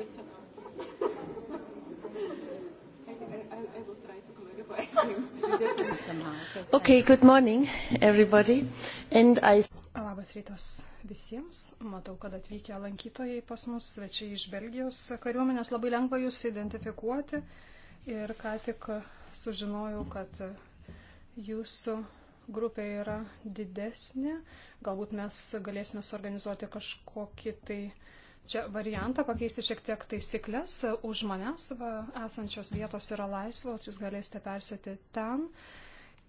picture now. I, I, I will try to clarify things. okay, good morning, everybody. And I... Labas rytas visiems. Matau, kad atvykę lankytojai pas mus, svečiai iš Belgijos kariuomenės, labai lengva jūs identifikuoti. Ir ką tik sužinojau, kad jūsų grupė yra didesnė. Galbūt mes galėsime suorganizuoti kažkokį tai uh, čia variantą pakeisti šiek tiek taisyklės. Už manęs va, esančios vietos yra laisvos, jūs galėsite persėti ten.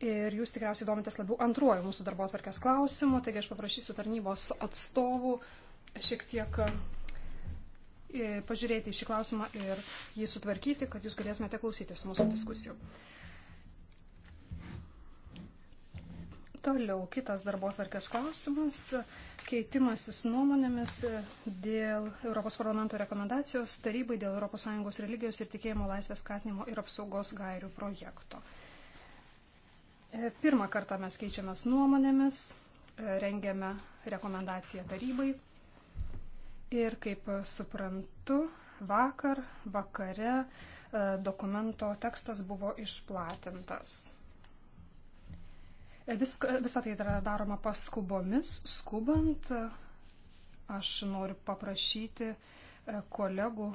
Ir jūs tikriausiai domitės labiau antruoju mūsų darbo atvarkės klausimu, taigi aš paprašysiu tarnybos atstovų šiek tiek e, pažiūrėti į šį klausimą ir jį sutvarkyti, kad jūs galėtumėte klausytis mūsų diskusijų. Toliau kitas darbo atvarkės klausimas keitimasis nuomonėmis dėl Europos parlamento rekomendacijos tarybai dėl ES religijos ir tikėjimo laisvės skatinimo ir apsaugos gairių projekto. E, pirmą kartą mes keičiamės nuomonėmis, e, rengiame rekomendaciją tarybai ir, kaip suprantu, vakar, vakare e, dokumento tekstas buvo išplatintas. Viską, visą tai yra daroma paskubomis, skubant. Aš noriu paprašyti e, kolegų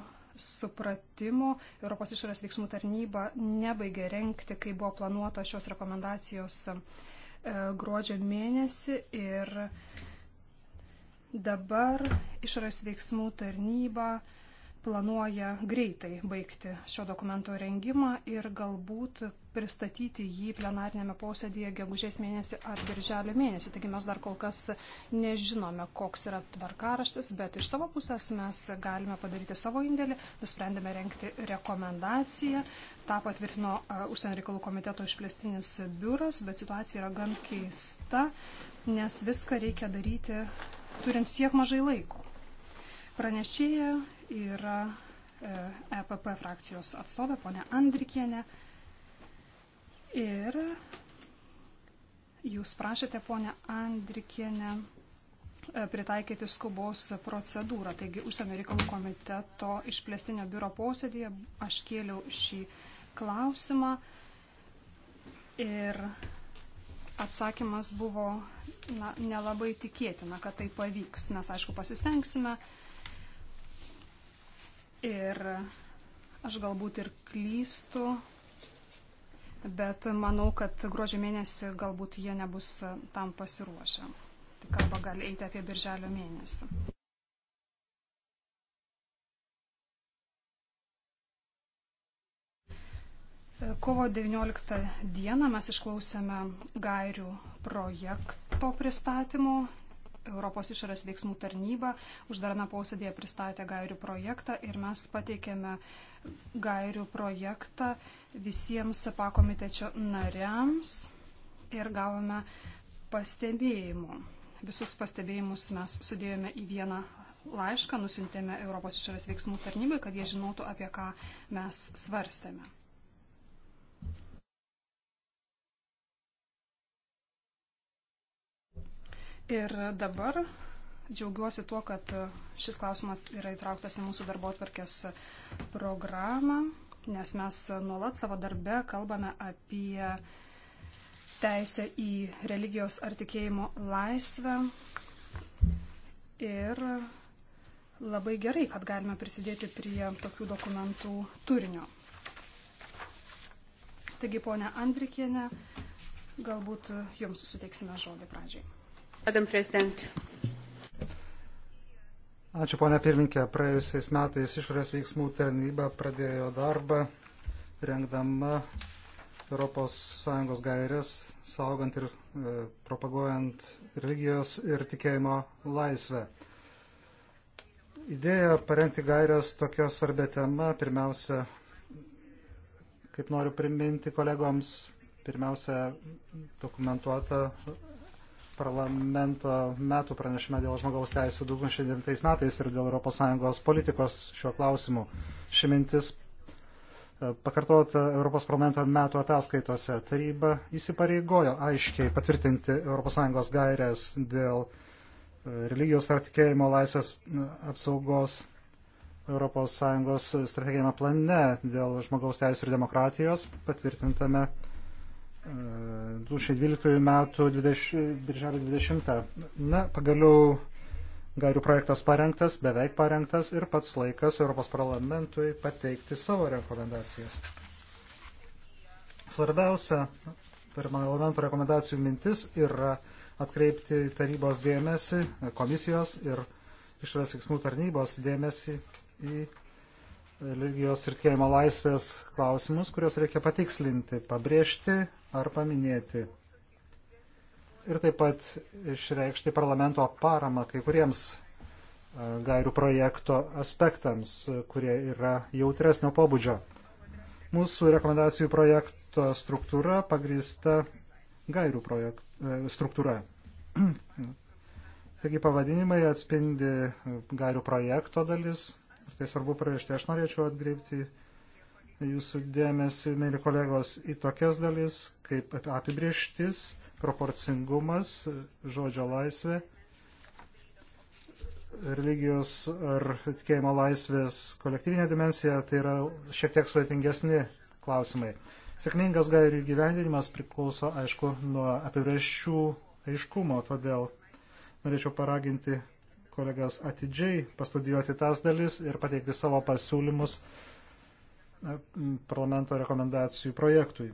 supratimo. Europos išorės veiksmų tarnyba nebaigė renkti, kai buvo planuota šios rekomendacijos e, gruodžio mėnesį ir dabar išorės veiksmų tarnyba uh, planuoja greitai baigti šio dokumento rengimą ir galbūt pristatyti jį plenarnėme posėdėje gegužės mėnesį ar birželio mėnesį. Taigi mes dar kol kas nežinome, koks yra tvarkaraštis, bet iš savo pusės mes galime padaryti savo indėlį. Nusprendėme renkti rekomendaciją. Ta patvirtino e, Užsienio reikalų komiteto išplėstinis biuras, bet situacija yra gan keista, nes viską reikia daryti turint tiek mažai laiko. Pranešėja yra EPP e frakcijos atstovė, ponė Andrikienė. Ir jūs prašėte, ponė Andrikienė, e, pritaikyti skubos procedūrą. Taigi, užsienio reikalų komiteto išplėstinio biuro posėdėje aš kėliau šį klausimą. Ir atsakymas buvo na, nelabai tikėtina, kad tai pavyks. Mes, aišku, pasistengsime. Uh, Ir aš galbūt ir klystu, bet manau, kad gruodžio mėnesį galbūt jie nebus tam pasiruošę. Tai kalba gali eiti apie birželio mėnesį. Kovo 19 dieną mes išklausėme gairių projekto pristatymo Europos išorės veiksmų tarnyba uždarame posėdėje pristatė gairių projektą ir mes pateikėme gairių projektą visiems pakomitečio nariams ir gavome pastebėjimų. Visus pastebėjimus mes sudėjome į vieną laišką, nusintėme Europos išorės veiksmų tarnybai, kad jie žinotų, apie ką mes svarstėme. Ir dabar džiaugiuosi tuo, kad šis klausimas yra įtrauktas į mūsų darbo atvarkės programą, nes mes nuolat savo darbe kalbame apie teisę į religijos ar tikėjimo laisvę. Ir labai gerai, kad galime prisidėti prie tokių dokumentų turinio. Taigi, ponia Andrikienė, galbūt jums suteiksime žodį pradžiai. Madam President. Ačiū, ponia pirminkė. Praėjusiais metais išorės veiksmų tarnyba pradėjo darbą, rengdama ES gairias, saugant ir e, propaguojant religijos ir tikėjimo laisvę. Idėja parengti gairias tokia svarbia tema, pirmiausia, kaip noriu priminti kolegoms, pirmiausia, dokumentuota parlamento metų pranešime dėl žmogaus teisų 2009 metais ir dėl ES politikos šiuo klausimu. Ši mintis e, pakartota Europos parlamento metų ataskaitose. Taryba įsipareigojo aiškiai patvirtinti ES gairias dėl e, religijos ar tikėjimo laisvės e, apsaugos ES strateginėme plane dėl žmogaus teisų ir demokratijos patvirtintame 2012 metų 20, birželio 20. Na, pagaliau gairių projektas parengtas, beveik parengtas ir pats laikas Europos parlamentui pateikti savo rekomendacijas. Svarbiausia parlamento rekomendacijų mintis yra atkreipti tarybos dėmesį, komisijos ir išorės veiksmų tarnybos dėmesį į religijos ir tikėjimo laisvės klausimus, kuriuos reikia patikslinti, pabrėžti ar paminėti. Ir taip pat išreikšti parlamento paramą kai kuriems gairių projekto aspektams, kurie yra jautresnio pobūdžio. Mūsų rekomendacijų projekto struktūra pagrįsta gairių projekt, struktūra. Taigi pavadinimai atspindi gairių projekto dalis, tai svarbu pririšti. Aš norėčiau atkreipti jūsų dėmesį, mėly kolegos, į tokias dalis, kaip apibrieštis, proporcingumas, žodžio laisvė, religijos ar tikėjimo laisvės kolektyvinė dimensija, tai yra šiek tiek sudėtingesni klausimai. Sėkmingas gairių gyvendinimas priklauso, aišku, nuo apibrėžčių aiškumo, todėl norėčiau paraginti kolegas atidžiai pastudijuoti tas dalis ir pateikti savo pasiūlymus parlamento rekomendacijų projektui.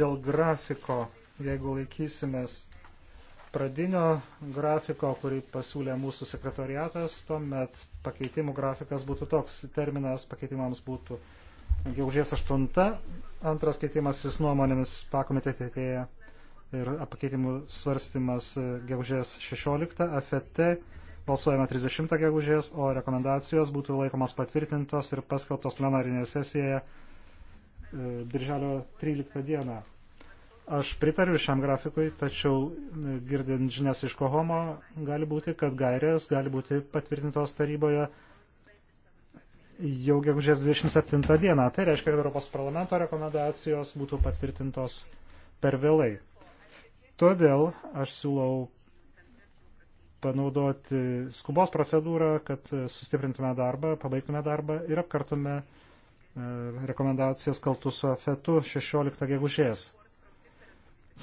Dėl grafiko, jeigu laikysimės pradinio grafiko, kurį pasiūlė mūsų sekretoriatas, tuomet pakeitimų grafikas būtų toks, terminas pakeitimams būtų gegužės 8, antras keitimasis nuomonėmis pakomitetėje ir pakeitimų svarstymas e, gegužės 16, AFT balsuojama 30 gegužės, o rekomendacijos būtų laikomas patvirtintos ir paskelbtos plenarinėje sesijoje e, birželio 13 dieną. Aš pritariu šiam grafikui, tačiau e, girdint žinias iš Kohomo, gali būti, kad gairės gali būti patvirtintos taryboje jau gegužės 27 dieną. Tai reiškia, kad Europos parlamento rekomendacijos būtų patvirtintos per vėlai. Todėl aš siūlau panaudoti skubos procedūrą, kad sustiprintume darbą, pabaigtume darbą ir apkartume e, rekomendacijas kaltų su afetu 16 gegužės.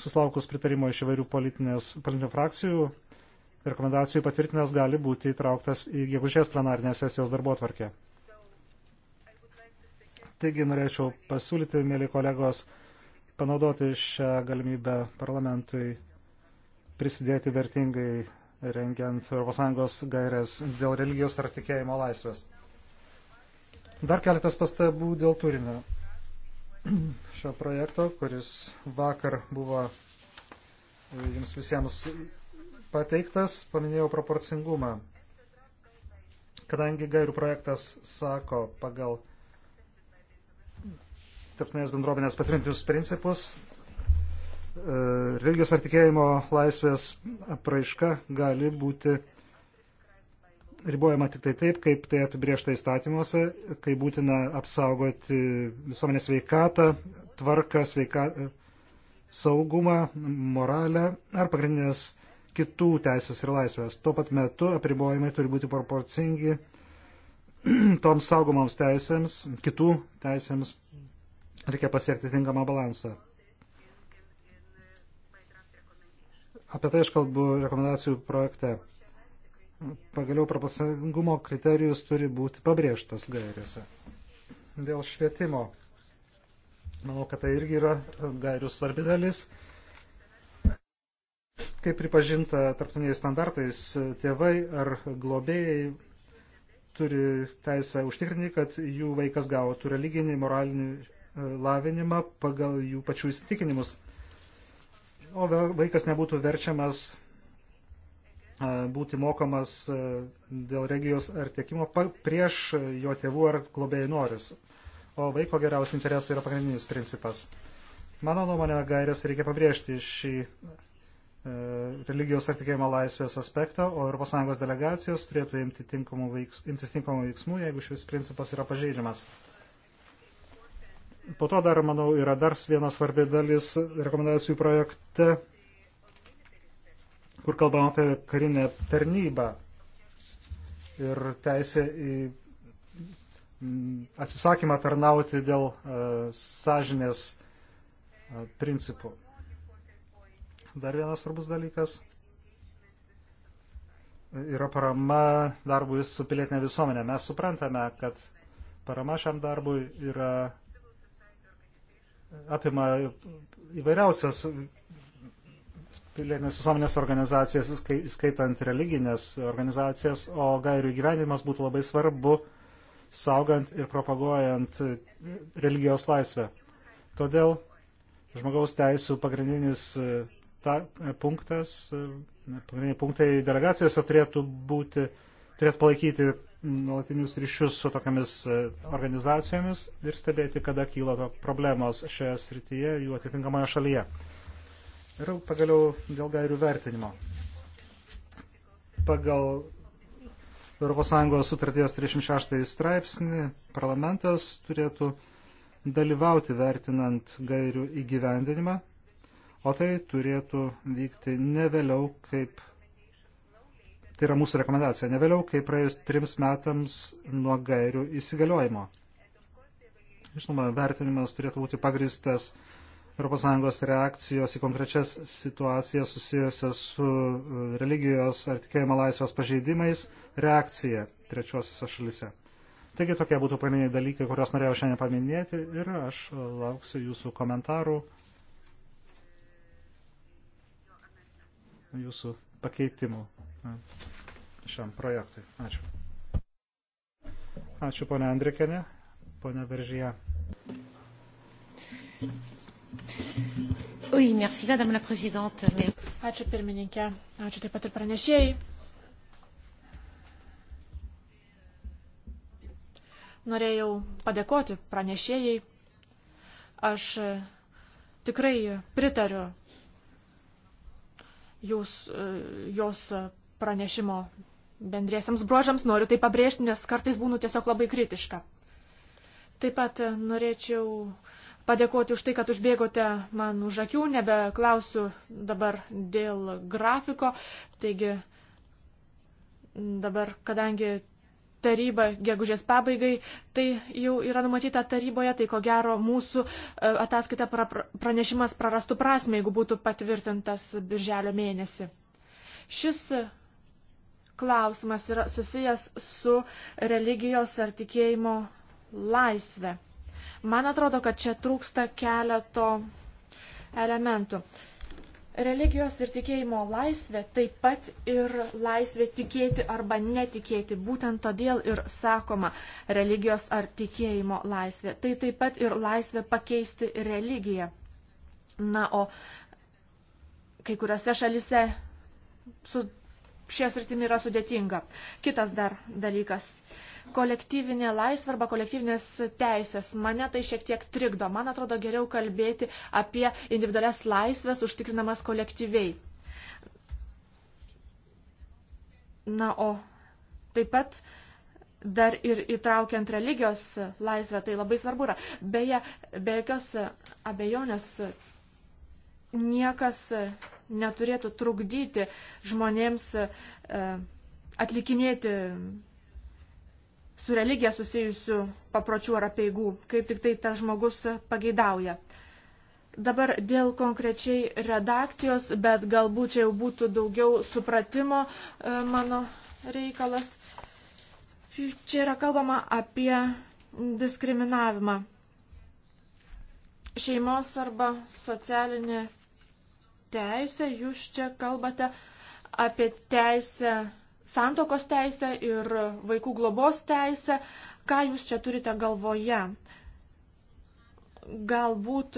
Suslaukus pritarimo iš įvairių politinių frakcijų, rekomendacijų patvirtinęs gali būti įtrauktas į gegužės plenarinės sesijos darbo tvarkę. Taigi norėčiau pasiūlyti, mėly kolegos, panaudoti šią galimybę parlamentui prisidėti vertingai rengiant ES gairias dėl religijos ar tikėjimo laisvės. Dar keletas pastabų dėl turinio šio projekto, kuris vakar buvo e, jums visiems pateiktas, paminėjau proporcingumą. Kadangi gairių projektas sako pagal tarptautinės bendruomenės patvirtintus principus, e, religijos ar tikėjimo laisvės apraiška gali būti ribojama tik tai taip, kaip tai apibriešta įstatymuose, kai būtina apsaugoti visuomenės veikatą, tvarką, sveika, saugumą, moralę ar pagrindinės kitų teisės ir laisvės. Tuo pat metu apribojimai turi būti proporcingi toms saugomoms teisėms, kitų teisėms Reikia pasiekti tinkamą balansą. Apie tai aš kalbu rekomendacijų projekte. Pagaliau proporcingumo kriterijus turi būti pabrėžtas gairėse. Dėl švietimo. Manau, kad tai irgi yra gairių svarbi dalis. Kaip pripažinta tarptautiniais standartais, tėvai ar globėjai turi teisę užtikrinti, kad jų vaikas gautų religinį, moralinį lavinimą pagal jų pačių įsitikinimus. O vaikas nebūtų verčiamas būti mokamas dėl regijos ar tiekimo prieš jo tėvų ar globėjai noris. O vaiko geriausi interesai yra pagrindinis principas. Mano nuomonė, gairės reikia pabrėžti šį religijos ar tikėjimo laisvės aspektą, o ES delegacijos turėtų imti tinkamų veiks, imtis tinkamų veiksmų, jeigu šis principas yra pažeidžiamas. Po to dar, manau, yra dar viena svarbi dalis rekomendacijų projekte, kur kalbam apie karinę tarnybą ir teisę į mm, atsisakymą tarnauti dėl e, sąžinės e, principų. Dar vienas svarbus dalykas yra parama darbui su pilietinė visuomenė. Mes suprantame, kad parama šiam darbui yra apima įvairiausias pilietinės visuomenės organizacijas, skaitant religinės organizacijas, o gairių gyvenimas būtų labai svarbu saugant ir propaguojant religijos laisvę. Todėl žmogaus teisų pagrindinis ta, punktas, pagrindiniai punktai delegacijose turėtų būti, turėtų palaikyti nuolatinius ryšius su tokiamis e, organizacijomis ir stebėti, kada kyla problemos šioje srityje, jų atitinkamoje šalyje. Ir pagaliau dėl gairių vertinimo. Pagal ES sutarties 36 straipsnį parlamentas turėtų dalyvauti vertinant gairių įgyvendinimą, o tai turėtų vykti ne vėliau kaip Tai yra mūsų rekomendacija. Ne vėliau, kai praėjus trims metams nuo gairių įsigaliojimo. Žinoma, vertinimas turėtų būti pagristas ES reakcijos į konkrečias situacijas susijusias su e, religijos ar tikėjimo laisvės pažeidimais reakcija trečiosiuose šalise. Taigi tokie būtų pagrindiniai dalykai, kuriuos norėjau šiandien paminėti ir aš lauksiu jūsų komentarų, jūsų pakeitimų šiam projektui. Ačiū. Ačiū, ponia Andrikenė, ponia Veržyje. Oui, merci, madame la présidente. Ačiū pirmininkė, ačiū taip pat ir pranešėjai. Norėjau padėkoti pranešėjai. Aš tikrai pritariu jūs, jos pranešimo bendriesiams bruožams, noriu tai pabrėžti, nes kartais būnu tiesiog labai kritiška. Taip pat e, norėčiau padėkoti už tai, kad užbėgote man už akių, nebeklausiu dabar dėl grafiko. Taigi dabar, kadangi taryba gegužės pabaigai, tai jau yra numatyta taryboje, tai ko gero mūsų e, ataskaita pra, pranešimas prarastų prasme, jeigu būtų patvirtintas birželio mėnesį. Šis klausimas yra susijęs su religijos ar tikėjimo laisvė. Man atrodo, kad čia trūksta keleto elementų. Religijos ir tikėjimo laisvė taip pat ir laisvė tikėti arba netikėti. Būtent todėl ir sakoma religijos ar tikėjimo laisvė. Tai taip pat ir laisvė pakeisti religiją. Na, o kai kuriuose šalise su šią sritimį yra sudėtinga. Kitas dar dalykas - kolektyvinė laisvė arba kolektyvinės teisės. Mane tai šiek tiek trikdo. Man atrodo geriau kalbėti apie individualias laisvės užtikrinamas kolektyviai. Na, o taip pat dar ir įtraukiant religijos laisvę, tai labai svarbu yra. Beje, be jokios abejonės niekas neturėtų trukdyti žmonėms e, atlikinėti su religija susijusių papročių ar apieigų, kaip tik tai tas žmogus pageidauja. Dabar dėl konkrečiai redakcijos, bet galbūt čia jau būtų daugiau supratimo e, mano reikalas. Čia yra kalbama apie diskriminavimą. Šeimos arba socialinė teisę, jūs čia kalbate apie teisę, santokos teisę ir vaikų globos teisę. Ką jūs čia turite galvoje? Galbūt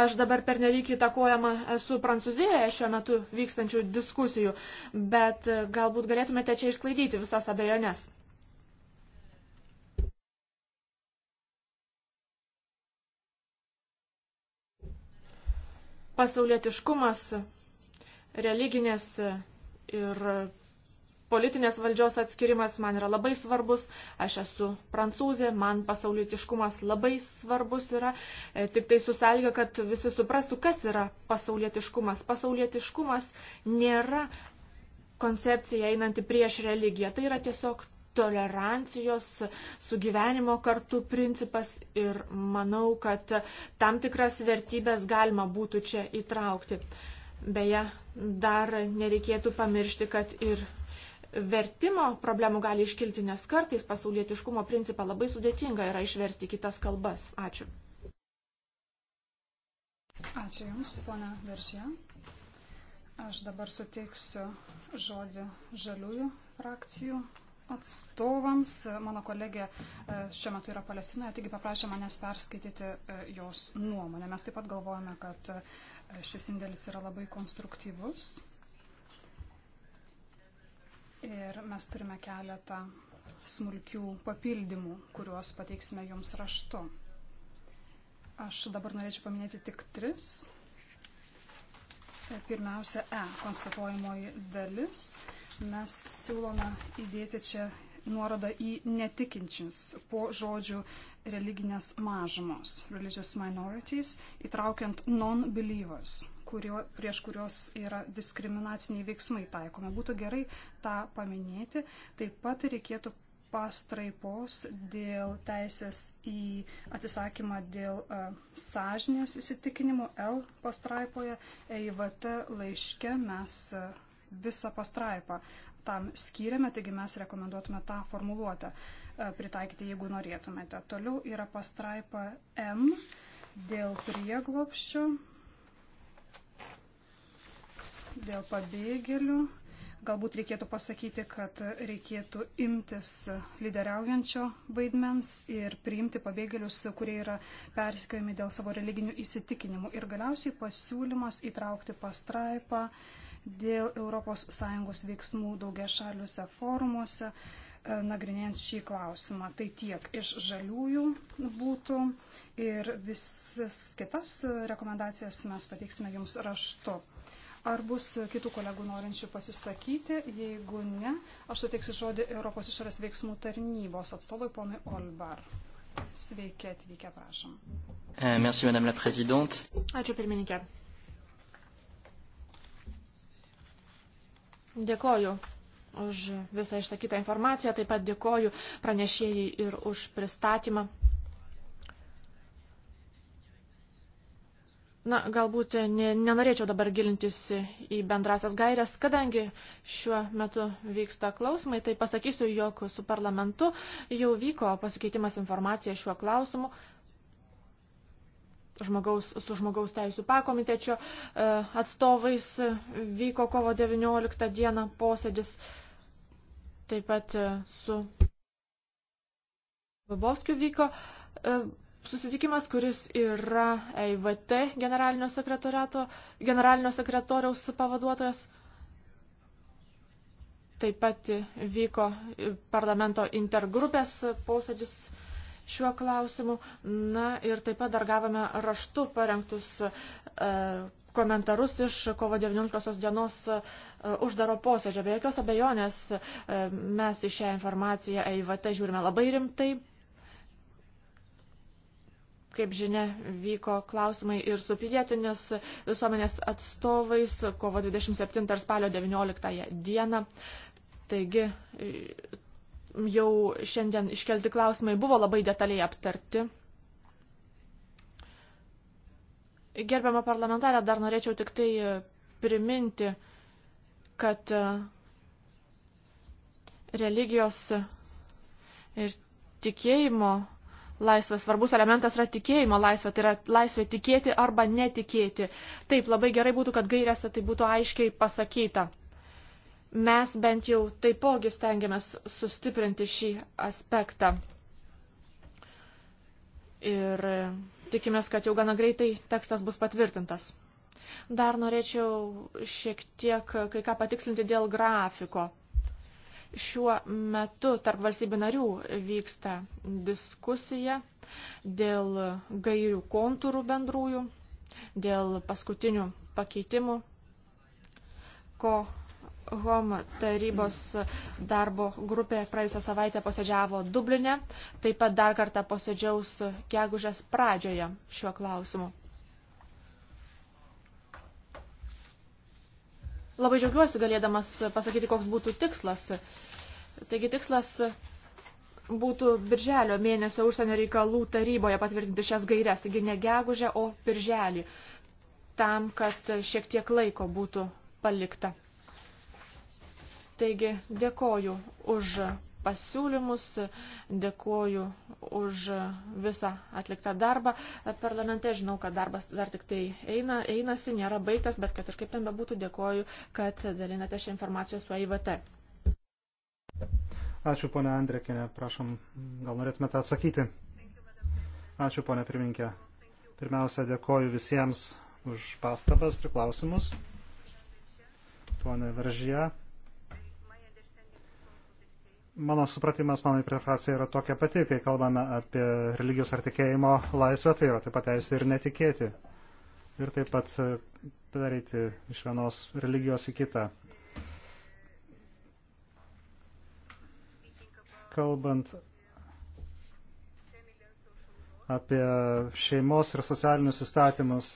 Aš dabar pernelyg įtakojama esu Prancūzijoje šiuo metu vykstančių diskusijų, bet galbūt galėtumėte čia išsklaidyti visas abejonės. pasaulietiškumas, religinės ir politinės valdžios atskirimas man yra labai svarbus. Aš esu prancūzė, man pasaulietiškumas labai svarbus yra. E, tik tai susalgia, kad visi suprastų, kas yra pasaulietiškumas. Pasaulietiškumas nėra koncepcija einanti prieš religiją. Tai yra tiesiog tolerancijos, sugyvenimo kartu principas ir manau, kad tam tikras vertybės galima būtų čia įtraukti. Beje, dar nereikėtų pamiršti, kad ir vertimo problemų gali iškilti, nes kartais pasaulietiškumo principą labai sudėtinga yra išversti kitas kalbas. Ačiū. Ačiū Jums, ponia Veržė. Aš dabar suteiksiu žodį žaliųjų frakcijų atstovams. Mano kolegė e, šiuo metu yra Palestinoje, taigi paprašė manęs perskaityti e, jos nuomonę. Mes taip pat galvojame, kad e, šis indėlis yra labai konstruktyvus. Ir mes turime keletą smulkių papildymų, kuriuos pateiksime jums raštu. Aš dabar norėčiau paminėti tik tris. Pirmiausia, E konstatuojamoji dalis mes siūlome įdėti čia nuorodą į netikinčius po žodžių religinės mažumos, religious minorities, įtraukiant non-believers, kurio, prieš kurios yra diskriminaciniai veiksmai taikomi. Būtų gerai tą paminėti. Taip pat reikėtų pastraipos dėl teisės į atsisakymą dėl uh, sąžinės įsitikinimų L pastraipoje EIVT laiške mes uh, visą pastraipą tam skyrėme, taigi mes rekomenduotume tą formuluotę e, pritaikyti, jeigu norėtumėte. Toliau yra pastraipa M dėl prieglopščio, dėl pabėgėlių. Galbūt reikėtų pasakyti, kad reikėtų imtis lyderiaujančio vaidmens ir priimti pabėgėlius, kurie yra persikiojami dėl savo religinių įsitikinimų. Ir galiausiai pasiūlymas įtraukti pastraipą uh, dėl ES veiksmų daugia šaliuose forumuose, e, nagrinėjant šį klausimą. Tai tiek iš žaliųjų būtų ir visas kitas rekomendacijas mes pateiksime jums raštu. Ar bus kitų kolegų norinčių pasisakyti? Jeigu ne, aš suteiksiu žodį Europos išorės veiksmų tarnybos atstovui ponui Olbar. Sveiki atvykę, prašom. Eh, merci, madame la présidente. Ačiū, pirmininkė. Dėkoju už visą išsakytą informaciją, taip pat dėkoju pranešėjai ir už pristatymą. Na, galbūt ne, nenorėčiau dabar gilintis į bendrasias gairias, kadangi šiuo metu vyksta klausimai, tai pasakysiu, jog su parlamentu jau vyko pasikeitimas informacija šiuo klausimu žmogaus, su žmogaus teisų pakomitečio e, atstovais e, vyko kovo 19 dieną posėdis, taip pat e, su Babovskiu vyko susitikimas, kuris yra EIVT generalinio, generalinio sekretoriaus pavaduotojas. Taip pat vyko parlamento intergrupės posėdis šiuo klausimu. Na ir taip pat dar gavome raštu parengtus e, komentarus iš kovo 19 dienos e, uždaro posėdžio. Be jokios abejonės e, mes į šią informaciją EIVT žiūrime labai rimtai. Kaip žinia, vyko klausimai ir su pilietinės visuomenės atstovais kovo 27 ir spalio 19 dieną. Taigi jau šiandien iškelti klausimai buvo labai detaliai aptarti. Gerbiamą parlamentarę dar norėčiau tik tai priminti, kad e, religijos ir tikėjimo laisvė, svarbus elementas yra tikėjimo laisvė, tai yra laisvė tikėti arba netikėti. Taip, labai gerai būtų, kad gairėse tai būtų aiškiai pasakyta mes bent jau taipogi stengiamės sustiprinti šį aspektą. Ir tikimės, kad jau gana greitai tekstas bus patvirtintas. Dar norėčiau šiek tiek kai ką patikslinti dėl grafiko. Šiuo metu tarp valstybių narių vyksta diskusija dėl gairių kontūrų bendrųjų, dėl paskutinių pakeitimų, ko Home tarybos darbo grupė praėjusią savaitę posėdžiavo Dublinė, taip pat dar kartą posėdžiaus gegužės pradžioje šiuo klausimu. Labai džiaugiuosi galėdamas pasakyti, koks būtų tikslas. Taigi tikslas būtų birželio mėnesio užsienio reikalų taryboje patvirtinti šias gairias, taigi ne gegužę, o birželį, tam, kad šiek tiek laiko būtų palikta. Taigi dėkoju už pasiūlymus, dėkoju už visą atliktą darbą. Parlamente žinau, kad darbas dar tik tai eina, einasi, nėra baigtas, bet kad ir kaip ten bebūtų, dėkoju, kad dalinate šią informaciją su AIVT. Ačiū, ponia Andrekinė, prašom, gal norėtumėte atsakyti. Ačiū, ponia pirminkė. Pirmiausia, dėkoju visiems už pastabas ir klausimus. Pone Veržyje. Mano supratimas, mano interpretacija yra tokia pati, kai kalbame apie religijos ar tikėjimo laisvę, tai yra taip pat teisė ir netikėti. Ir taip pat e, pereiti iš vienos religijos į kitą. Kalbant apie šeimos ir socialinius įstatymus,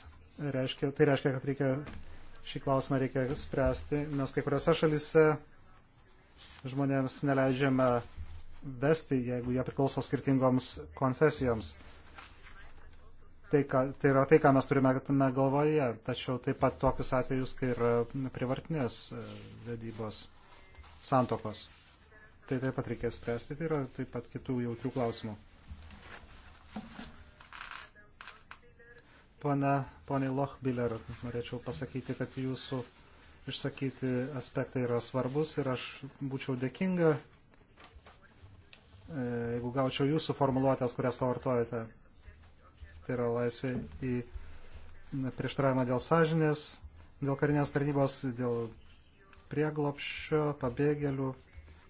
reiškia, tai reiškia, kad reikia, šį klausimą reikia spręsti, nes kai kuriuose šalise žmonėms neleidžiame vesti, jeigu jie priklauso skirtingoms konfesijoms. Tai, ką, tai yra tai, ką mes turime galvoje, tačiau taip pat tokius atvejus, kai yra e, privartinės e, vedybos santokos. Tai taip pat reikės spręsti, tai yra taip pat kitų jautrių klausimų. Pana, poniai Lochbiller, norėčiau pasakyti, kad jūsų išsakyti aspektai yra svarbus ir aš būčiau dėkinga, e, jeigu gaučiau jūsų formuluotės, kurias pavartojate. Tai yra laisvė į prieštaravimą dėl sąžinės, dėl karinės tarnybos, dėl prieglopščio, pabėgėlių,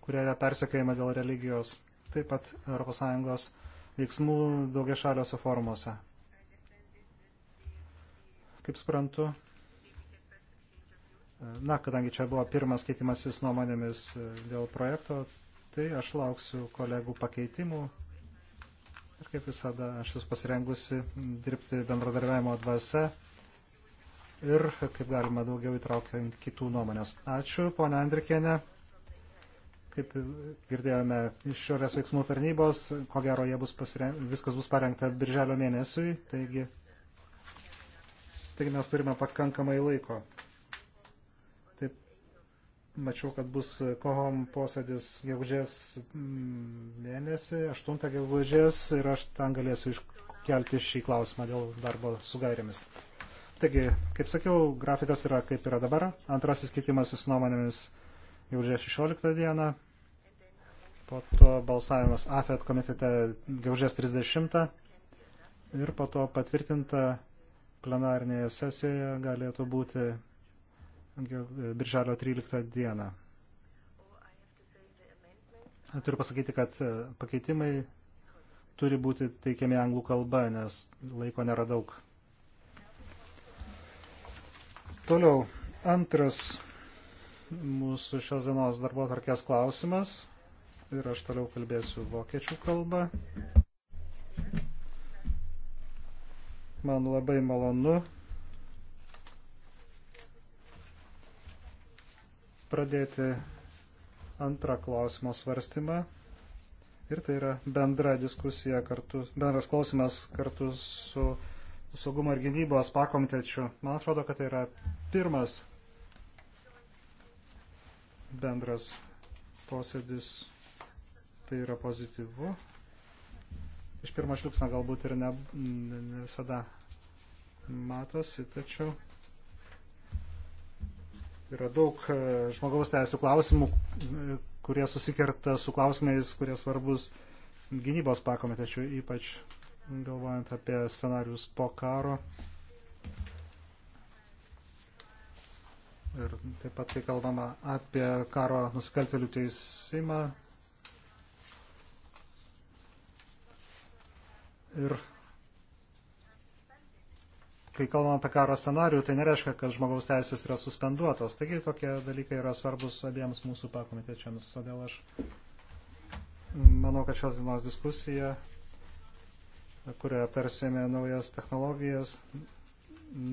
kurie yra persekėjama dėl religijos, taip pat ES veiksmų daugiašaliuose formuose. Kaip suprantu, Na, kadangi čia buvo pirmas keitimasis nuomonėmis e, dėl projekto, tai aš lauksiu kolegų pakeitimų. Ir kaip visada, aš esu pasirengusi dirbti bendradarbiavimo dvasia ir kaip galima daugiau įtraukiant kitų nuomonės. Ačiū, ponia Andrikienė. Kaip girdėjome iš šiorės veiksmų tarnybos, ko gero bus pasiren... viskas bus parengta birželio mėnesiui, taigi, taigi mes turime pakankamai laiko mačiau, kad bus kohom posėdis gegužės mm, mėnesį, 8 gegužės ir aš ten galėsiu iškelti šį klausimą dėl darbo su gairėmis. Taigi, kaip sakiau, grafikas yra kaip yra dabar. Antrasis keitimasis nuomonėmis gegužės 16 dieną. Po to balsavimas AFET komitete gegužės 30 ir po to patvirtinta plenarinėje sesijoje galėtų būti E, birželio 13 dieną. Turiu pasakyti, kad e, pakeitimai turi būti teikiami anglų kalba, nes laiko nėra daug. Toliau, antras mūsų šios dienos darbo tarkės klausimas. Ir aš toliau kalbėsiu vokiečių kalbą. Man labai malonu pradėti antrą klausimo svarstymą. Ir tai yra bendra diskusija kartu, bendras klausimas kartu su saugumo ir gynybos pakomitečiu. Man atrodo, kad tai yra pirmas bendras posėdis. Tai yra pozityvu. Iš pirmo žvilgsnio galbūt ir ne, ne visada matosi, tačiau Yra daug e, žmogaus teisų klausimų, e, kurie susikerta su klausimais, kurie svarbus gynybos pakomitečių, ypač galvojant apie scenarius po karo. Ir taip pat, kai kalbama apie karo nusikaltelių teisimą ir kai kalbam apie karo scenarių, tai nereiškia, kad žmogaus teisės yra suspenduotos. Taigi tokie dalykai yra svarbus abiems mūsų pakomitečiams. Todėl aš manau, kad šios dienos diskusija, kurioje aptarsime naujas technologijas,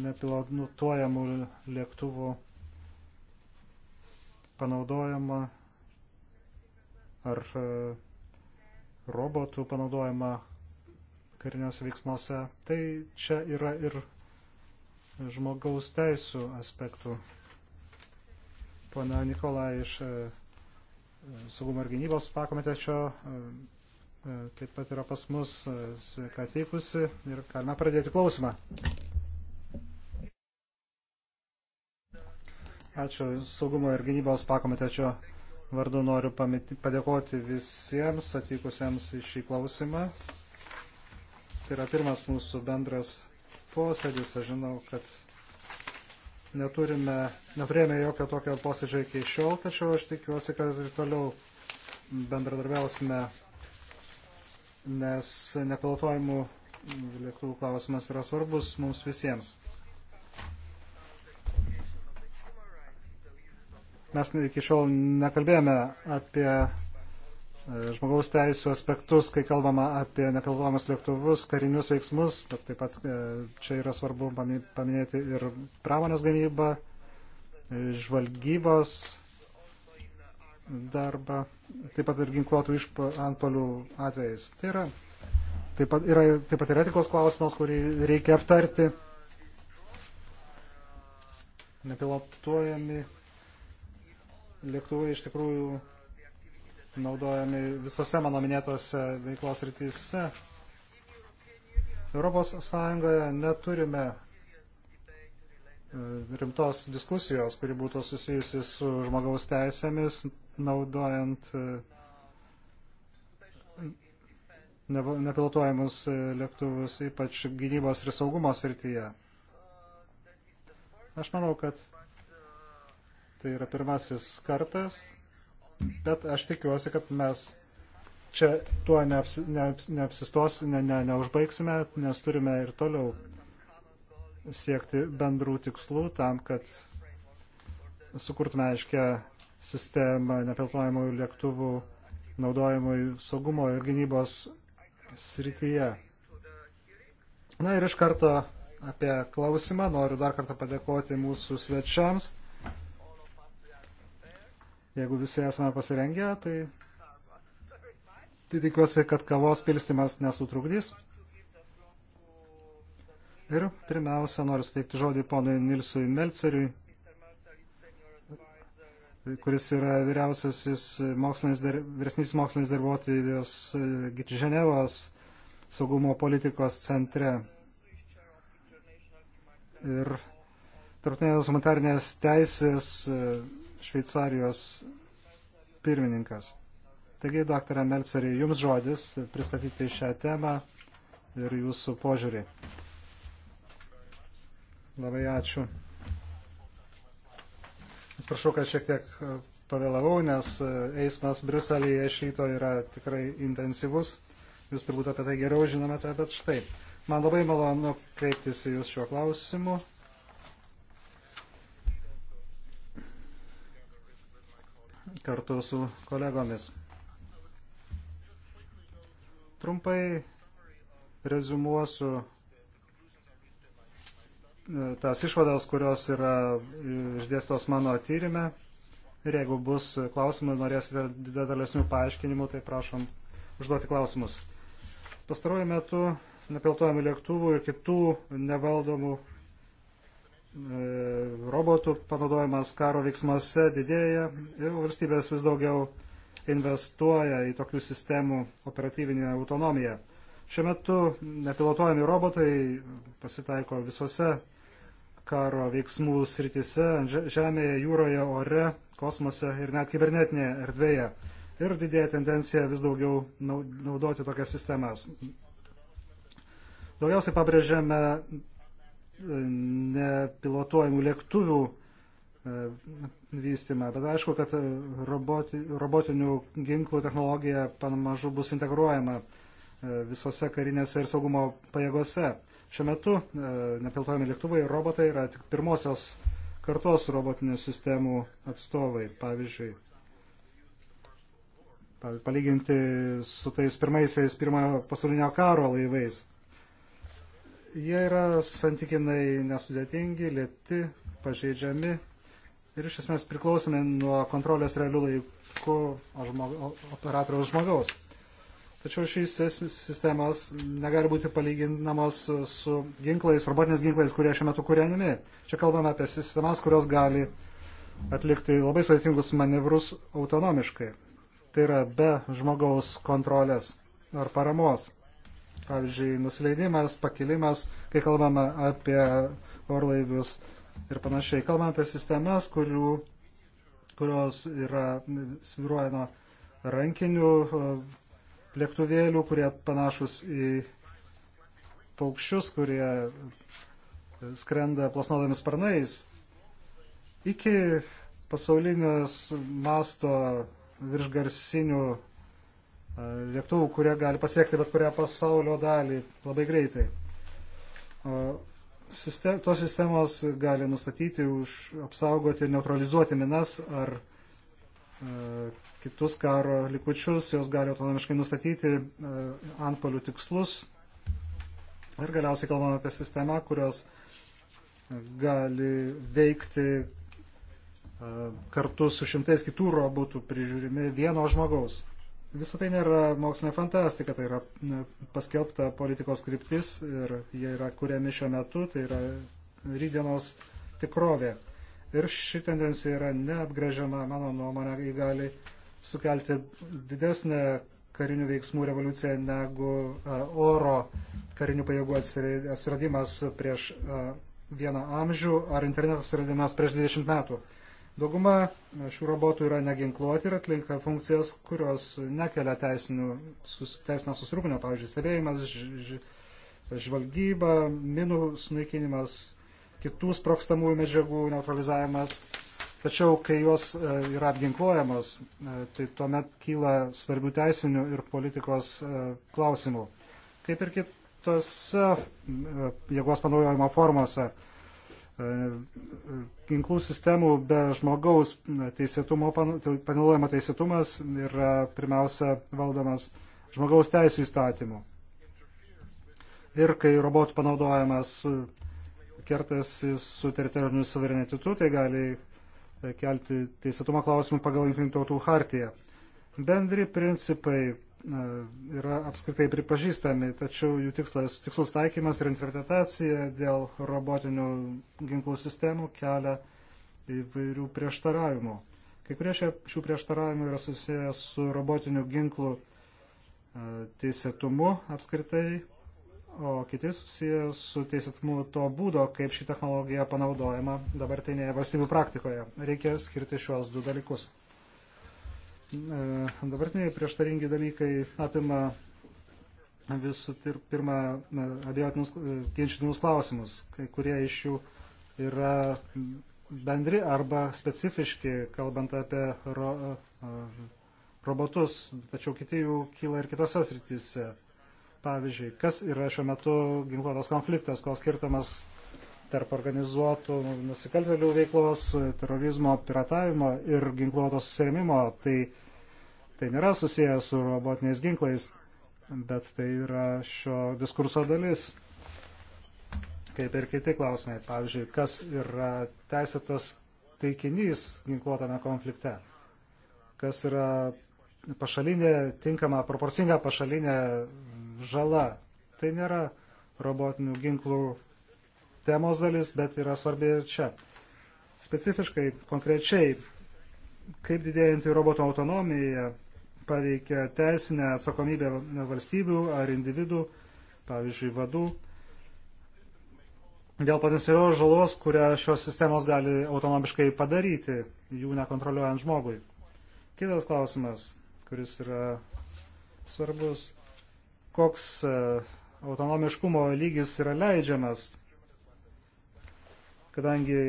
nepilotuojamų lėktuvų panaudojimą ar e, robotų panaudojimą kariniuose veiksmuose. Tai čia yra ir žmogaus teisų aspektų. Pana Nikola iš e, e, saugumo ir gynybos pakomitečio e, taip pat yra pas mus sveika atvykusi ir galime pradėti klausimą. Ačiū saugumo ir gynybos pakomitečio vardu noriu padėkoti visiems atvykusiems į šį klausimą. Tai yra pirmas mūsų bendras posėdis. Aš žinau, kad neturime, neturėjome jokio tokio posėdžio iki šiol, tačiau aš tikiuosi, kad ir toliau bendradarbiausime, nes nepilotuojimų lėktuvų klausimas yra svarbus mums visiems. Mes iki šiol nekalbėjome apie E, žmogaus teisų aspektus, kai kalbama apie nekalbamus lėktuvus, karinius veiksmus, bet taip pat e, čia yra svarbu paminėti ir pramonės gamybą, e, žvalgybos darbą, taip pat ir ginkluotų antpolių atvejais. Tai yra taip pat, yra, taip pat ir etikos klausimas, kurį reikia aptarti. Nepilotuojami lėktuvai iš tikrųjų naudojami visose mano minėtose veiklos rytise. Europos Sąjungoje neturime e, rimtos diskusijos, kuri būtų susijusi su žmogaus teisėmis, naudojant e, nepilotuojamus e, lėktuvus, ypač gynybos ir saugumo srityje. Aš manau, kad tai yra pirmasis kartas, Bet aš tikiuosi, kad mes čia tuo neapsi, neaps, neapsistos, ne, ne, neužbaigsime, nes turime ir toliau siekti bendrų tikslų tam, kad sukurtume aiškę sistemą nepilnojimų lėktuvų naudojimui saugumo ir gynybos srityje. Na ir iš karto apie klausimą noriu dar kartą padėkoti mūsų svečiams. Jeigu visi esame pasirengę, tai, tai tikiuosi, kad kavos pilstimas nesutrukdys. Ir pirmiausia, noriu steikti žodį ponui Nilsui Melceriui, kuris yra vyriausiasis mokslinis, vyresnis mokslinis darbuotojas Ženevos saugumo politikos centre ir tarptautinės humanitarinės teisės Šveicarijos pirmininkas. Taigi, dr. Melcerį, jums žodis pristatyti šią temą ir jūsų požiūrį. Labai ačiū. Atsiprašau, kad šiek tiek e, pavėlavau, nes e, eismas Briuselėje iš ryto yra tikrai intensyvus. Jūs turbūt apie tai geriau žinote, bet štai. Man labai malonu kreiptis į Jūs šiuo klausimu. kartu su kolegomis. Trumpai rezumuosiu e, tas išvadas, kurios yra išdėstos mano tyrimė. Ir jeigu bus klausimų, norėsite detalesnių paaiškinimų, tai prašom užduoti klausimus. Pastaruoju metu nepiltojami lėktuvų ir kitų nevaldomų E, robotų panaudojimas karo veiksmuose didėja ir e, valstybės vis daugiau investuoja į tokių sistemų operatyvinę autonomiją. Šiuo metu nepilotuojami robotai pasitaiko visose karo veiksmų sritise - žemėje, jūroje, ore, kosmose ir net kibernetinėje erdvėje. Ir didėja tendencija vis daugiau naudoti tokias sistemas. Daugiausiai pabrėžiame nepilotuojamų lėktuvų e, vystymą. Bet aišku, kad roboti, robotinių ginklų technologija pamažu bus integruojama e, visose karinėse ir saugumo pajėgose. Šiuo metu e, nepilotuojami lėktuvai ir robotai yra tik pirmosios kartos robotinių sistemų atstovai. Pavyzdžiui, palyginti su tais pirmaisiais pirmojo pasaulinio karo laivais. Jie yra santykinai nesudėtingi, lėti, pažeidžiami ir iš esmės priklausomi nuo kontrolės realių laikų žmogu, operatoriaus žmogaus. Tačiau šīs sistemos negali būti palyginamos su ginklais, robotiniais ginklais, kurie šiuo metu kūrenimi. Čia kalbame apie sistemas, kurios gali atlikti labai sudėtingus manevrus autonomiškai. Tai yra be žmogaus kontrolės ar paramos. Pavyzdžiui, nusileidimas, pakilimas, kai kalbame apie orlaivius ir panašiai. Kalbame apie sistemas, kurių, kurios yra sviruoja nuo rankinių e, lėktuvėlių, kurie panašus į paukščius, kurie skrenda plasnodami sparnais, iki pasaulinės masto viršgarsinių lėktuvų, kurie gali pasiekti bet kurią pasaulio dalį labai greitai. Sistem, tos sistemos gali nustatyti, už, apsaugoti ir neutralizuoti minas ar e, kitus karo likučius, jos gali autonomiškai nustatyti e, antpolių tikslus. Ir galiausiai kalbame apie sistemą, kurios gali veikti e, kartu su šimtais kitų robotų prižiūrimi vieno žmogaus. Visą tai nėra mokslinė fantastika, tai yra paskelbta politikos kryptis ir jie yra kuriami šiuo metu, tai yra rydienos tikrovė. Ir ši tendencija yra neapgražiama, mano nuomonė, ji gali sukelti didesnę karinių veiksmų revoliucija negu oro karinių pajėgų atsiradimas prieš vieną amžių ar interneto atsiradimas prieš 20 metų. Dauguma šių robotų yra neginkluoti ir atlinka funkcijas, kurios nekelia teisinio sus, susirūpinio, pavyzdžiui, stebėjimas, ž, ž, žvalgyba, minų sunaikinimas, kitų sprokstamųjų medžiagų neutralizavimas. Tačiau, kai jos e, yra apginkluojamos, e, tai tuomet kyla svarbių teisinių ir politikos e, klausimų. Kaip ir kitose jėgos panaudojimo formose E, ginklų sistemų be žmogaus teisėtumo, tai panaudojimo teisėtumas yra pirmiausia valdomas žmogaus teisų įstatymų. Ir kai robotų panaudojimas kertasi su teritoriniu suverenitetu, tai gali kelti teisėtumo klausimų pagal Junktinių tautų hartiją. Bendri principai yra apskritai pripažįstami, tačiau jų tikslas, tikslus taikymas ir interpretacija dėl robotinių ginklų sistemų kelia įvairių prieštaravimų. Kai kurie šių prieštaravimų yra susijęs su robotinių ginklų teisėtumu apskritai, o kiti susijęs su teisėtumu to būdo, kaip ši technologija panaudojama dabartinėje valstybių praktikoje. Reikia skirti šios du dalykus. E, dabartiniai prieštaringi dalykai apima visų pirma e, abejotinus e, ginčytinus klausimus, kai kurie iš jų yra bendri arba specifiški, kalbant apie ro, robotus, tačiau kiti jų kyla ir kitose srityse. Pavyzdžiui, kas yra šiuo metu ginkluotas konfliktas, koks skirtumas tarp organizuotų nusikaltelių veiklos, terorizmo, piratavimo ir ginkluoto susirėmimo. Tai, tai nėra susiję su robotiniais ginklais, bet tai yra šio diskurso dalis. Kaip ir kiti klausimai, pavyzdžiui, kas yra teisėtas taikinys ginkluotame konflikte, kas yra pašalinė, tinkama, proporcinga pašalinė žala. Tai nėra robotinių ginklų temos dalis, bet yra svarbi ir čia. Specifiškai, konkrečiai, kaip didėjantį roboto autonomiją paveikia teisinę atsakomybę valstybių ar individų, pavyzdžiui, vadų, dėl potencialios žalos, kurią šios sistemos gali autonomiškai padaryti, jų nekontroliuojant žmogui. Kitas klausimas, kuris yra svarbus, koks e, autonomiškumo lygis yra leidžiamas kadangi e,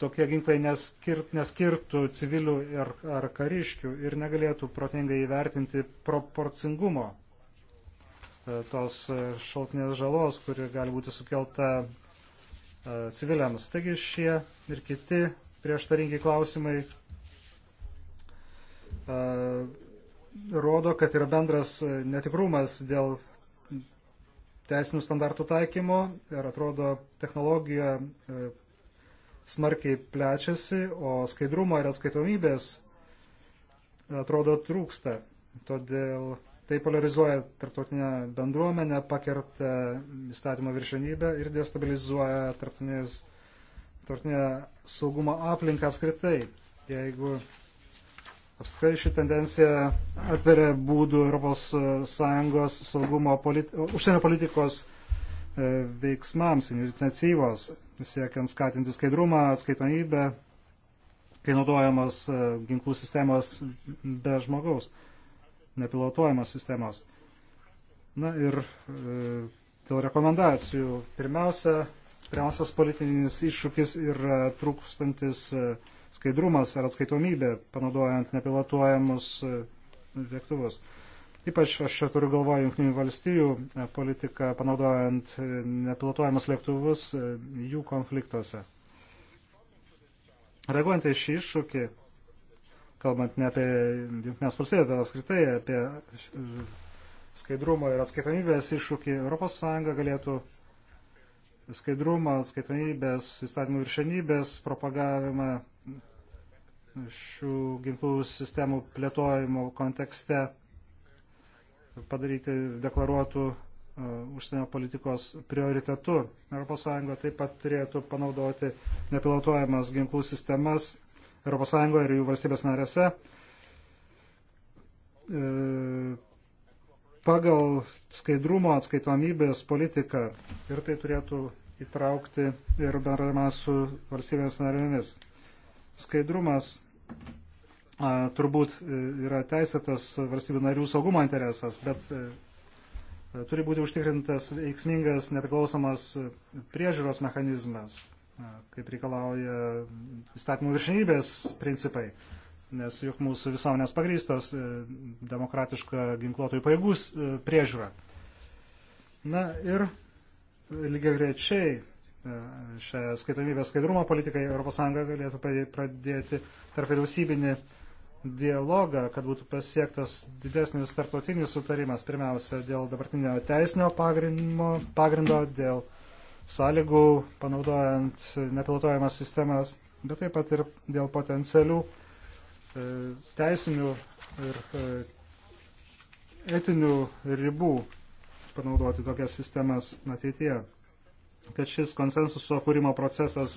tokie ginklai neskirt, neskirtų civilių ar, ar kariškių ir negalėtų protingai įvertinti proporcingumo e, tos e, šaltinės žalos, kuri gali būti sukelta civiliams. Taigi šie ir kiti prieštaringi klausimai rodo, kad yra bendras netikrumas dėl teisinių standartų taikymo ir atrodo technologija e, smarkiai plečiasi, o skaidrumo ir atskaitomybės e, atrodo trūksta. Todėl tai polarizuoja tarptautinę bendruomenę, pakerta įstatymo viršenybę ir destabilizuoja tarptautinę saugumo aplinką apskritai. Jeigu Apskritai ši tendencija atveria būdų ES e, saugumo politi užsienio politikos e, veiksmams, iniciatyvos, siekiant skatinti skaidrumą, atskaitomybę, kai naudojamos e, ginklų sistemos be žmogaus, nepilotuojamos sistemos. Na ir dėl rekomendacijų. Pirmiausia, pirmiausias politinis iššūkis yra trūkstantis uh, skaidrumas ar atskaitomybė, panaudojant nepilotuojamus e, lėktuvus. Ypač aš čia turiu galvoje Junktinių valstijų e, politiką, panaudojant e, nepilotuojamus lėktuvus jų konfliktuose. Reaguojant į šį iššūkį, kalbant ne apie Junktinės valstijas, bet apskritai apie skaidrumo ir atskaitomybės iššūkį, ES galėtų skaidrumą, skaitmenybės, įstatymų viršenybės propagavimą šių ginklų sistemų plėtojimo kontekste padaryti deklaruotų e, užsienio politikos prioritetu. ES taip pat turėtų panaudoti nepilotuojamas ginklų sistemas ES ir jų valstybės narėse e, pagal skaidrumo atskaitomybės politiką ir tai turėtų įtraukti ir bendravimą su valstybės narėmis. Skaidrumas a, turbūt e, yra teisėtas valstybių narių saugumo interesas, bet e, a, turi būti užtikrintas veiksmingas nepriklausomas priežiūros mechanizmas, a, kaip reikalauja įstatymų viršinybės principai. A, nes juk mūsų visuomenės pagrystas e, demokratiška ginkluotojų paėgus e, priežiūra. Na ir lygiai grečiai e, šią skaitomybės skaidrumo politiką ES galėtų pradėti tarp vyriausybinį dialogą, kad būtų pasiektas didesnis tarptautinis sutarimas, pirmiausia, dėl dabartinio teisinio pagrindo, dėl sąlygų panaudojant nepilotuojamas sistemas, bet taip pat ir dėl potencialių E, teisinių ir e, etinių ribų panaudoti tokias sistemas ateityje. Kad šis konsensuso kūrimo procesas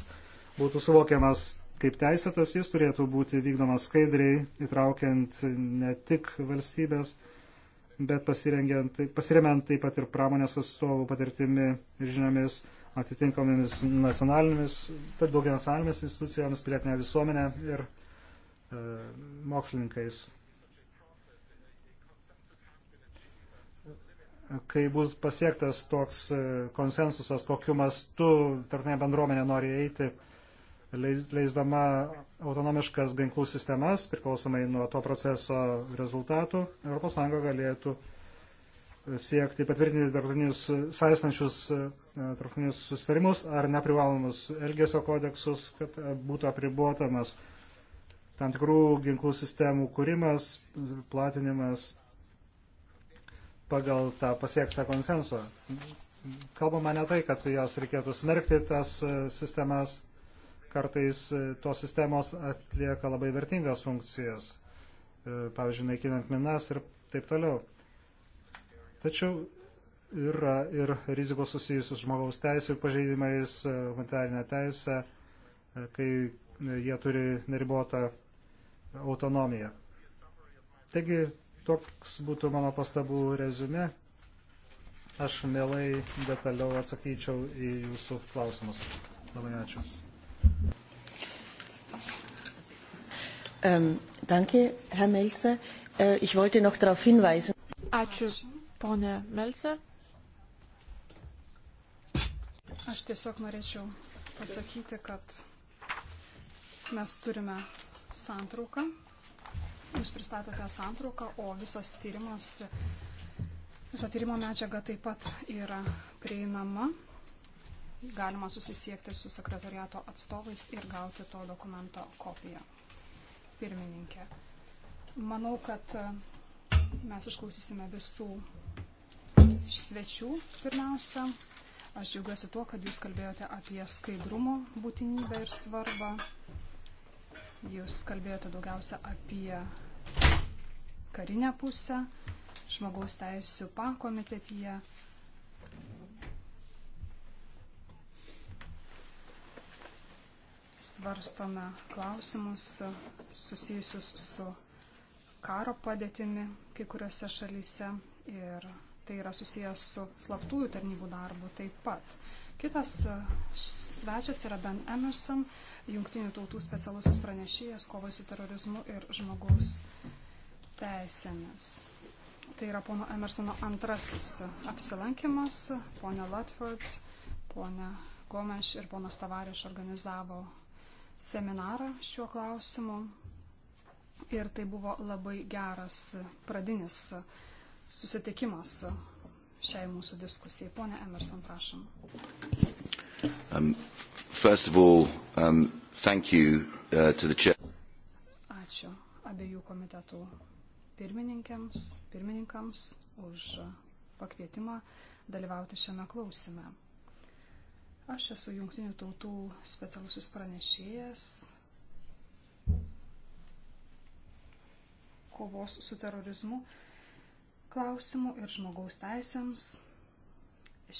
būtų suvokiamas kaip teisėtas, jis turėtų būti vykdomas skaidriai, įtraukiant ne tik valstybės, bet pasiremiant taip pat ir pramonės atstovų patirtimi ir žiniomis atitinkamomis nacionalinėmis, daugia nacionalinėmis institucijomis, pilietinė visuomenė ir E, mokslininkais. Kai bus pasiektas toks e, konsensusas, kokiu mastu tarptautinė bendruomenė nori eiti, leisdama autonomiškas ginklų sistemas, priklausomai nuo to proceso rezultatų, ES galėtų siekti patvirtinti tarptautinius saistančius e, tarptautinius susitarimus ar neprivalomus elgesio kodeksus, kad būtų apribuotamas tam tikrų ginklų sistemų kūrimas, platinimas pagal tą pasiektą konsensuą. Kalbama ne tai, kad jas reikėtų smerkti, tas e, sistemas, kartais e, tos sistemos atlieka labai vertingas funkcijas, e, pavyzdžiui, naikinant minas ir taip toliau. Tačiau yra ir rizikos susijusius žmogaus teisų pažeidimais, humanitarinė teisė, kai jie turi neribotą autonomiją. Taigi, toks būtų mano pastabų rezume. Aš mielai detaliau atsakyčiau į jūsų klausimus. Labai ačiū. Um, danke, Herr Melzer. Uh, ich wollte noch darauf hinweisen. Ačiū, ponė Melzer. Aš tiesiog norėčiau pasakyti, kad mes turime santrauką. Jūs pristatote santrauką, o visas tyrimas, visa tyrimo medžiaga taip pat yra prieinama. Galima susisiekti su sekretariato atstovais ir gauti to dokumento kopiją. Pirmininkė. Manau, kad e, mes išklausysime visų svečių pirmiausia. Aš džiaugiuosi tuo, kad jūs kalbėjote apie skaidrumo būtinybę ir svarbą. Jūs kalbėjote daugiausia apie karinę pusę, žmogaus teisų pakomitetyje. Svarstome klausimus susijusius su karo padėtimi kai kuriuose šalyse ir tai yra susijęs su slaptųjų tarnybų darbu taip pat. Kitas svečias yra Ben Emerson, jungtinių tautų specialusis pranešėjas kovai su terorizmu ir žmogaus teisėmis. Tai yra pono Emersono antrasis apsilankimas. Pone Latford, pone Gomeš ir ponas Tavariš organizavo seminarą šiuo klausimu. Ir tai buvo labai geras pradinis susitikimas šiai mūsų diskusijai. Pone Emerson, prašom. Um, all, um, Thank you uh, to the chair. Ačiū abiejų komitetų pirmininkėms, pirmininkams už pakvietimą dalyvauti šiame klausime. Aš esu Junktinių tautų specialusis pranešėjas kovos su terorizmu klausimų ir žmogaus teisėms.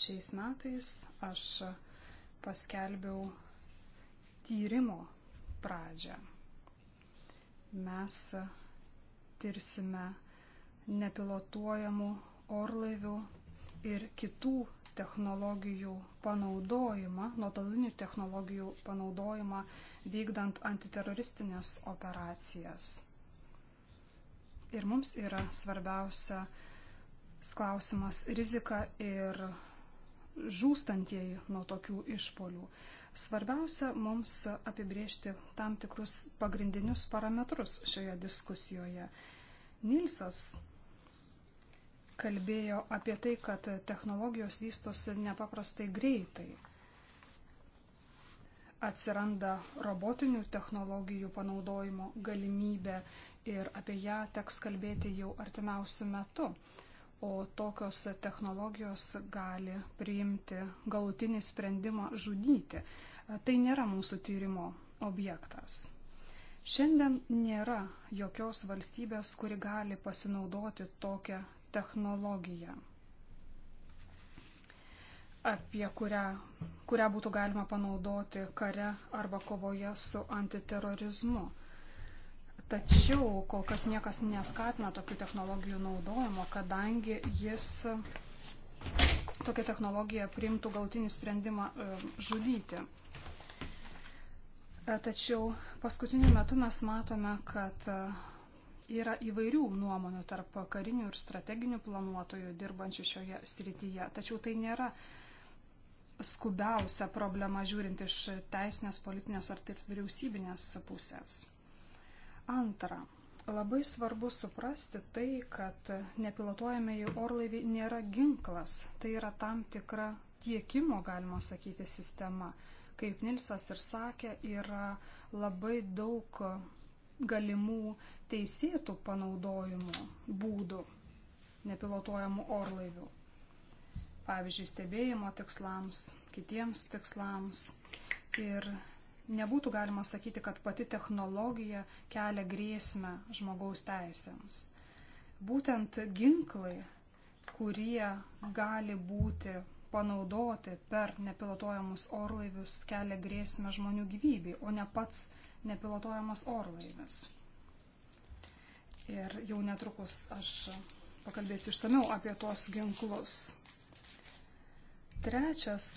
Šiais metais aš paskelbiau tyrimo pradžią. Mes tirsime nepilotuojamų orlaivių ir kitų technologijų panaudojimą, nuotolinių technologijų panaudojimą vykdant antiteroristinės operacijas. Ir mums yra svarbiausia klausimas rizika ir žūstantieji nuo tokių išpolių. Svarbiausia mums apibriežti tam tikrus pagrindinius parametrus šioje diskusijoje. Nilsas kalbėjo apie tai, kad technologijos vystosi nepaprastai greitai. Atsiranda robotinių technologijų panaudojimo galimybė ir apie ją teks kalbėti jau artimiausių metų. O tokios technologijos gali priimti galutinį sprendimą žudyti. Tai nėra mūsų tyrimo objektas. Šiandien nėra jokios valstybės, kuri gali pasinaudoti tokią technologiją, apie kurią, kurią būtų galima panaudoti kare arba kovoje su antiterorizmu. Tačiau kol kas niekas neskatina tokių technologijų naudojimo, kadangi jis tokia technologija priimtų gautinį sprendimą e, žudyti. E, tačiau paskutiniu metu mes matome, kad e, yra įvairių nuomonių tarp karinių ir strateginių planuotojų dirbančių šioje srityje. Tačiau tai nėra skubiausia problema žiūrint iš teisinės, politinės ar tik vyriausybinės pusės. Antra, Labai svarbu suprasti tai, kad nepilotuojami į orlaivį nėra ginklas, tai yra tam tikra tiekimo, galima sakyti, sistema. Kaip Nilsas ir sakė, yra labai daug galimų teisėtų panaudojimų būdų nepilotuojamų orlaivių. Pavyzdžiui, stebėjimo tikslams, kitiems tikslams. Ir nebūtų galima sakyti, kad pati technologija kelia grėsmę žmogaus teisėms. Būtent ginklai, kurie gali būti panaudoti per nepilotuojamus orlaivius, kelia grėsmę žmonių gyvybei, o ne pats nepilotuojamas orlaivis. Ir jau netrukus aš pakalbėsiu išsameu apie tuos ginklus. Trečias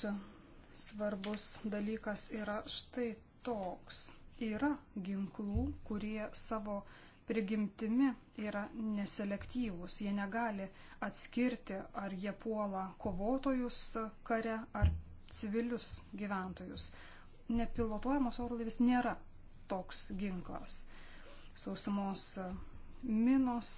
svarbus dalykas yra štai toks. Yra ginklų, kurie savo prigimtimi yra neselektyvūs. Jie negali atskirti, ar jie puola kovotojus kare ar civilius gyventojus. Nepilotuojamos orlaivis nėra toks ginklas. Sausumos minos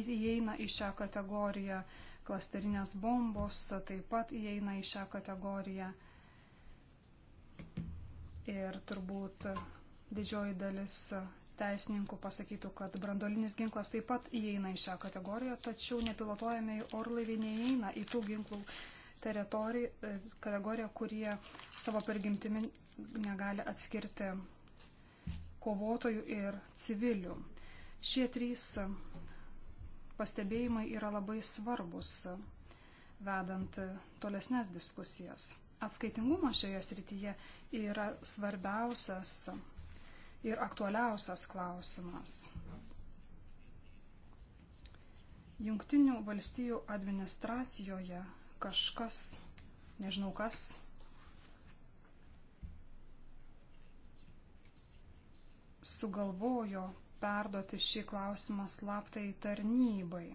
įeina į šią kategoriją klasterinės bombos taip pat įeina į šią kategoriją. Ir turbūt didžioji dalis teisininkų pasakytų, kad brandolinis ginklas taip pat įeina į šią kategoriją, tačiau nepilotuojami orlaiviai neįeina į tų ginklų kategoriją, kurie savo pergimtimi negali atskirti kovotojų ir civilių. Šie trys pastebėjimai yra labai svarbus, vedant tolesnės diskusijas. Atskaitingumas šioje srityje yra svarbiausias ir aktualiausias klausimas. Jungtinių valstijų administracijoje kažkas, nežinau kas, sugalvojo perduoti šį klausimą slaptai tarnybai,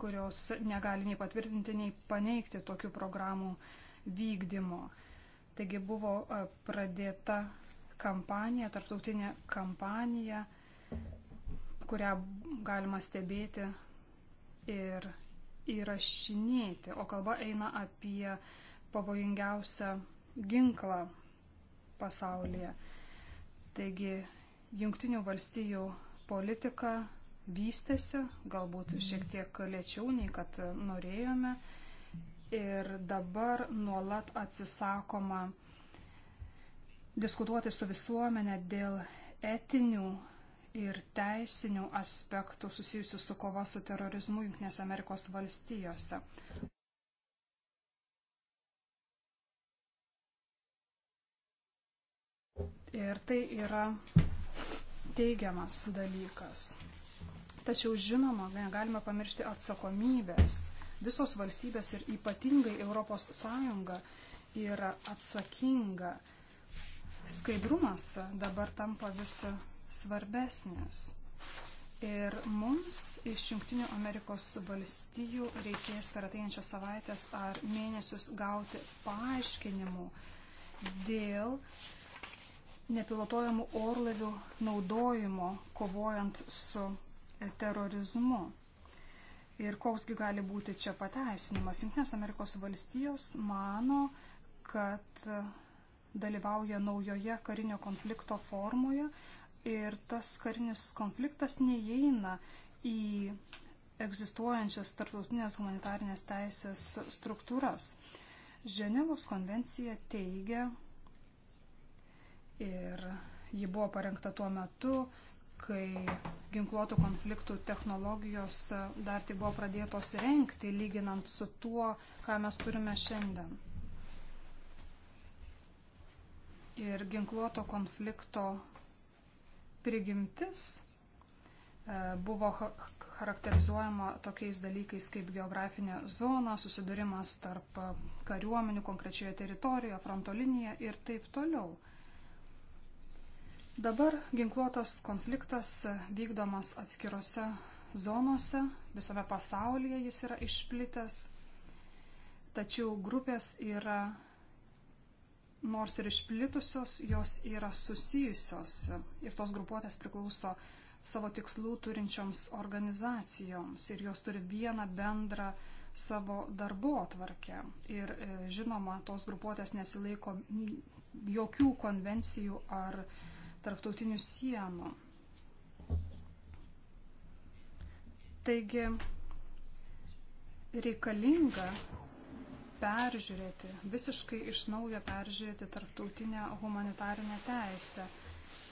kurios negali nei patvirtinti, nei paneigti tokių programų vykdymo. Taigi buvo e, pradėta kampanija, tarptautinė kampanija, kurią galima stebėti ir įrašinėti. O kalba eina apie pavojingiausią ginklą pasaulyje. Taigi, jungtinių valstijų politika vystėsi, galbūt šiek tiek lėčiau nei kad norėjome. Ir dabar nuolat atsisakoma diskutuoti su visuomenė dėl etinių ir teisinių aspektų susijusių su kova su terorizmu Junktinės Amerikos valstijose. Ir tai yra teigiamas dalykas. Tačiau žinoma, negalime pamiršti atsakomybės. Visos valstybės ir ypatingai ES yra atsakinga. Skaidrumas dabar tampa vis svarbesnis. Ir mums iš Junktinių Amerikos valstijų reikės per ateinančias savaitės ar mėnesius gauti paaiškinimų dėl nepilotuojamų orlavių naudojimo kovojant su terorizmu. Ir koksgi gali būti čia pateisinimas. Junktinės Amerikos valstijos mano, kad dalyvauja naujoje karinio konflikto formoje ir tas karinis konfliktas neįeina į egzistuojančias tarptautinės humanitarinės teisės struktūras. Ženevos konvencija teigia, ir ji buvo parengta tuo metu, kai ginkluotų konfliktų technologijos e, dar tik buvo pradėtos renkti, lyginant su tuo, ką mes turime šiandien. Ir ginkluoto konflikto prigimtis e, buvo charakterizuojama tokiais dalykais kaip geografinė zona, susidūrimas tarp e, kariuomenių konkrečioje teritorijoje, fronto linija ir taip toliau. Dabar ginkluotas konfliktas vykdomas atskirose zonose, visame pasaulyje jis yra išplitęs, tačiau grupės yra nors ir išplitusios, jos yra susijusios ir tos grupuotės priklauso savo tikslų turinčioms organizacijoms ir jos turi vieną bendrą savo darbo atvarkę. Ir e, žinoma, tos grupuotės nesilaiko jokių konvencijų ar uh, tarptautinių sienų. Taigi reikalinga peržiūrėti, visiškai iš naujo peržiūrėti tarptautinę humanitarinę teisę.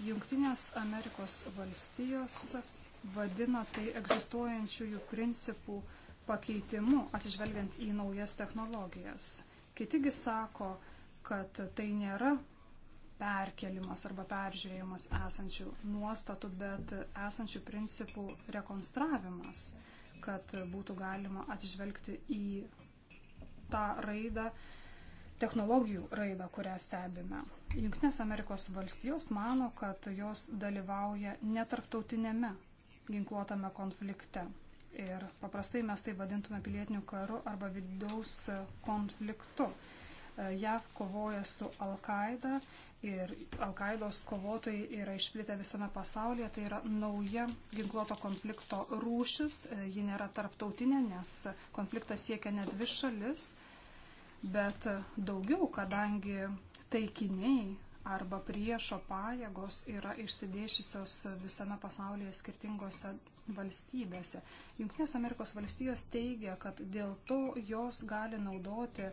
Junktinės Amerikos valstijos vadina tai egzistuojančiųjų principų pakeitimu, atsižvelgiant į naujas technologijas. Kitigi sako, kad tai nėra perkelimas arba peržiūrėjimas esančių nuostatų, bet esančių principų rekonstravimas, kad būtų galima atsižvelgti į tą raidą, technologijų raidą, kurią stebime. Junktinės Amerikos valstijos mano, kad jos dalyvauja netarptautinėme ginkluotame konflikte. Ir paprastai mes tai vadintume pilietiniu karu arba vidaus konfliktu. E, JAV kovoja su Al-Qaeda, ir Al-Qaidos kovotojai yra išplitę visame pasaulyje. Tai yra nauja ginkluoto konflikto rūšis. Ji nėra tarptautinė, nes konfliktas siekia ne dvi šalis, bet daugiau, kadangi taikiniai arba priešo pajėgos yra išsidėšysios visame pasaulyje skirtingose valstybėse. Junktinės Amerikos valstijos teigia, kad dėl to jos gali naudoti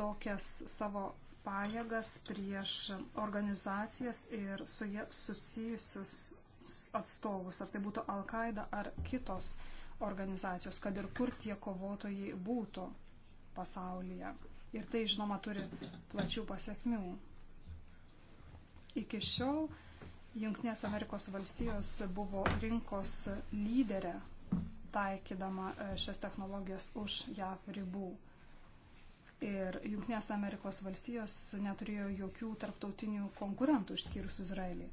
tokias savo pajėgas prieš organizacijas ir su jie susijusius atstovus, ar tai būtų Al-Qaeda ar kitos organizacijos, kad ir kur tie kovotojai būtų pasaulyje. Ir tai, žinoma, turi plačių pasiekmių. Iki šiol Junktinės Amerikos valstijos buvo rinkos lyderė taikydama e, šias technologijas už JAV ribų. Ir Junktinės Amerikos valstijos neturėjo jokių tarptautinių konkurentų išskyrus Izraelį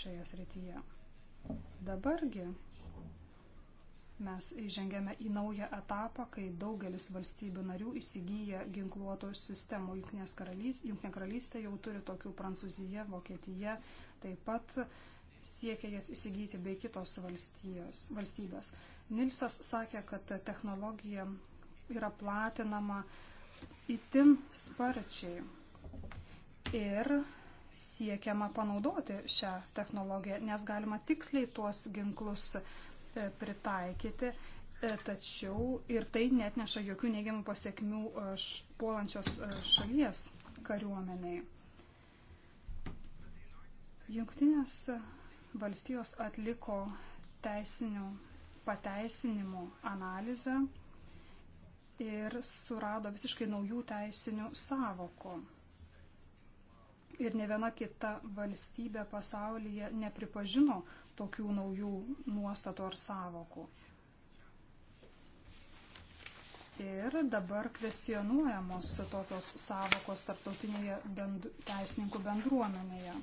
šioje srityje. Dabargi mes įžengėme į naują etapą, kai daugelis valstybių narių įsigyja ginkluotų sistemų. Junktinė karalystė jau turi tokių Prancūzija, Vokietija, taip pat siekia jas įsigyti bei kitos valstijos, valstybės. Nilsas sakė, kad technologija yra platinama uh, itin sparčiai. Ir siekiama panaudoti šią technologiją, nes galima tiksliai tuos ginklus e, pritaikyti, e, tačiau ir tai net neša jokių neigiamų pasiekmių e, puolančios šalies kariuomeniai. Junktinės valstijos atliko teisinių pateisinimų analizę ir surado visiškai naujų teisinių savokų. Ir ne viena kita valstybė pasaulyje nepripažino tokių naujų nuostatų ar savokų. Ir dabar kvestionuojamos tokios savokos tarptautinėje bend, teisininkų bendruomenėje,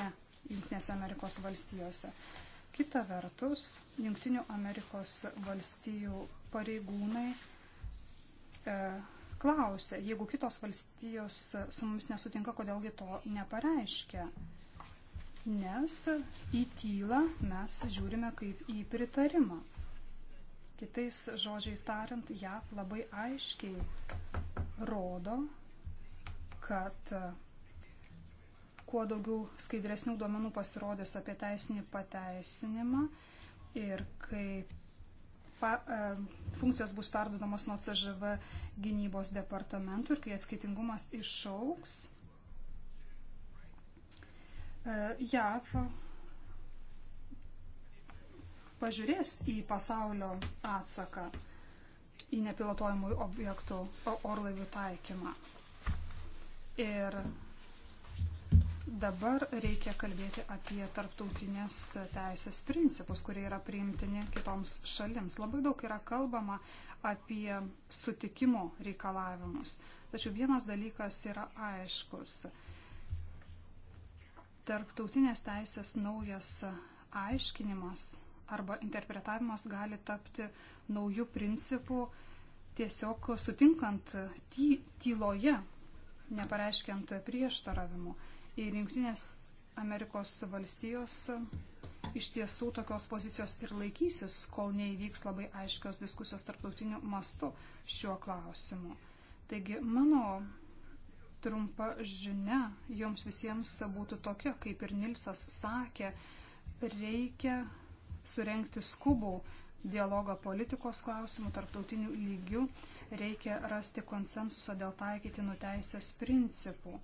ne Junktinėse Amerikos valstijose. Kita vertus, Junktinių Amerikos valstijų pareigūnai E, klausia, jeigu kitos valstijos su mumis nesutinka, kodėlgi to nepareiškia. Nes į tylą mes žiūrime kaip į pritarimą. Kitais žodžiais tariant, JAV labai aiškiai rodo, kad e, kuo daugiau skaidresnių duomenų pasirodys apie teisinį pateisinimą ir kaip pa, e, funkcijos bus perdodamos nuo CŽV gynybos departamentų ir kai atskaitingumas išauks, e, JAV pažiūrės į pasaulio atsaką į nepilotojimų objektų orlaivių taikymą. Ir Dabar reikia kalbėti apie tarptautinės teisės principus, kurie yra priimtini kitoms šalims. Labai daug yra kalbama apie sutikimo reikalavimus. Tačiau vienas dalykas yra aiškus. Tarptautinės teisės naujas aiškinimas arba interpretavimas gali tapti naujų principų tiesiog sutinkant ty tyloje, nepareiškiant prieštaravimų. Ir Junktinės Amerikos valstijos iš tiesų tokios pozicijos ir laikysis, kol neįvyks labai aiškios diskusijos tarptautiniu mastu šiuo klausimu. Taigi mano trumpa žinia jums visiems būtų tokia, kaip ir Nilsas sakė, reikia surenkti skubų dialogą politikos klausimų tarptautinių lygių, reikia rasti konsensusą dėl taikytinų teisės principų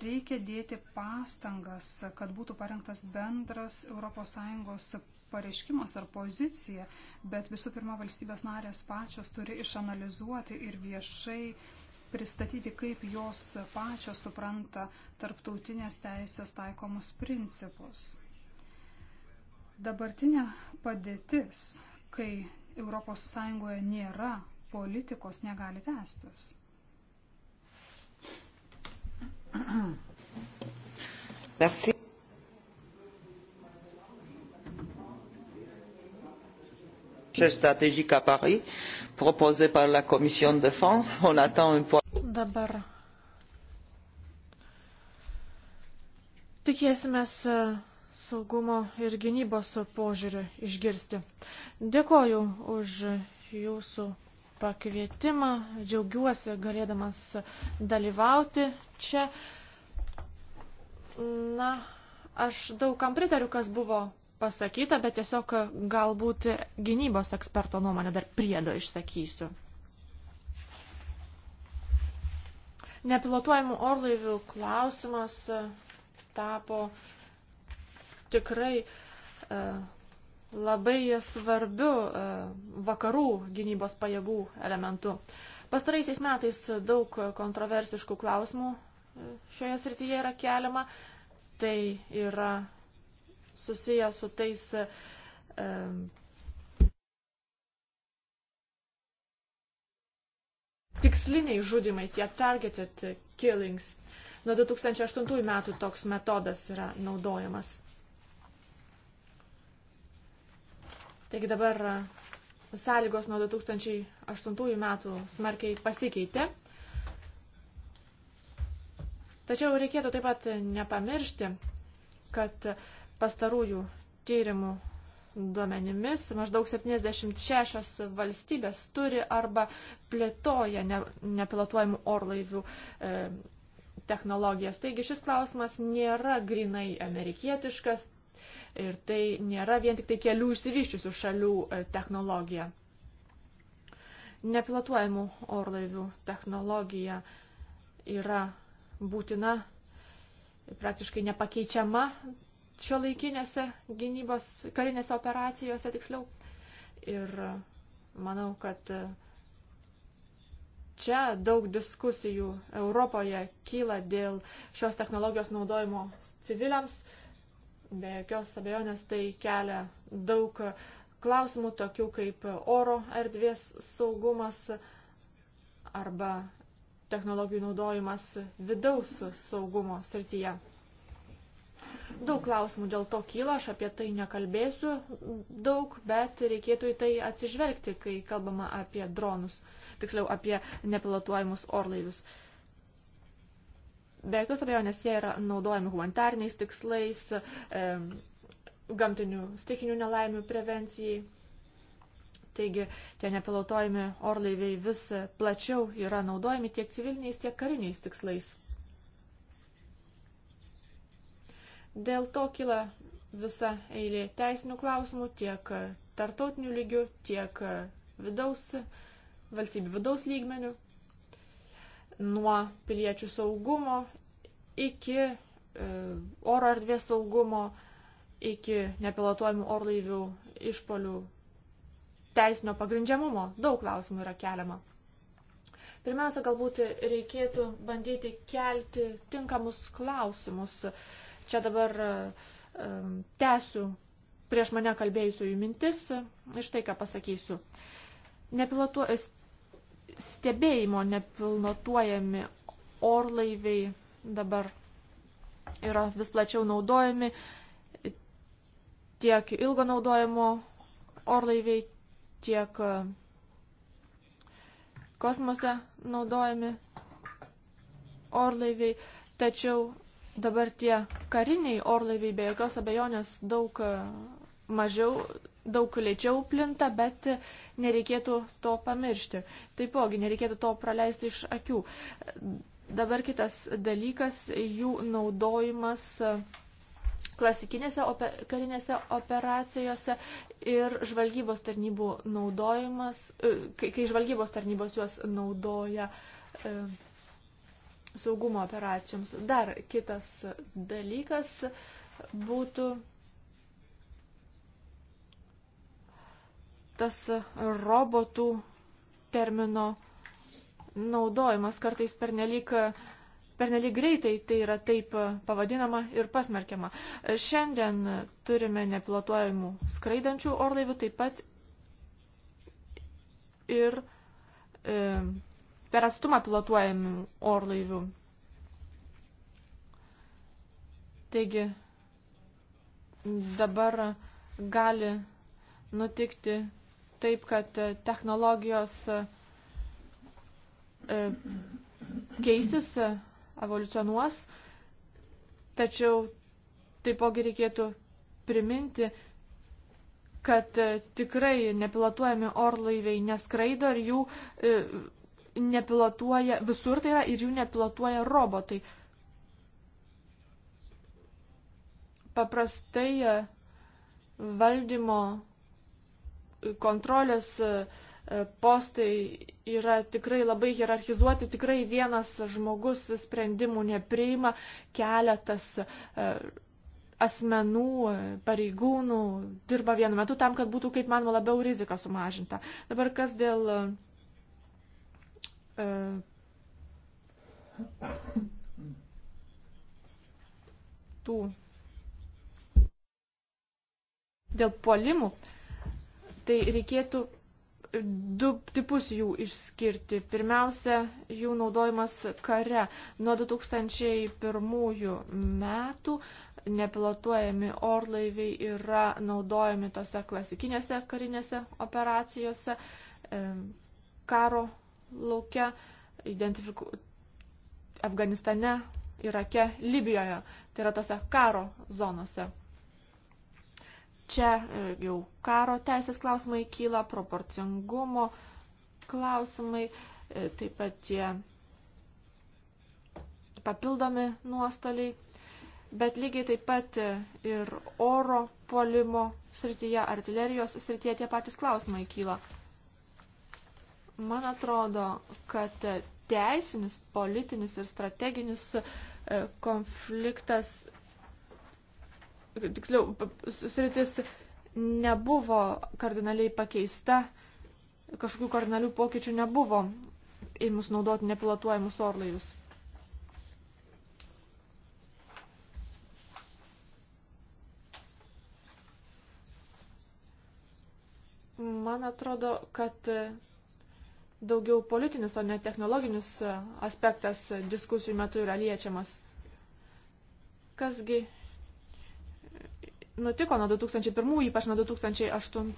reikia dėti pastangas, kad būtų parengtas bendras ES pareiškimas ar pozicija, bet visų pirma valstybės narės pačios turi išanalizuoti ir viešai pristatyti, kaip jos pačios supranta tarptautinės teisės taikomus principus. Dabartinė padėtis, kai ES nėra politikos, negali tęstis. Merci. stratégique à Paris proposé par la Commission de défense. On attend un point. Dabar tikėsimės e, saugumo ir gynybos požiūrių išgirsti. Dėkoju už jūsų pakvietimą, džiaugiuosi galėdamas dalyvauti čia, na, aš daugam pritariu, kas buvo pasakyta, bet tiesiog galbūt gynybos eksperto nuomonę dar priedo išsakysiu. Nepilotuojamų orlaivių klausimas e, tapo tikrai e, labai svarbiu e, vakarų gynybos pajėgų elementu. Pastaraisiais metais daug kontroversiškų klausimų šioje srityje yra keliama, tai yra susiję su tais e, tiksliniai žudimai, tie targeted killings. Nuo 2008 metų toks metodas yra naudojamas. Taigi dabar sąlygos nuo 2008 metų smarkiai pasikeitė. Tačiau reikėtų taip pat nepamiršti, kad pastarųjų tyrimų duomenimis maždaug 76 valstybės turi arba plėtoja ne, nepilotuojamų orlaivių e, technologijas. Taigi šis klausimas nėra grinai amerikietiškas ir tai nėra vien tik tai kelių išsivyščiusių šalių e, technologija. Nepilotuojamų orlaivių technologija yra būtina, praktiškai nepakeičiama šio laikinėse gynybos, karinėse operacijose tiksliau. Ir manau, kad čia daug diskusijų Europoje kyla dėl šios technologijos naudojimo civiliams. Be jokios abejonės tai kelia daug klausimų, tokių kaip oro erdvės saugumas arba technologijų naudojimas vidaus saugumo srityje. Daug klausimų dėl to kyla, aš apie tai nekalbėsiu daug, bet reikėtų į tai atsižvelgti, kai kalbama apie dronus, tiksliau apie nepilotuojamus orlaivius. Be jokios abejonės jie yra naudojami humanitarniais tikslais, e, gamtinių stikinių nelaimių prevencijai. Taigi tie nepilotuojami orlaiviai vis plačiau yra naudojami tiek civiliniais, tiek kariniais tikslais. Dėl to kyla visa eilė teisinių klausimų tiek tartautinių lygių, tiek vidaus, valstybių vidaus lygmenių, nuo piliečių saugumo iki e, oro erdvės saugumo, iki nepilotuojamų orlaivių išpolių teisinio pagrindžiamumo. Daug klausimų yra keliama. Pirmiausia, galbūt reikėtų bandyti kelti tinkamus klausimus. Čia dabar um, tęsiu prieš mane kalbėjusių jų mintis ir štai ką pasakysiu. Nepilotuo, stebėjimo nepilotuojami orlaiviai dabar yra vis plačiau naudojami tiek ilgo naudojimo orlaiviai, tiek e, kosmose naudojami orlaiviai, tačiau dabar tie kariniai orlaiviai be jokios abejonės daug e, mažiau, daug lėčiau plinta, bet nereikėtų to pamiršti. Taipogi, nereikėtų to praleisti iš akių. Dabar kitas dalykas - jų naudojimas uh, klasikinėse oper, karinėse operacijose ir žvalgybos tarnybų naudojimas, e, kai, kai žvalgybos tarnybos juos naudoja e, saugumo operacijoms. Dar kitas dalykas būtų tas robotų termino naudojimas kartais pernelyg pernelyg greitai tai yra taip e, pavadinama ir pasmerkiama. E, šiandien turime nepilotuojamų skraidančių orlaivių, taip pat ir e, per atstumą pilotuojamų orlaivių. Taigi dabar gali nutikti taip, kad technologijos e, keisis evoliucionuos, tačiau taipogi reikėtų priminti, kad e, tikrai nepilotuojami orlaiviai neskraido ir jų e, nepilotuoja, visur tai yra ir jų nepilotuoja robotai. Paprastai e, valdymo kontrolės uh, E, postai yra tikrai labai hierarchizuoti, tikrai vienas žmogus sprendimų nepriima, keletas e, asmenų, pareigūnų dirba vienu metu tam, kad būtų kaip manoma labiau rizika sumažinta. Dabar kas dėl e, tų dėl polimų, tai reikėtų du tipus jų išskirti. Pirmiausia, jų naudojimas kare. Nuo 2001 metų nepilotuojami orlaiviai yra naudojami tose klasikinėse karinėse operacijose, e, karo laukia, identifiku... Afganistane, Irake, Libijoje. Tai yra tose karo zonose. Čia e, jau karo teisės klausimai kyla, proporcingumo klausimai, e, taip pat tie papildomi nuostoliai, bet lygiai taip pat e, ir oro polimo srityje, artilerijos srityje tie patys klausimai kyla. Man atrodo, kad teisinis, politinis ir strateginis konfliktas tiksliau, sritis nebuvo kardinaliai pakeista, kažkokių kardinalių pokyčių nebuvo įmus naudoti nepilotuojamus orlaivius. Man atrodo, kad daugiau politinis, o ne technologinis aspektas diskusijų metu yra liečiamas. Kasgi nutiko nuo 2001, ypač nuo 2008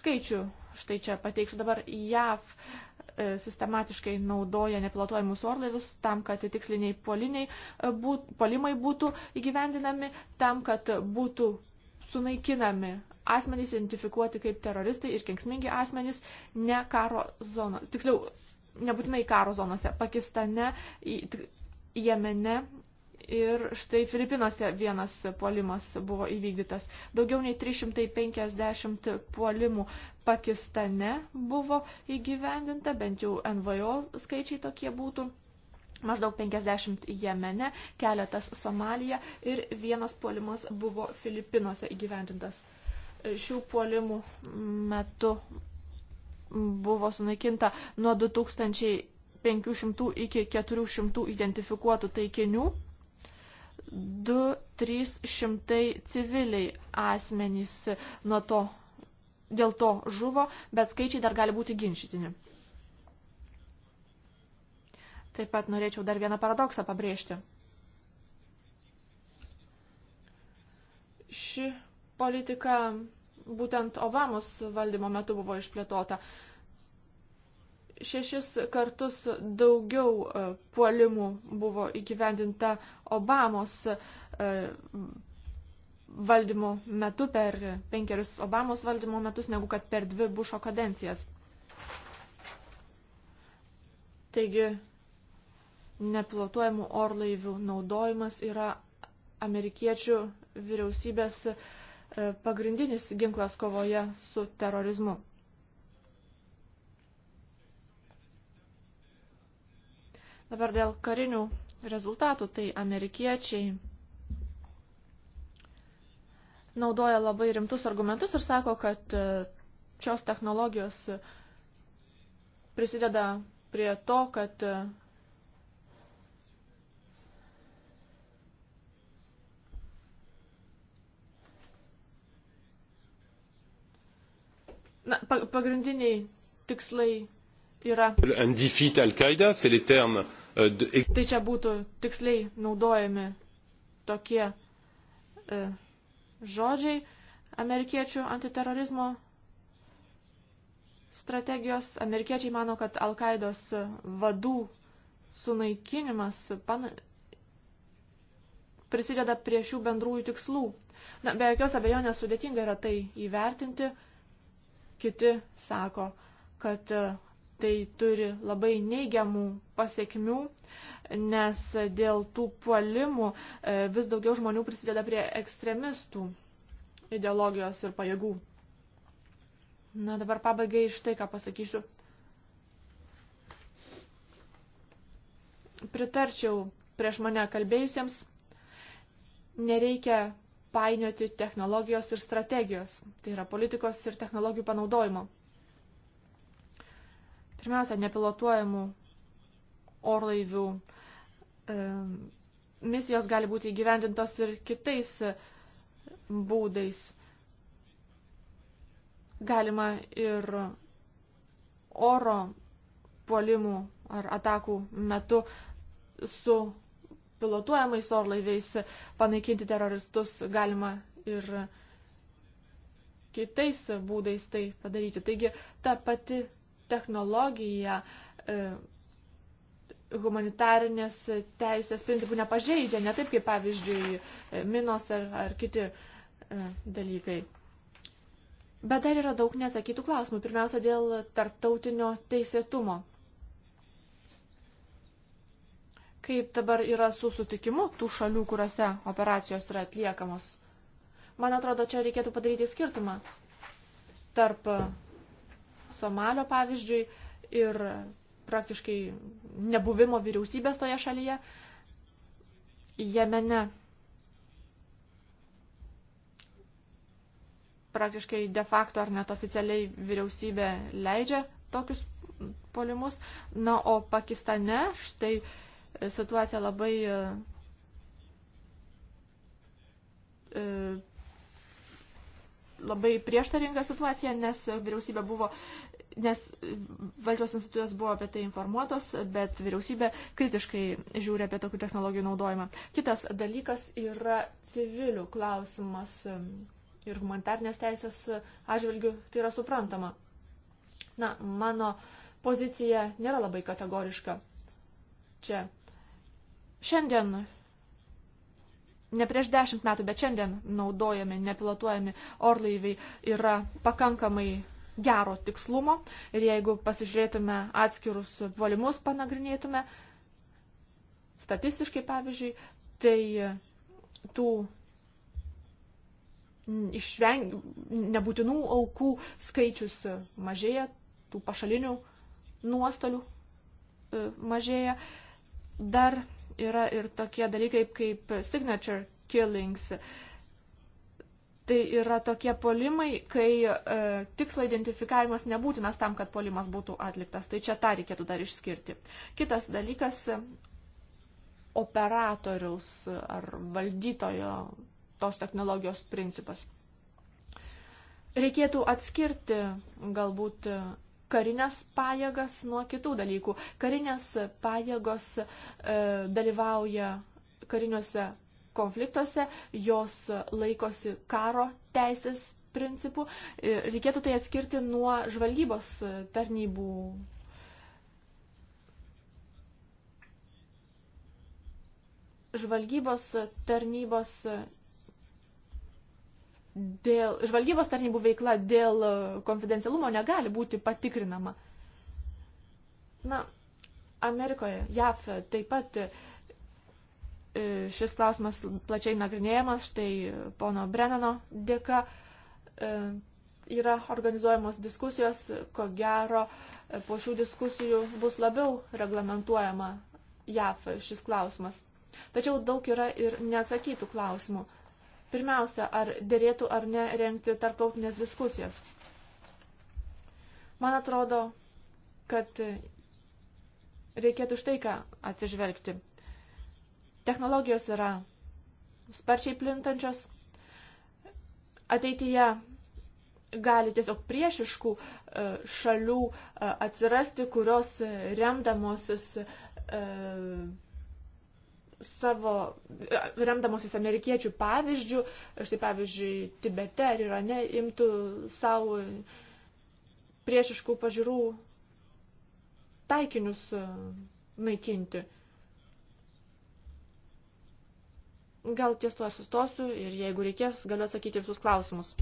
skaičių. Štai čia pateiksiu dabar JAV e, sistematiškai naudoja nepilotuojamus orlaivius tam, kad tiksliniai poliniai, e, būt, polimai būtų įgyvendinami, tam, kad būtų sunaikinami asmenys identifikuoti kaip teroristai ir kenksmingi asmenys ne karo zono, tiksliau, nebūtinai karo zonose, Pakistane, Jemene Ir štai Filipinuose vienas puolimas buvo įvykdytas. Daugiau nei 350 puolimų Pakistane buvo įgyvendinta, bent jau NVO skaičiai tokie būtų. Maždaug 50 Jemene, keletas Somalija ir vienas puolimas buvo Filipinuose įgyvendintas. Šių puolimų metu buvo sunaikinta nuo 2000 500 iki 400 identifikuotų taikinių 2-300 civiliai asmenys nuo to, dėl to žuvo, bet skaičiai dar gali būti ginčytini. Taip pat norėčiau dar vieną paradoksą pabrėžti. Ši politika būtent Obamos valdymo metu buvo išplėtota šešis kartus daugiau e, puolimų buvo įgyvendinta Obamos e, valdymo metu, per penkerius Obamos valdymo metus, negu kad per dvi Bušo kadencijas. Taigi, nepilotuojamų orlaivių naudojimas yra amerikiečių vyriausybės e, pagrindinis ginklas kovoje su terorizmu. Dabar dėl karinių rezultatų, tai amerikiečiai naudoja labai rimtus argumentus ir sako, kad e, šios technologijos e, prisideda prie to, kad e, Na, pagrindiniai tikslai yra. Un defeat Al-Qaeda, c'est les termes E, e, tai čia būtų tiksliai naudojami tokie e, žodžiai amerikiečių antiterorizmo strategijos. Amerikiečiai mano, kad Al-Qaidos vadų sunaikinimas pan... prisideda prie šių bendrųjų tikslų. Na, be jokios abejonės sudėtinga yra tai įvertinti. Kiti sako, kad e, tai turi labai neigiamų pasiekmių, nes dėl tų puolimų e, vis daugiau žmonių prisideda prie ekstremistų ideologijos ir pajėgų. Na dabar pabaigai iš tai, ką pasakysiu. Pritarčiau prieš mane kalbėjusiems, nereikia painioti technologijos ir strategijos, tai yra politikos ir technologijų panaudojimo. Pirmiausia, nepilotuojamų orlaivių e, misijos gali būti įgyvendintos ir kitais e, būdais. Galima ir oro puolimų ar atakų metu su pilotuojamais orlaiviais panaikinti teroristus galima ir kitais būdais tai padaryti. Taigi ta pati technologija e, humanitarinės teisės principų nepažeidžia, ne taip kaip pavyzdžiui e, minos ar, ar kiti e, dalykai. Bet dar yra daug neatsakytų klausimų. Pirmiausia, dėl tarptautinio teisėtumo. Kaip dabar yra su sutikimu tų šalių, kuriuose operacijos yra atliekamos? Man atrodo, čia reikėtų padaryti skirtumą tarp Somalio pavyzdžiui ir praktiškai nebuvimo vyriausybės toje šalyje, Jemene praktiškai de facto ar net oficialiai vyriausybė leidžia tokius polimus. Na, o Pakistane štai situacija labai e, labai prieštaringa situacija, nes vyriausybė buvo, nes valdžios institucijos buvo apie tai informuotos, bet vyriausybė kritiškai žiūri apie tokių technologijų naudojimą. Kitas dalykas yra civilių klausimas ir humanitarnės teisės atžvilgių, tai yra suprantama. Na, mano pozicija nėra labai kategoriška. Čia. Šiandien ne prieš dešimt metų, bet šiandien naudojami nepilotuojami orlaiviai yra pakankamai gero tikslumo. Ir jeigu pasižiūrėtume atskirus puolimus, panagrinėtume statistiškai, pavyzdžiui, tai tų išveng... nebūtinų aukų skaičius mažėja, tų pašalinių nuostolių e, mažėja. Dar yra ir tokie dalykai kaip signature killings. Tai yra tokie polimai, kai e, tikslo identifikavimas nebūtinas tam, kad polimas būtų atliktas. Tai čia tą reikėtų dar išskirti. Kitas dalykas - operatoriaus ar valdytojo tos technologijos principas reikėtų atskirti galbūt karinės pajėgas nuo kitų dalykų. Karinės pajėgos e, dalyvauja kariniuose konfliktuose, jos laikosi karo teisės principų. E, reikėtų tai atskirti nuo žvalgybos tarnybų. Žvalgybos tarnybos dėl žvalgybos tarnybų veikla dėl e, konfidencialumo negali būti patikrinama. Na, Amerikoje, JAF taip pat e, e, šis klausimas plačiai nagrinėjamas, štai pono Brennano dėka yra organizuojamos diskusijos, ko gero po šių diskusijų bus labiau reglamentuojama JAF šis klausimas. Tačiau daug yra ir neatsakytų klausimų. Pirmiausia, ar dėrėtų ar ne rengti tarptautinės diskusijas. Man atrodo, kad reikėtų štai ką atsižvelgti. Technologijos yra sparčiai plintančios. Ateityje gali tiesiog priešiškų e, šalių e, atsirasti, kurios e, remdamosis savo, remdamosis amerikiečių pavyzdžių, štai pavyzdžiui, Tibete ar Irane imtų savo priešiškų pažiūrų taikinius e, naikinti. Gal ties tuo sustosiu ir jeigu reikės, galiu atsakyti visus klausimus.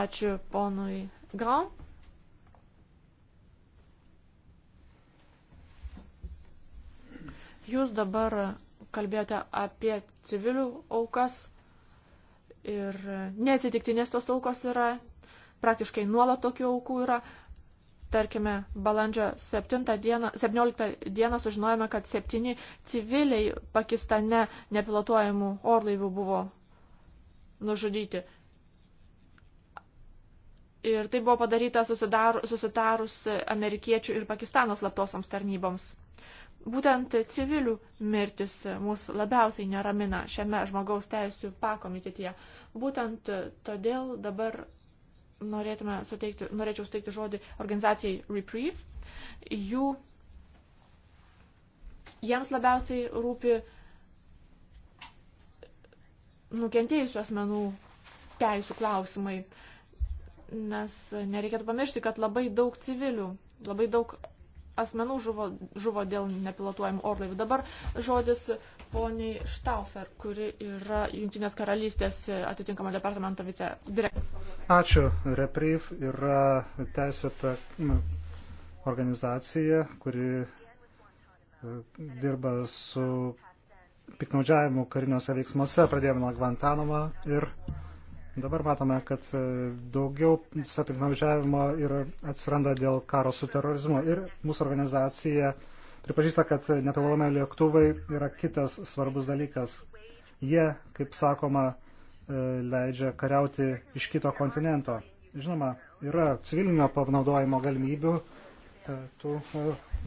Ačiū ponui Gal. Jūs dabar kalbėjote apie civilių aukas ir neatsitiktinės tos aukos yra, praktiškai nuolat tokių aukų yra. Tarkime, balandžio 7 dieną, 17 dieną sužinojome, kad septyni civiliai Pakistane nepilotuojamų orlaivių buvo nužudyti. Ir tai buvo padaryta susidarus amerikiečių ir Pakistano slaptosoms tarnyboms. Būtent civilių mirtis mūsų labiausiai neramina šiame žmogaus teisų pakomitetyje. Būtent todėl dabar norėtume suteikti, norėčiau suteikti žodį organizacijai Reprieve. Jų, jiems labiausiai rūpi nukentėjusių asmenų teisų klausimai, nes nereikėtų pamiršti, kad labai daug civilių, labai daug asmenų žuvo, žuvo dėl nepilotuojamų orlaivių. Dabar žodis poniai Štaufer, kuri yra Junktinės karalystės atitinkamo departamento vice direktorė. Ačiū. Reprief yra teisėta organizacija, kuri e, dirba su piknaudžiavimu kariniuose veiksmuose. Pradėjome nuo Guantanamo ir Dabar matome, kad e, daugiau sapiknaudžiavimo ir atsiranda dėl karo su terorizmu. Ir mūsų organizacija pripažįsta, kad nepilnome lėktuvai yra kitas svarbus dalykas. Jie, kaip sakoma, e, leidžia kariauti iš kito kontinento. Žinoma, yra civilinio panaudojimo galimybių e, tų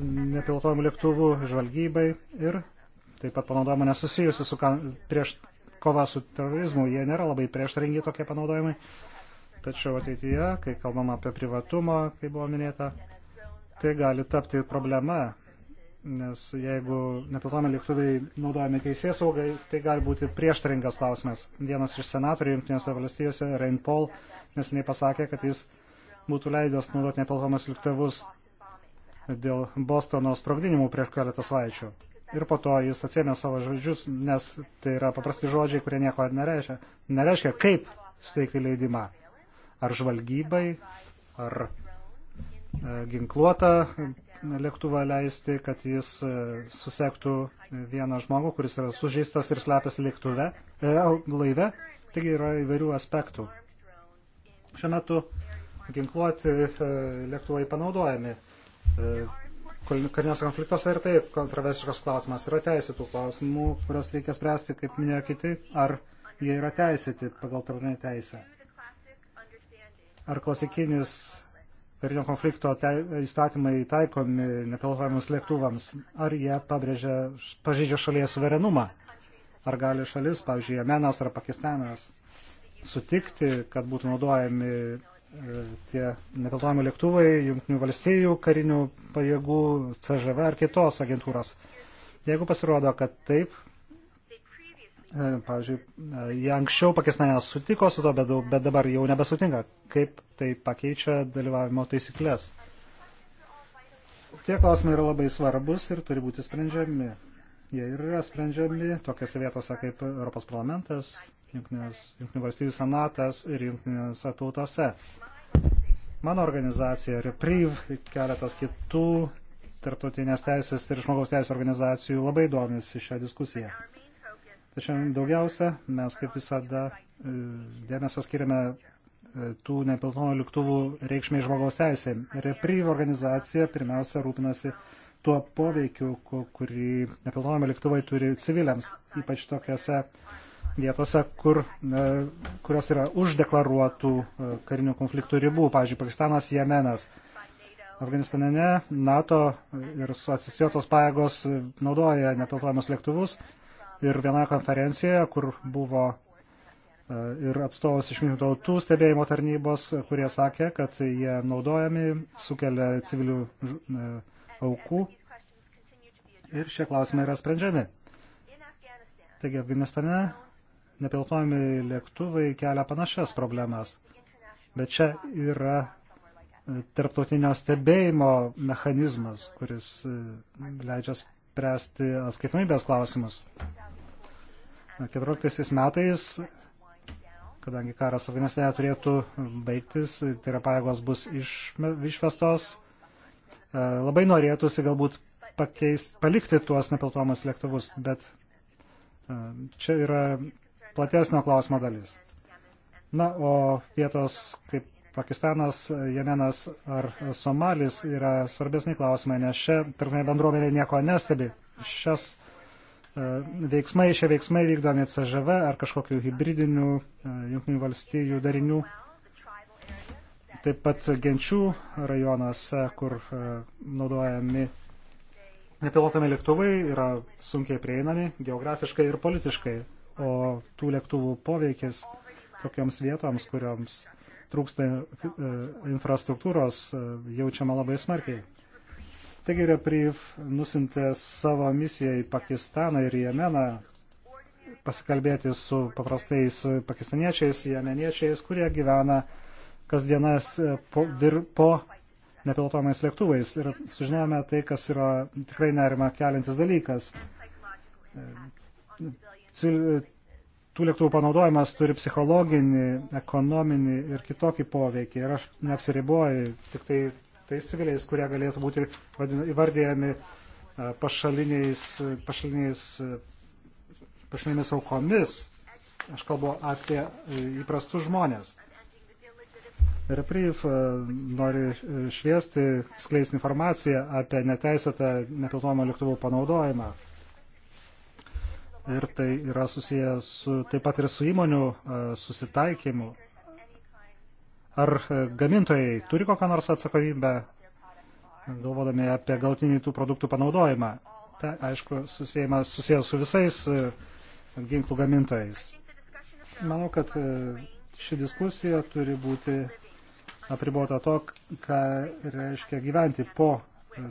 nepilotojimų lėktuvų žvalgybai ir taip pat panaudojama nesusijusi su prieš kova su terorizmu, jie nėra labai prieštaringi tokie panaudojimai. Tačiau ateityje, kai kalbam apie privatumą, kaip buvo minėta, tai gali tapti problema, nes jeigu nepilnojami lėktuvai naudojami teisės saugai, tai gali būti prieštaringas klausimas. Vienas iš senatorių Junktinėse valstijose, Rain Paul, nesiniai pasakė, kad jis būtų leidęs naudoti nepilnojamas lėktuvus dėl Bostono sprogdinimų prieš keletą savaičių ir po to jis atsėmė savo žodžius, nes tai yra paprasti žodžiai, kurie nieko nereiškia. Nereiškia, kaip suteikti leidimą. Ar žvalgybai, ar e, ginkluotą lėktuvą leisti, kad jis e, susektų vieną žmogų, kuris yra sužeistas ir slepiasi lėktuve, e, laive. Taigi yra įvairių aspektų. Šiuo metu ginkluoti e, lėktuvai panaudojami kariniuose konfliktuose ir taip kontroversiškas klausimas yra teisėtų klausimų, kurias reikia spręsti, kaip minėjo kiti, ar jie yra teisėti pagal tarptautinę teisę. Ar klasikinis karinio konflikto te, įstatymai taikomi nepilotuojamus lėktuvams, ar jie pabrėžia, pažydžia šalies suverenumą, ar gali šalis, pavyzdžiui, Jemenas ar Pakistanas, sutikti, kad būtų naudojami tie nepilnojami lėktuvai Junktinių valstybių karinių pajėgų, CŽV ar kitos agentūros. Jeigu pasirodo, kad taip, e, pavyzdžiui, e, jie anksčiau Pakistane sutiko su to, bet, bet dabar jau nebesutinka. Kaip tai pakeičia dalyvavimo taisyklės? Tie klausimai yra labai svarbus ir turi būti sprendžiami. Jie ir yra sprendžiami tokiose vietose kaip Europos parlamentas, Junktinių valstybių senatas ir Junktinėse tautose. Mano organizacija Reprieve, keletas kitų tarptautinės teisės ir žmogaus teisės organizacijų labai domisi šią diskusiją. Tačiau daugiausia mes kaip visada e, dėmesio skiriame e, tų nepilnojų lėktuvų reikšmiai žmogaus teisė. Reprieve organizacija pirmiausia rūpinasi tuo poveikiu, kurį nepilnojami lėktuvai turi civiliams, ypač tokiuose vietose, kur, e, kurios yra uždeklaruotų e, karinių konfliktų ribų, pavyzdžiui, Pakistanas, Jemenas. Afganistane ne, NATO ir asociuotos pajėgos e, naudoja nepiltojamus lėktuvus. Ir vienoje konferencijoje, kur buvo ir atstovas iš jungtinių tautų stebėjimo tarnybos, kurie sakė, kad jie naudojami, sukelia civilių aukų ir šie klausimai yra sprendžiami. Taigi Afganistane nepilnojami lėktuvai kelia panašias problemas. Bet čia yra e, tarptautinio stebėjimo mechanizmas, kuris e, leidžia spręsti atskaitomybės klausimus. 14 metais, kadangi karas Afganistane turėtų baigtis, tai yra pajėgos bus iš, išvestos, e, labai norėtųsi galbūt pakeist, palikti tuos nepiltomus lėktuvus, bet čia yra platesnio klausimo dalis. Na, o vietos kaip Pakistanas, Jemenas ar Somalis yra svarbesni klausimai, nes čia tarptautinė bendruomenė nieko nestebi. Šias e, veiksmai, šie veiksmai vykdomi CŽV ar kažkokiu hybridiniu e, jungtinių valstybių darinių. Taip pat genčių rajonuose, kur e, naudojami nepilotami lėktuvai, yra sunkiai prieinami geografiškai ir politiškai o tų lėktuvų poveikis tokiams vietoms, kurioms trūksta e, infrastruktūros, e, jaučiama labai smarkiai. Taigi Reprieve nusintė savo misiją į Pakistaną ir Jemeną pasikalbėti su paprastais pakistaniečiais, jemeniečiais, kurie gyvena kasdienas e, po, vir, po nepilotuojamais lėktuvais. Ir sužinojome tai, kas yra tikrai nerima keliantis dalykas tų lėktuvų panaudojimas turi psichologinį, ekonominį ir kitokį poveikį. Ir aš neapsiriboju tik tai tais civiliais, kurie galėtų būti įvardėjami e, pašaliniais, pašaliniais, pašalinėmis aukomis. Aš kalbu apie e, įprastus žmonės. Reprief e, nori šviesti, skleisti informaciją apie neteisėtą nepilnojimo lėktuvų panaudojimą ir tai yra susiję su, taip pat ir su įmonių e, susitaikymu. Ar e, gamintojai turi kokią nors atsakomybę, galvodami apie galtinį tų produktų panaudojimą? Tai, aišku, susiję su visais e, ginklų gamintojais. Manau, kad ši diskusija turi būti apribota to, ką reiškia gyventi po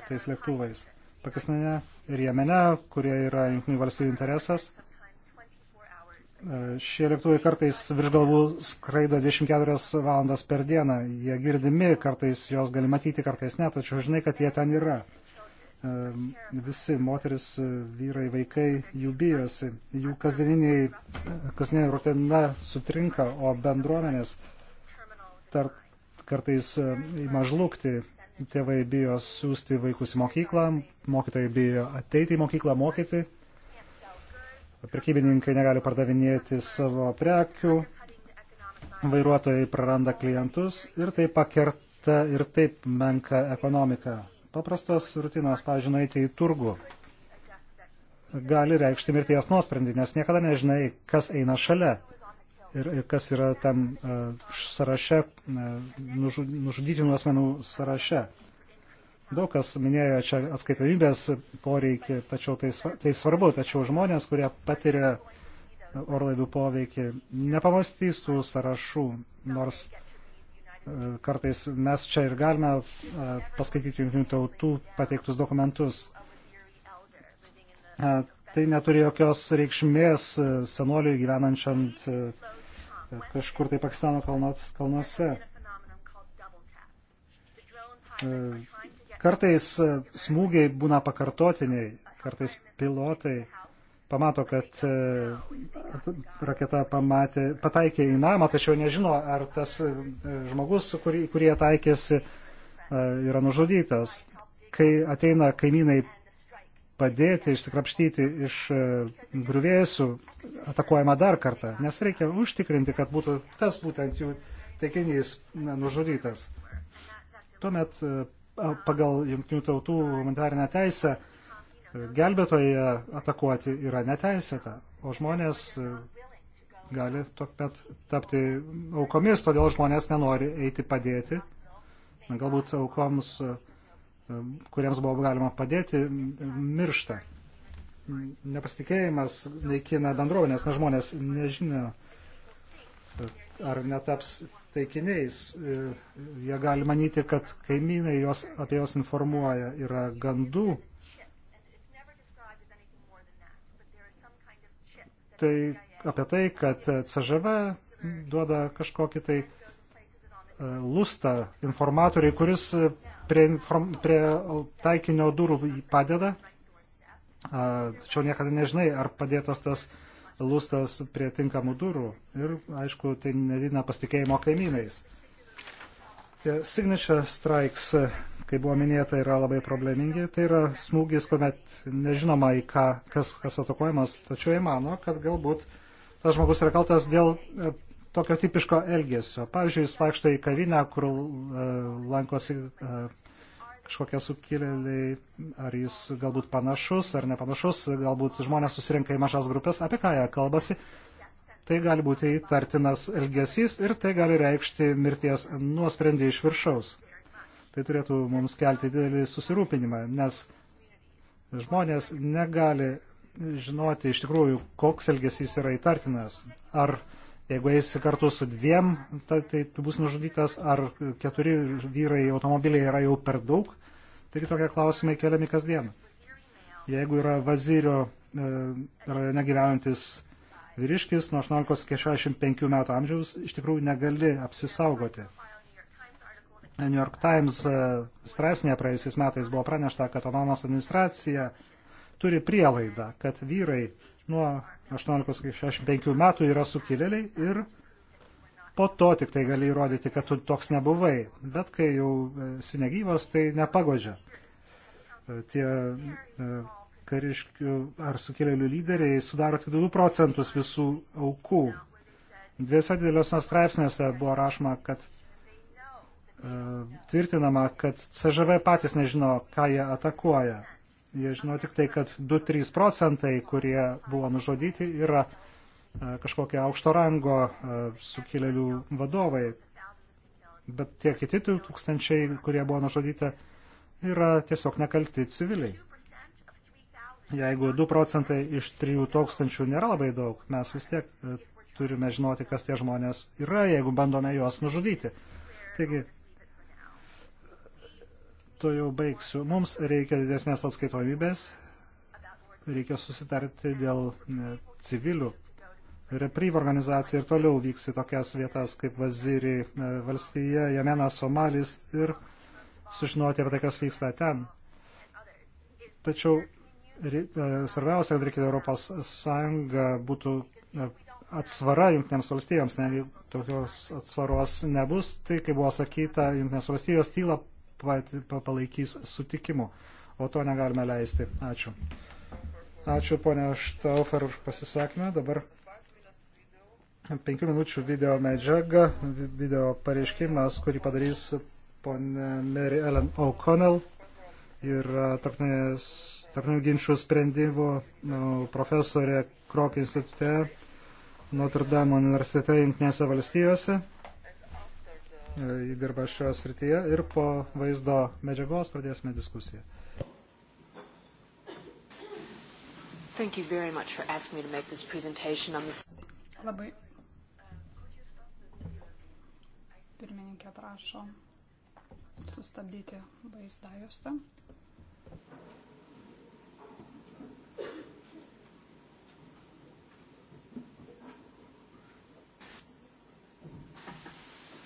tais lėktuvais. Pakistane ir Jemene, kurie yra jungtinių valstybių interesas. E, šie lėktuvai kartais virš galvų skraido 24 valandas per dieną. Jie girdimi, kartais juos gali matyti, kartais ne, tačiau žinai, kad jie ten yra. E, visi moteris, vyrai, vaikai jų bijosi. Jų kasdieniniai, kasdieninė rutina sutrinka, o bendruomenės tarp kartais e, ima žlugti tėvai bijo siūsti vaikus į mokyklą, mokytojai bijo ateiti į mokyklą mokyti, prekybininkai negali pardavinėti savo prekių, vairuotojai praranda klientus ir tai pakerta ir taip menka ekonomika. Paprastos rutinos, pavyzdžiui, eiti į turgų gali reikšti mirties nuosprendį, nes niekada nežinai, kas eina šalia ir, ir kas yra tam sąraše, nužudytinų asmenų sąraše. Daug kas minėjo čia atskaitomybės poreikį, tačiau tai, tai svarbu, tačiau žmonės, kurie patiria orlaivių poveikį, nepamastys tų sąrašų, nors kartais mes čia ir galime paskaityti jungtinių tautų pateiktus dokumentus. Tai neturi jokios reikšmės senoliui gyvenančiam kažkur tai Pakistano kalnuose. E, kartais e, smūgiai būna pakartotiniai, kartais pilotai pamato, kad e, raketa pamatė, pataikė į namą, tačiau nežino, ar tas žmogus, kurį, kurį jie taikėsi, yra nužudytas. Kai ateina kaimynai padėti išsikrapštyti iš e, gruvėsių atakuojama dar kartą, nes reikia užtikrinti, kad būtų tas būtent jų taikinys nužudytas. Tuomet e, pagal jungtinių tautų humanitarinę teisę e, gelbėtoje atakuoti yra neteisėta, o žmonės gali tuomet tapti aukomis, todėl žmonės nenori eiti padėti. Galbūt aukoms uh, kuriems buvo galima padėti, miršta. Nepasitikėjimas naikina bendrovės, nes žmonės nežino, ar netaps taikiniais. Jie gali manyti, kad kaimynai jos, apie juos informuoja, yra gandų. Tai apie tai, kad CŽV duoda kažkokį tai e, lustą informatoriai, kuris prie, inform, prie taikinio durų padeda, tačiau niekada nežinai, ar padėtas tas lustas prie tinkamų durų ir, aišku, tai nedidina pasitikėjimo kaimynais. Signature strikes, e, kaip buvo minėta, yra labai problemingi. Tai yra smūgis, kuomet nežinoma, į ką, kas, kas atakuojamas, tačiau jie mano, kad galbūt tas žmogus yra kaltas dėl e, tokio tipiško elgesio. Pavyzdžiui, jis vaikšto į kavinę, kur uh, lankosi uh, kažkokie sukilėliai, ar jis galbūt panašus ar nepanašus, galbūt žmonės susirinka į mažas grupės, apie ką jie kalbasi. Tai gali būti įtartinas elgesys ir tai gali reikšti mirties nuosprendį iš viršaus. Tai turėtų mums kelti didelį susirūpinimą, nes žmonės negali žinoti iš tikrųjų, koks elgesys yra įtartinas. Ar uh, Jeigu eisi kartu su dviem, tai, tai tu bus nužudytas, ar keturi vyrai automobiliai yra jau per daug. Taigi tokie klausimai keliami kasdien. Jeigu yra vazirio e, negyvenantis vyriškis nuo 18 iki 65 metų amžiaus, iš tikrųjų negali apsisaugoti. New York Times e, straipsnėje praėjusiais metais buvo pranešta, kad Obamos administracija turi prielaidą, kad vyrai nuo 18-65 metų yra sukilėliai ir po to tik tai gali įrodyti, kad tu toks nebuvai. Bet kai jau esi negyvas, tai nepagodžia. E, tie e, kariškių ar sukilėlių lyderiai sudaro tik 2 procentus visų aukų. Dviese dideliuose straipsniuose buvo rašoma, kad e, tvirtinama, kad CŽV patys nežino, ką jie atakuoja. Jie žino tik tai, kad 2-3 procentai, kurie buvo nužudyti, yra e, kažkokie aukšto rango e, sukilėlių vadovai. Bet tie kiti tūkstančiai, kurie buvo nužudyti, yra tiesiog nekalti civiliai. Jeigu 2 procentai iš 3 tūkstančių nėra labai daug, mes vis tiek e, turime žinoti, kas tie žmonės yra, jeigu bandome juos nužudyti. Taigi, to jau baigsiu. Mums reikia didesnės atskaitomybės, reikia susitarti dėl e, civilių. Reprieve organizacija ir toliau vyks į tokias vietas kaip Vaziri e, valstyje, Jemenas, Somalis ir sužinoti apie tai, kas vyksta ten. Tačiau e, svarbiausia, kad reikia Europos Sąjunga būtų atsvara jungtinėms valstybėms, ne, tokios atsvaros nebus. Tai, kaip buvo sakyta, jungtinės valstybės tyla palaikys sutikimu, o to negalime leisti. Ačiū. Ačiū ponia Štaufer už pasisakymą. Dabar penkių minučių video medžiaga, video pareiškimas, kurį padarys ponia Mary Ellen O'Connell ir tarptautinių ginčių sprendimų profesorė Krok institute Notre Dame universitete Junktinėse valstijose jį dirba šioje srityje ir po vaizdo medžiagos pradėsime diskusiją. Thank you very much for asking me to make this presentation on this. Labai. Pirmininkė prašo sustabdyti vaizdą juostą.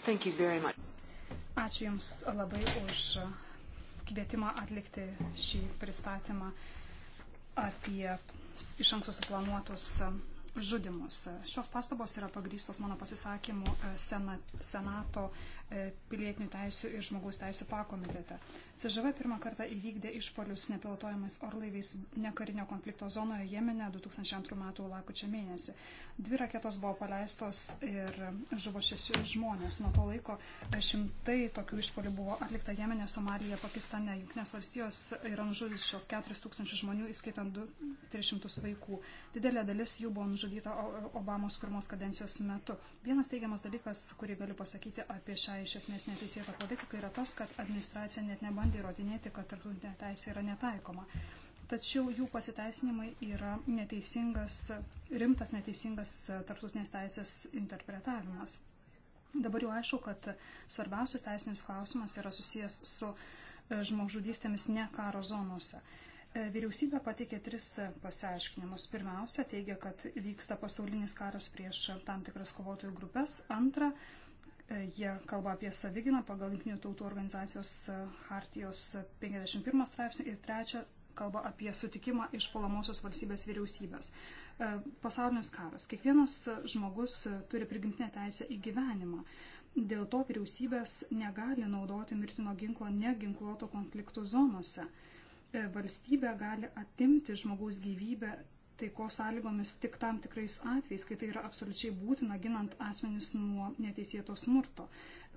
Ačiū Jums labai už kvietimą atlikti šį pristatymą apie iš anksto suplanuotus žudimus. Šios pastabos yra pagrystos mano pasisakymu e, Senato E, pilietinių teisų ir žmogaus teisų pakomitetą. CŽV pirmą kartą įvykdė išpolius nepilotuojamais orlaiviais nekarinio konflikto zonoje Jemene 2002 m. lakučio mėnesį. Dvi raketos buvo paleistos ir žuvo šeši žmonės. Nuo to laiko šimtai tokių išpolių buvo atlikta Jemene, Somalija, Pakistane, Junknės valstijos yra nužudęs šios 4000 žmonių, įskaitant 300 vaikų. Didelė dalis jų buvo nužudyta Obamos pirmos kadencijos metu. Vienas teigiamas dalykas, kurį galiu pasakyti apie šią iš esmės neteisėta politika yra tas, kad administracija net nebandė įrodinėti, kad tarptautinė teisė yra netaikoma. Tačiau jų pasiteisinimai yra neteisingas, rimtas neteisingas tarptautinės teisės interpretavimas. Dabar jau aišku, kad svarbiausias teisinis klausimas yra susijęs su e, žmogžudystėmis ne karo zonose. E, vyriausybė pateikė tris pasiaiškinimus. Pirmiausia, teigia, kad vyksta pasaulinis karas prieš tam tikras kovotojų grupės. Antra, Jie kalba apie savyginą pagal Junktinių tautų organizacijos e, hartijos 51 straipsnį ir trečia kalba apie sutikimą iš puolamosios valstybės vyriausybės. E, pasaulinis karas. Kiekvienas žmogus turi prigimtinę teisę į gyvenimą. Dėl to vyriausybės negali naudoti mirtino ginklo neginkluoto konfliktų zonose. E, valstybė gali atimti žmogaus gyvybę taikos sąlygomis tik tam tikrais atvejais, kai tai yra absoliučiai būtina ginant asmenis nuo neteisėto smurto.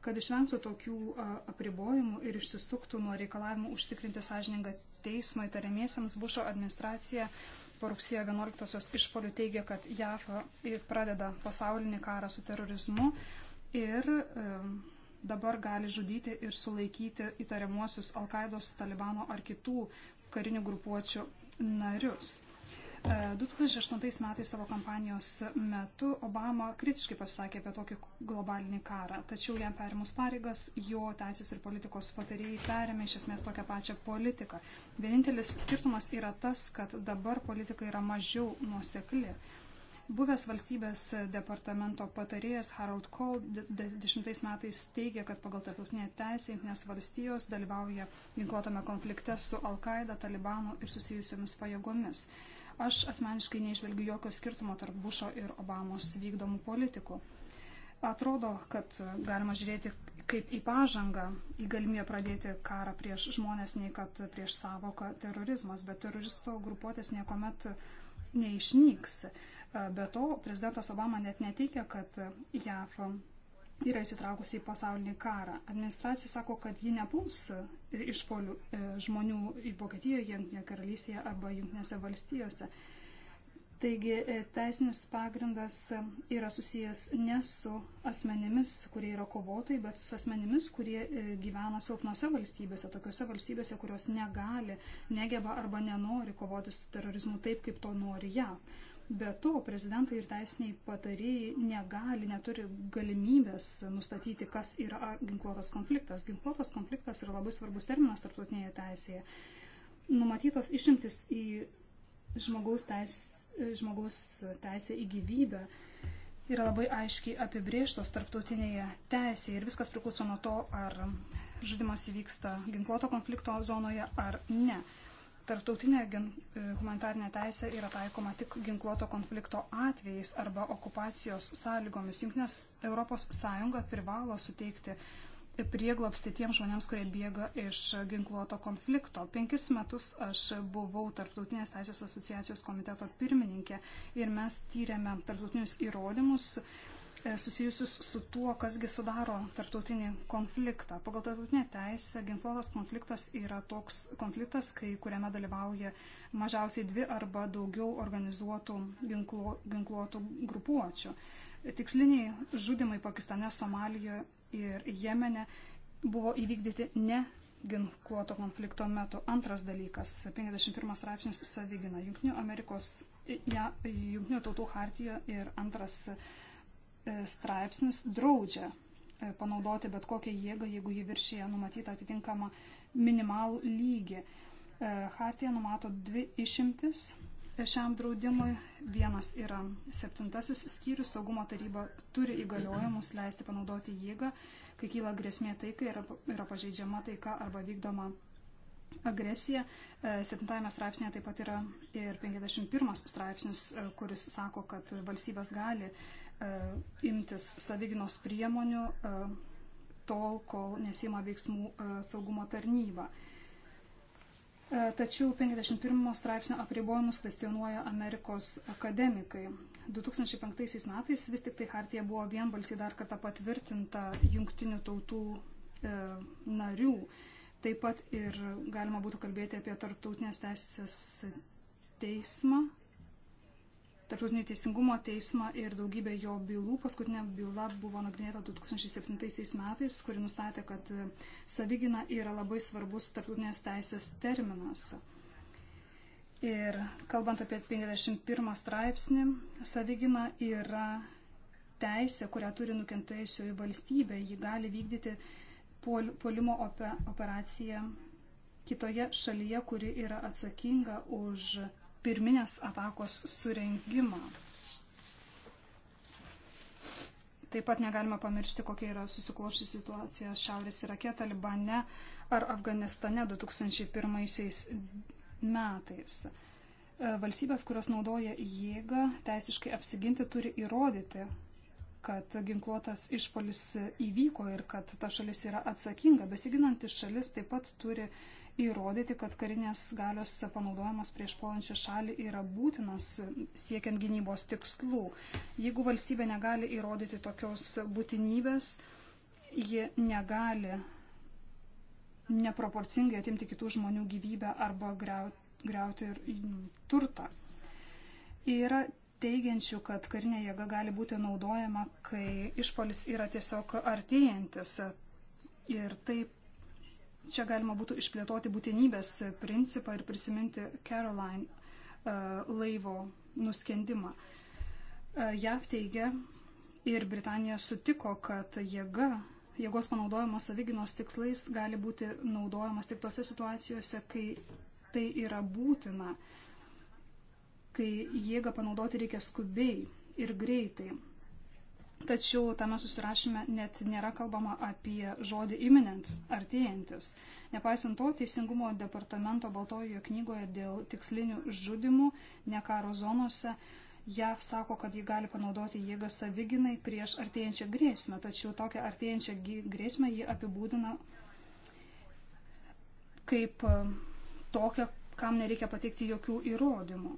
Kad išvengtų tokių apribojimų ir išsisuktų nuo reikalavimų užtikrinti sąžiningą teismą įtariamiesiams, Bušo administracija po rugsėjo 11-osios išpolių teigia, kad JAF pradeda pasaulinį karą su terorizmu ir e, dabar gali žudyti ir sulaikyti įtariamuosius Al-Qaidos, Talibano ar kitų karinių grupuočių narius. 2008 e, metais savo kampanijos metu Obama kritiškai pasisakė apie tokį globalinį karą, tačiau jam perimus pareigas, jo teisės ir politikos patarėjai perėmė iš esmės tokią pačią politiką. Vienintelis skirtumas yra tas, kad dabar politika yra mažiau nuosekli. Buvęs valstybės departamento patarėjas Harold Cole 10 metais teigia, kad pagal tarptautinę teisę Junktinės valstijos dalyvauja ginkluotame konflikte su Al-Qaeda, Talibanu ir susijusiamis pajėgomis. Aš asmeniškai neižvelgiu jokio skirtumo tarp Bušo ir Obamos vykdomų politikų. Atrodo, kad galima žiūrėti kaip į pažangą, į galimybę pradėti karą prieš žmonės, nei kad prieš savoką terorizmas, bet teroristo grupuotės niekuomet neišnyks. Be to, prezidentas Obama net neteikia, kad JAV yra įsitraukusi į pasaulinį karą. Administracija sako, kad ji nepuls e, išpolių e, žmonių į Vokietijoje, Junktinėje karalystėje arba Junktinėse valstijose. Taigi e, teisinis pagrindas yra susijęs ne su asmenimis, kurie yra kovotojai, bet su asmenimis, kurie gyvena silpnose valstybėse, tokiose valstybėse, kurios negali, negeba arba nenori kovoti su terorizmu taip, kaip to nori JAV. Be to, prezidentai ir teisiniai patarėjai negali, neturi galimybės nustatyti, kas yra ginkluotas konfliktas. Ginkluotas konfliktas yra labai svarbus terminas tarptautinėje teisėje. Numatytos išimtis į žmogaus, teis, žmogaus teisę į gyvybę yra labai aiškiai apibrėžtos tarptautinėje teisėje ir viskas priklauso nuo to, ar žudimas įvyksta ginkluoto konflikto zonoje ar ne. Tartautinė e, humanitarinė teisė yra taikoma tik ginkluoto konflikto atvejais arba okupacijos sąlygomis. Junknės ES privalo suteikti prieglopsti tiems žmonėms, kurie bėga iš ginkluoto konflikto. Penkis metus aš buvau Tartautinės teisės asociacijos komiteto pirmininkė ir mes tyrėme tartautinius įrodymus E, susijusius su tuo, kasgi sudaro tarptautinį konfliktą. Pagal tarptautinę teisę ginkluotas konfliktas yra toks konfliktas, kai, kuriame dalyvauja mažiausiai dvi arba daugiau organizuotų ginklu, ginkluotų grupuočių. Tiksliniai žudimai Pakistane, Somalijoje ir Jemene buvo įvykdyti ne ginkluoto konflikto metu. Antras dalykas - 51 straipsnis savigina. Junktinių Amerikos, ja, Junktinių tautų hartija ir antras straipsnis E, straipsnis draudžia e, panaudoti bet kokią jėgą, jeigu ji viršyje numatyta atitinkama minimalų lygį. E, Hartija numato dvi išimtis šiam draudimui. Vienas yra septintasis skyrius, saugumo taryba turi įgaliojimus leisti panaudoti jėgą, kai kyla grėsmė taikai, yra, yra pažeidžiama taika arba vykdoma agresija. Septintajame straipsnėje taip pat yra ir 51 straipsnis, kuris sako, kad valstybės gali uh, E, imtis savyginos priemonių e, tol, kol nesima veiksmų e, saugumo tarnyba. Tačiau 51 straipsnio apribojimus kvestionuoja Amerikos akademikai. 2005 metais vis tik tai Hartija buvo vienbalsiai dar kartą patvirtinta jungtinių tautų e, narių. Taip pat ir galima būtų kalbėti apie tarptautinės teisės teismą, Tarptautinį teisingumo teismą ir daugybę jo bylų. Paskutinė byla buvo nagrinėta 2007 metais, kuri nustatė, kad savigina yra labai svarbus tarptautinės teisės terminas. Ir kalbant apie 51 straipsnį, savigina yra teisė, kurią turi nukentėjusioji valstybė. Ji gali vykdyti puolimo operaciją kitoje šalyje, kuri yra atsakinga už pirminės atakos surengimą. Taip pat negalima pamiršti, kokia yra susiklošusi situacija Šiaurės Irake, Talibane ar Afganistane 2001 metais. E, valstybės, kurios naudoja jėgą teisiškai apsiginti, turi įrodyti, kad ginkluotas išpolis įvyko ir kad ta šalis yra atsakinga. Besiginanti šalis taip pat turi uh, įrodyti, kad karinės galios panaudojimas prieš puolančią šalį yra būtinas siekiant gynybos tikslų. Jeigu valstybė negali įrodyti tokios būtinybės, ji negali neproporcingai atimti kitų žmonių gyvybę arba greuti ir mm, turtą. Yra teigiančių, kad karinė jėga gali būti naudojama, kai išpolis yra tiesiog artėjantis ir taip Čia galima būtų išplėtoti būtinybės principą ir prisiminti Caroline e, laivo nuskendimą. E, JAV teigia ir Britanija sutiko, kad jėga, jėgos panaudojimas savyginos tikslais gali būti naudojamas tik tose situacijose, kai tai yra būtina, kai jėgą panaudoti reikia skubiai ir greitai. Tačiau tame susirašyme net nėra kalbama apie žodį imminent, artėjantis. Nepaisant to, Teisingumo departamento Baltojoje knygoje dėl tikslinių žudimų, ne karo zonose, JAV sako, kad ji gali panaudoti jėgą saviginai prieš artėjančią grėsmę, tačiau tokią artėjančią grėsmę ji apibūdina kaip e, tokią, kam nereikia pateikti jokių įrodymų.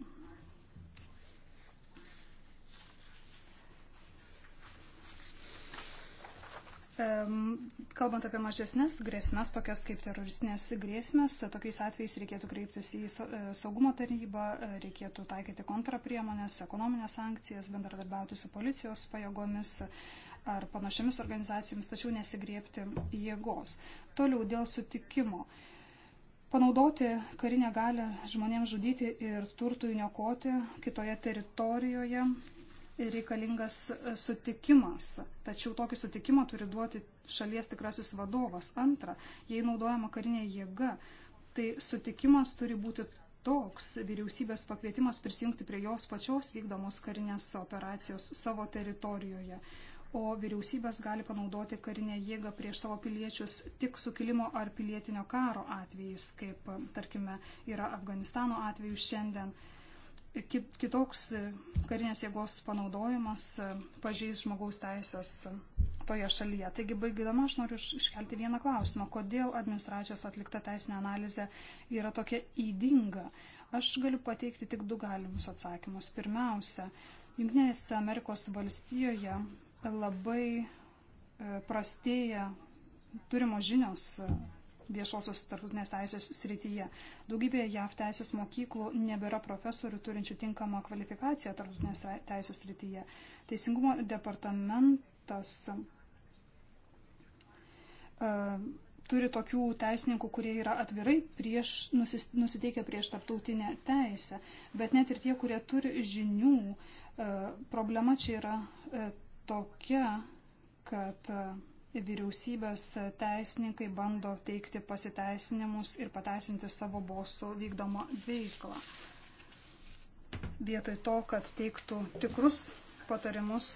Kalbant apie mažesnės grėsmės, tokias kaip teroristinės grėsmės, tokiais atvejais reikėtų kreiptis į e, saugumo tarybą, e, reikėtų taikyti kontrapriemonės, ekonominės sankcijas, bendradarbiauti su policijos pajėgomis ar panašiamis organizacijomis, tačiau nesigriepti jėgos. Toliau dėl sutikimo. Panaudoti karinę galę žmonėms žudyti ir turtui nekoti kitoje teritorijoje reikalingas e, sutikimas, tačiau tokį sutikimą turi duoti šalies tikrasis vadovas. Antra, jei naudojama karinė jėga, tai sutikimas turi būti toks vyriausybės pakvietimas prisijungti prie jos pačios vykdomos karinės operacijos savo teritorijoje. O vyriausybės gali panaudoti karinę jėgą prieš savo piliečius tik sukilimo ar pilietinio karo atvejais, kaip, tarkime, yra Afganistano atveju šiandien kitoks e, karinės jėgos panaudojimas e, pažeis žmogaus teisės e, toje šalyje. Taigi, baigdama, aš noriu iškelti vieną klausimą. Kodėl administracijos atlikta teisinė analizė yra tokia įdinga? Aš galiu pateikti tik du galimus atsakymus. Pirmiausia, Junktinėse Amerikos valstijoje labai prastėja turimos žinios viešosios tarptautinės teisės srityje. Daugybėje JAV teisės mokyklų nebėra profesorių turinčių tinkamą kvalifikaciją tarptautinės teisės srityje. Teisingumo departamentas uh, turi tokių teisininkų, kurie yra atvirai prieš, nusis, nusiteikę prieš tarptautinę teisę, bet net ir tie, kurie turi žinių, uh, problema čia yra uh, tokia, kad uh, vyriausybės teisininkai bando teikti pasiteisinimus ir pateisinti savo bosų vykdomą veiklą. Vietoj to, kad teiktų tikrus patarimus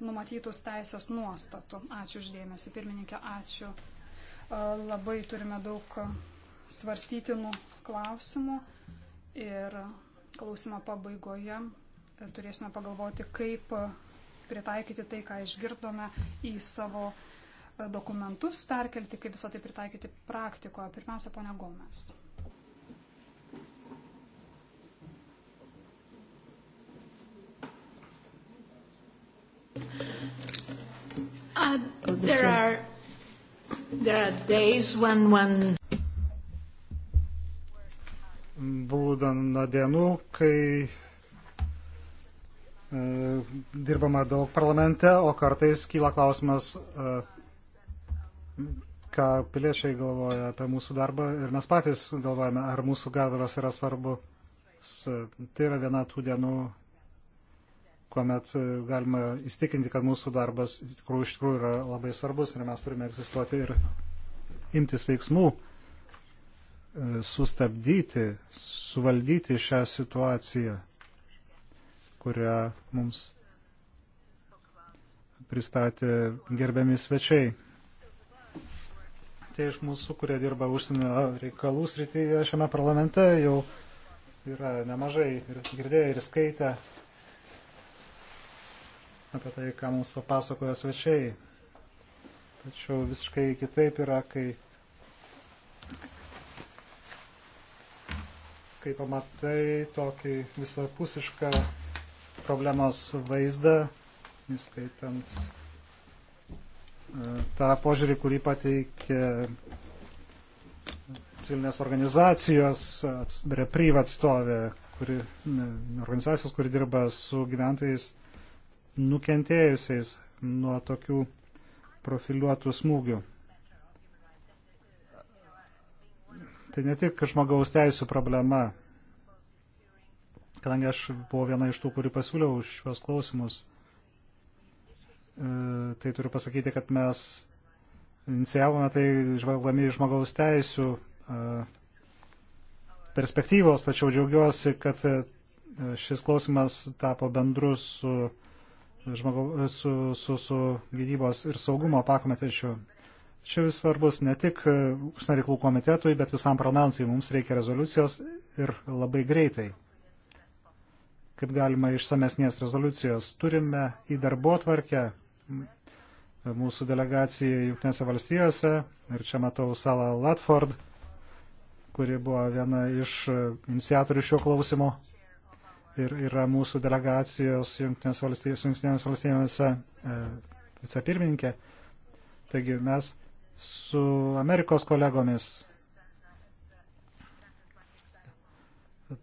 numatytus teisės nuostatų. Ačiū uždėmesi, pirmininkė, ačiū. Labai turime daug svarstytinų klausimų ir klausimo pabaigoje turėsime pagalvoti, kaip pritaikyti tai, ką išgirdome į savo dokumentus perkelti, kaip visą tai pritaikyti praktikoje. Pirmiausia, ponia Gomes. Uh, there are there are days when when būdana dienų, kai e, dirbama daug parlamente, o kartais kyla klausimas, e, ką piliečiai galvoja apie mūsų darbą ir mes patys galvojame, ar mūsų darbas yra svarbu. Tai yra viena tų dienų, kuomet galima įstikinti, kad mūsų darbas tikrųjų, iš tikrųjų yra labai svarbus ir mes turime egzistuoti ir imtis veiksmų, sustabdyti, suvaldyti šią situaciją, kurią mums pristatė gerbiami svečiai tie iš mūsų, kurie dirba užsienio reikalų srityje šiame parlamente, jau yra nemažai ir girdėję ir skaitę apie tai, ką mums papasakoja svečiai. Tačiau visiškai kitaip yra, kai, kai pamatai tokį visapusišką problemos vaizdą, įskaitant tą požiūrį, kurį pateikė civilinės organizacijos Reprieve atstovė, kuri, organizacijos, kuri dirba su gyventojais nukentėjusiais nuo tokių profiliuotų smūgių. Tai ne tik žmogaus teisų problema, kadangi aš buvau viena iš tų, kuri pasiūliau šios klausimus. E, tai turiu pasakyti, kad mes inicijavome tai žvelgdami žmogaus teisų e, perspektyvos, tačiau džiaugiuosi, kad e, šis klausimas tapo bendru su, žmogau, su, su, su gynybos ir saugumo pakomitečiu. Šis svarbus ne tik užsienio reikalų komitetui, bet visam parlamentui. Mums reikia rezoliucijos ir labai greitai kaip galima išsamesnės rezoliucijos. Turime į darbo tvarkę mūsų delegacijai Junktinėse valstijose ir čia matau salą Latford, kuri buvo viena iš iniciatorių šio klausimo ir yra mūsų delegacijos Junktinės valstijos, Junktinės valstijose e, vicepirmininkė. Taigi mes su Amerikos kolegomis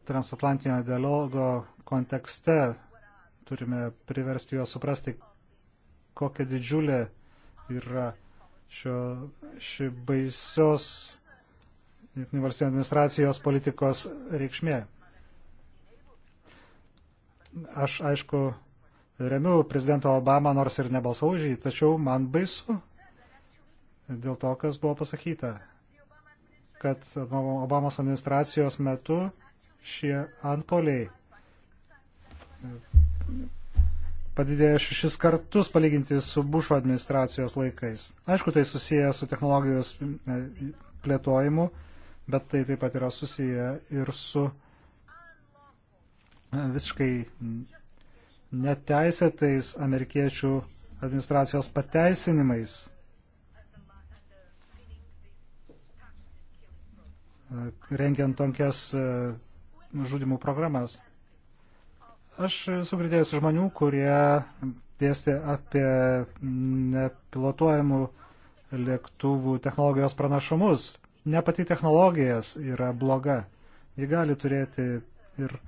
transatlantinio dialogo kontekste turime priversti juos suprasti, kokia didžiulė yra šio, ši baisios Junktinių valstybių administracijos politikos reikšmė. Aš, aišku, remiu prezidentą Obamą, nors ir nebalsau už jį, tačiau man baisu dėl to, kas buvo pasakyta, kad Obamos administracijos metu šie antpoliai padidėjo šešis kartus palyginti su Bušo administracijos laikais. Aišku, tai susiję su technologijos e, plėtojimu, bet tai taip pat yra susiję ir su e, visiškai neteisėtais amerikiečių administracijos pateisinimais, e, rengiant tokias žudimų programas. Aš esu girdėjęs žmonių, kurie dėstė apie nepilotuojamų lėktuvų technologijos pranašumus. Ne pati technologijas yra bloga. Ji gali turėti ir e,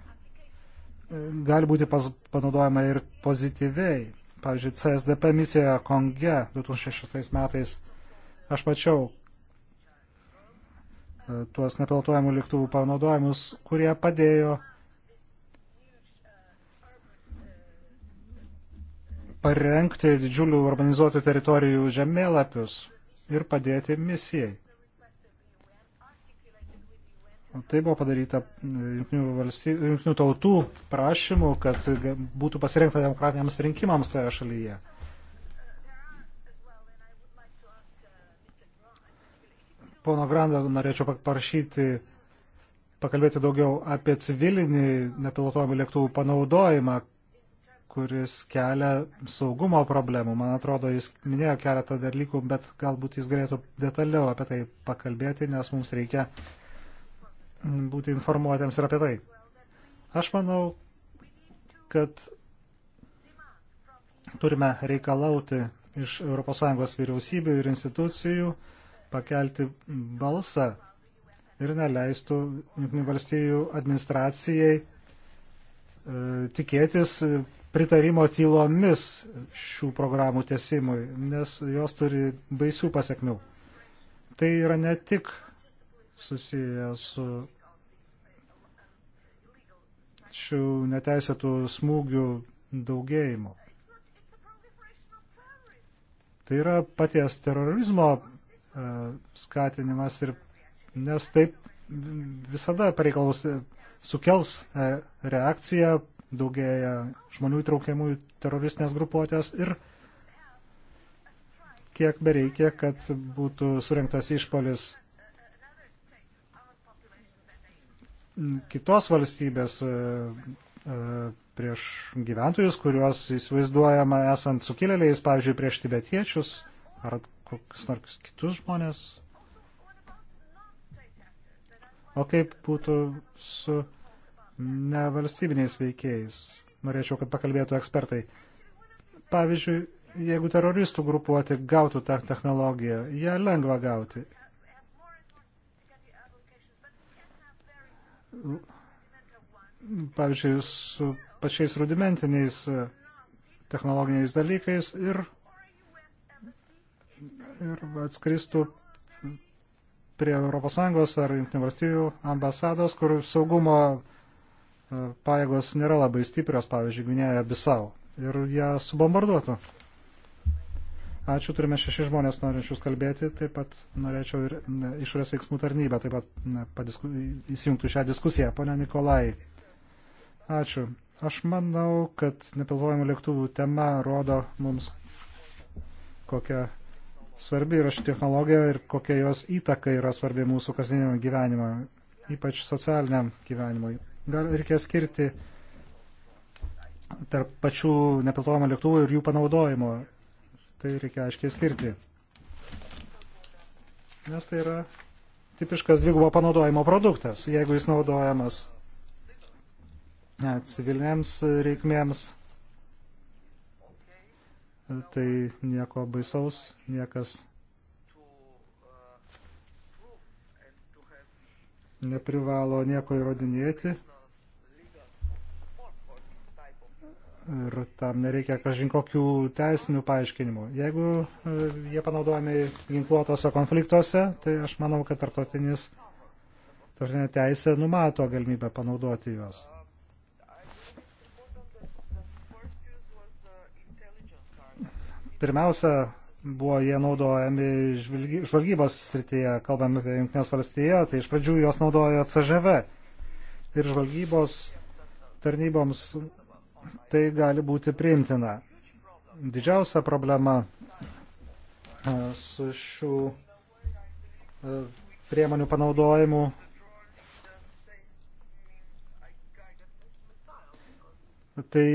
gali būti pas, panaudojama ir pozityviai. Pavyzdžiui, CSDP misijoje Konge 2006 metais aš mačiau e, tuos nepilotuojamų lėktuvų panaudojimus, kurie padėjo parengti didžiulių urbanizuotų teritorijų žemėlapius ir padėti misijai. Tai buvo padaryta jungtinių tautų prašymų, kad būtų pasirinkta demokratiniams rinkimams toje šalyje. Pono Grandą norėčiau parašyti pakalbėti daugiau apie civilinį nepilotuojamų lėktuvų panaudojimą, kuris kelia saugumo problemų. Man atrodo, jis minėjo keletą dalykų, bet galbūt jis galėtų detaliau apie tai pakalbėti, nes mums reikia būti informuotėms ir apie tai. Aš manau, kad turime reikalauti iš ES vyriausybių ir institucijų pakelti balsą ir neleistų Junktinių valstybių administracijai e, tikėtis pritarimo tylomis šių programų tesimui, nes jos turi baisių pasiekmių. Tai yra ne tik susiję su šių neteisėtų smūgių daugėjimu. Tai yra paties terorizmo e, skatinimas ir nes taip visada pareikalaus sukels e, reakciją daugėja žmonių įtraukiamų į teroristinės grupuotės ir kiek bereikia, kad būtų surinktas išpolis kitos valstybės e, e, prieš gyventojus, kuriuos įsivaizduojama esant sukilėliais, pavyzdžiui, prieš tibetiečius ar kokius nors kitus žmonės. O kaip būtų su nevalstybiniais veikėjais. Norėčiau, kad pakalbėtų ekspertai. Pavyzdžiui, jeigu teroristų grupuoti gautų tą technologiją, ją lengva gauti. Pavyzdžiui, su pačiais rudimentiniais e, technologiniais dalykais ir, ir atskristų prie ES ar JAV ambasados, kur saugumo pajėgos nėra labai stiprios, pavyzdžiui, Gvinėja Bisau, ir ją subombarduotų. Ačiū, turime šešis žmonės norinčius kalbėti, taip pat norėčiau ir išorės veiksmų tarnybę taip pat ne, padisku, įsijungtų šią diskusiją. Pone Nikolai, ačiū. Aš manau, kad nepilvojimų lėktuvų tema rodo mums, kokia svarbi yra ši technologija ir kokia jos įtaka yra svarbi mūsų kasdieniam gyvenimui, ypač socialiniam gyvenimui reikia skirti tarp pačių nepiltojimo lėktuvų ir jų panaudojimo. Tai reikia aiškiai skirti. Nes tai yra tipiškas dvigubo panaudojimo produktas, jeigu jis naudojamas e, civilinėms reikmėms. Tai nieko baisaus, niekas neprivalo nieko įrodinėti. ir tam nereikia kažin kokių teisinių paaiškinimų. Jeigu e, jie panaudojami ginkluotose konfliktuose, tai aš manau, kad tarptautinis tarptautinė teisė numato galimybę panaudoti juos. Pirmiausia, buvo jie naudojami žvalgybos srityje, kalbant apie Junktinės valstiją, tai iš pradžių juos naudojo CŽV ir žvalgybos tarnyboms tai gali būti priimtina. Didžiausia problema e, su šių e, priemonių panaudojimu tai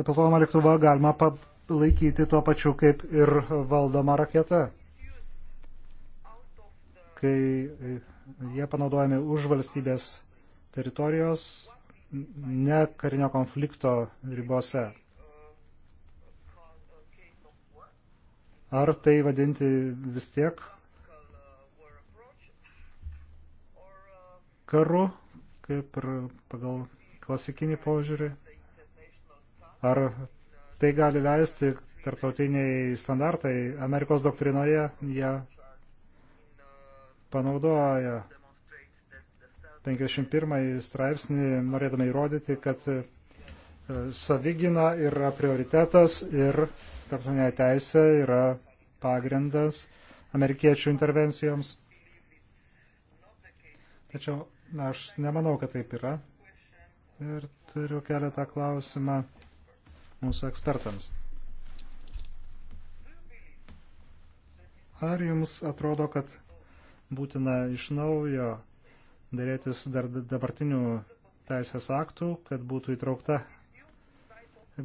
nepilnojama lėktuva galima laikyti tuo pačiu kaip ir valdoma raketa. Kai jie panaudojami už valstybės teritorijos, ne karinio konflikto ribose. Ar tai vadinti vis tiek karu, kaip ir pagal klasikinį požiūrį? Ar tai gali leisti tarptautiniai standartai Amerikos doktrinoje, jie panaudoja 51 straipsnį, norėdami įrodyti, kad e, savigina yra prioritetas ir tarptautinė teisė yra pagrindas amerikiečių intervencijoms. Tačiau aš nemanau, kad taip yra. Ir turiu keletą klausimą mūsų ekspertams. Ar jums atrodo, kad būtina iš naujo dėrėtis dar dabartinių teisės aktų, kad būtų įtraukta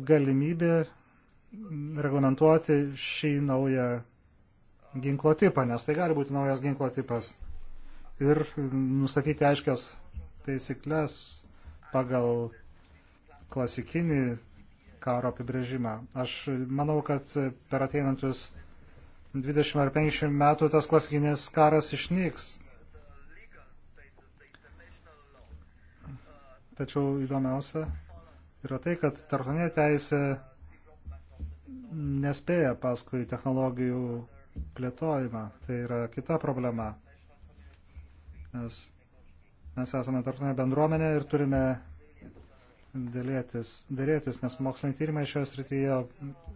galimybė reglamentuoti šį naują ginklo tipą, nes tai gali būti naujas ginklo tipas. Ir nustatyti aiškias taisyklės pagal klasikinį karo apibrėžimą. Aš manau, kad per ateinantus 20 ar 50 metų tas klasikinis karas išnyks. Tačiau įdomiausia yra tai, kad tarptautinė teisė nespėja paskui technologijų plėtojimą. Tai yra kita problema. Nes mes esame tarptautinė bendruomenė ir turime dėlėtis, dėlėtis nes moksliniai tyrimai šioje srityje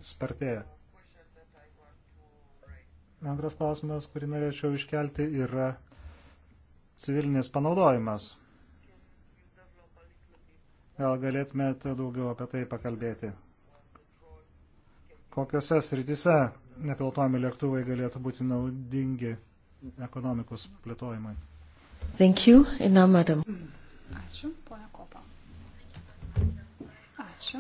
spartėja. Antras klausimas, kurį norėčiau iškelti, yra civilinis panaudojimas. Gal galėtumėte daugiau apie tai pakalbėti? Kokiuose srityse nepilotuojami lėktuvai galėtų būti naudingi ekonomikos plėtojimui? Thank you. And now, madam. Ačiū, ponia Kopa. Ačiū.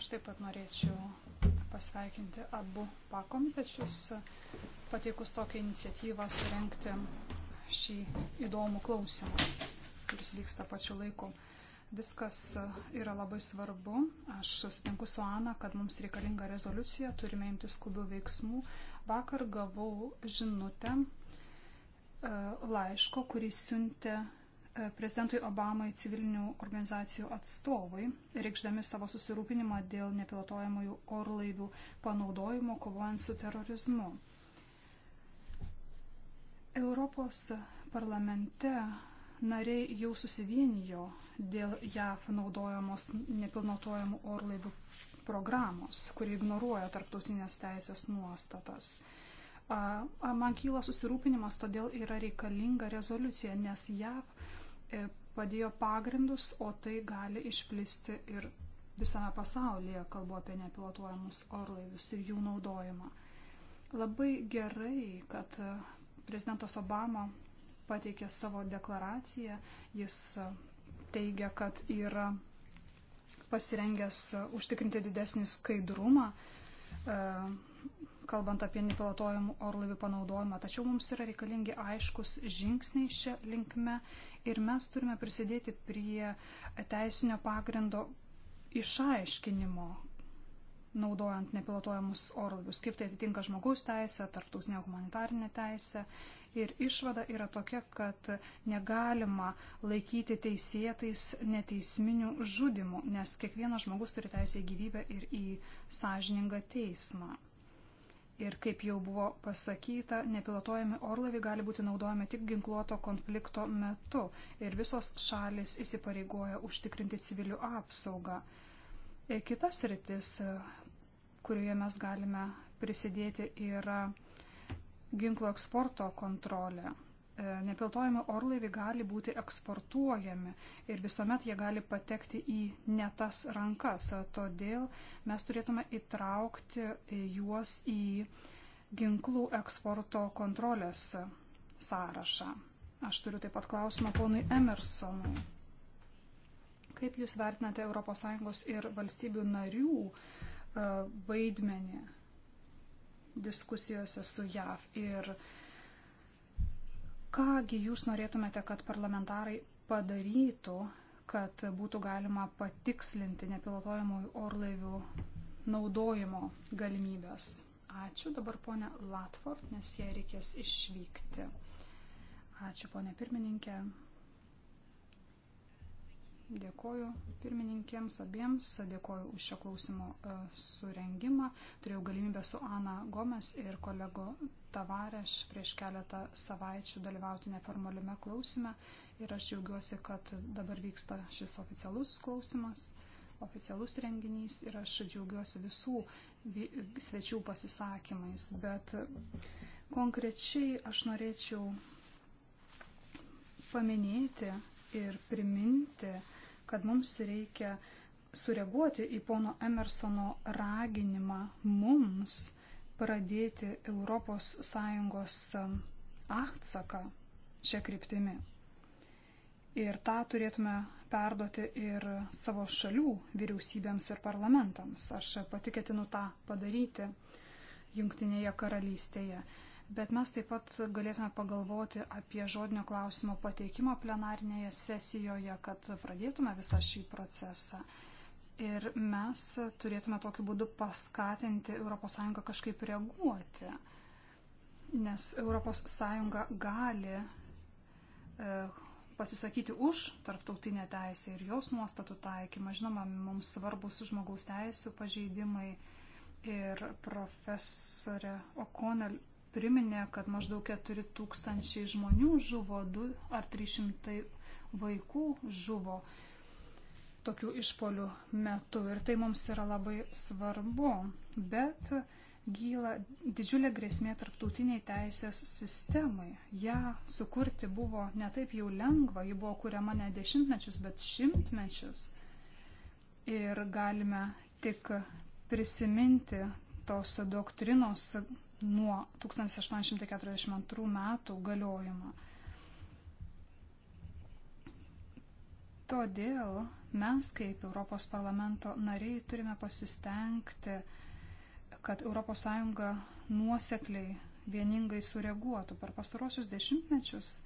Aš taip pat norėčiau pasveikinti abu pakomitečius, pateikus tokią iniciatyvą surenkti šį įdomų klausimą, kuris vyksta pačiu laiku. Viskas e, yra labai svarbu. Aš sutinku su Ana, kad mums reikalinga rezoliucija, turime imti skubių veiksmų. Vakar gavau žinutę e, laiško, kurį siuntė e, prezidentui Obamai civilinių organizacijų atstovai, reikšdami savo susirūpinimą dėl nepilotojamųjų orlaivių panaudojimo kovojant su terorizmu. Europos parlamente nariai jau susivienijo dėl JAF naudojamos nepilnotojamų orlaivių programos, kuri ignoruoja tarptautinės teisės nuostatas. Man kyla susirūpinimas, todėl yra reikalinga rezoliucija, nes JAV e, padėjo pagrindus, o tai gali išplisti ir visame pasaulyje, kalbu apie nepilotuojamus orlaivius ir jų naudojimą. Labai gerai, kad e, prezidentas Obama pateikė savo deklaraciją. Jis teigia, kad yra pasirengęs užtikrinti didesnį skaidrumą, e, kalbant apie nepilotojimų orlaivių panaudojimą. Tačiau mums yra reikalingi aiškus žingsniai šią linkme ir mes turime prisidėti prie teisinio pagrindo išaiškinimo, naudojant nepilotuojamus orlaivius, kaip tai atitinka žmogaus teisę, tarptautinę humanitarinę teisę Ir išvada yra tokia, kad negalima laikyti teisėtais neteisminių žudimų, nes kiekvienas žmogus turi teisę į gyvybę ir į sąžiningą teismą. Ir kaip jau buvo pasakyta, nepilotuojami orlaiviai gali būti naudojami tik ginkluoto konflikto metu ir visos šalis įsipareigoja užtikrinti civilių apsaugą. E, Kitas rytis, kurioje mes galime prisidėti, yra ginklo eksporto kontrolę. E, Nepiltojami orlaiviai gali būti eksportuojami ir visuomet jie gali patekti į netas rankas. Todėl mes turėtume įtraukti juos į ginklų eksporto kontrolės sąrašą. Aš turiu taip pat klausimą ponui Emersonui. Kaip Jūs vertinate ES ir valstybių narių e, vaidmenį diskusijose su JAV. Ir kągi jūs norėtumėte, kad parlamentarai padarytų, kad būtų galima patikslinti nepilotojamų orlaivių naudojimo galimybės. Ačiū dabar ponė Latford, nes jai reikės išvykti. Ačiū ponė pirmininkė. Dėkoju pirmininkėms abiems, dėkoju už šio klausimo e, surengimą. Turėjau galimybę su Ana Gomes ir kolego Tavareš prieš keletą savaičių dalyvauti neformaliame klausime ir aš džiaugiuosi, kad dabar vyksta šis oficialus klausimas, oficialus renginys ir aš džiaugiuosi visų svečių pasisakymais. Bet konkrečiai aš norėčiau paminėti ir priminti, kad mums reikia sureaguoti į pono Emersono raginimą mums pradėti ES um, atsaką šią kryptimį. Ir tą turėtume perduoti ir savo šalių vyriausybėms ir parlamentams. Aš pati ketinu tą padaryti Junktinėje karalystėje. Bet mes taip pat galėtume pagalvoti apie žodinio klausimo pateikimą plenarinėje sesijoje, kad pradėtume visą šį procesą. Ir mes turėtume tokiu būdu paskatinti ES kažkaip reaguoti, nes ES gali e, pasisakyti už tarptautinę teisę ir jos nuostatų taikymą. Žinoma, mums svarbus žmogaus teisų pažeidimai ir profesorė O'Connell priminė, kad maždaug 4 tūkstančiai žmonių žuvo, 2 ar 300 vaikų žuvo tokių išpolių metu. Ir tai mums yra labai svarbu. Bet gyla didžiulė grėsmė tarptautiniai teisės sistemai. Ja sukurti buvo netaip jau lengva, ji buvo kuriama ne dešimtmečius, bet šimtmečius. Ir galime tik prisiminti tos doktrinos nuo 1842 metų galiojimo. Todėl mes kaip Europos parlamento nariai turime pasistengti, kad ES nuosekliai vieningai sureaguotų per pastarosius dešimtmečius.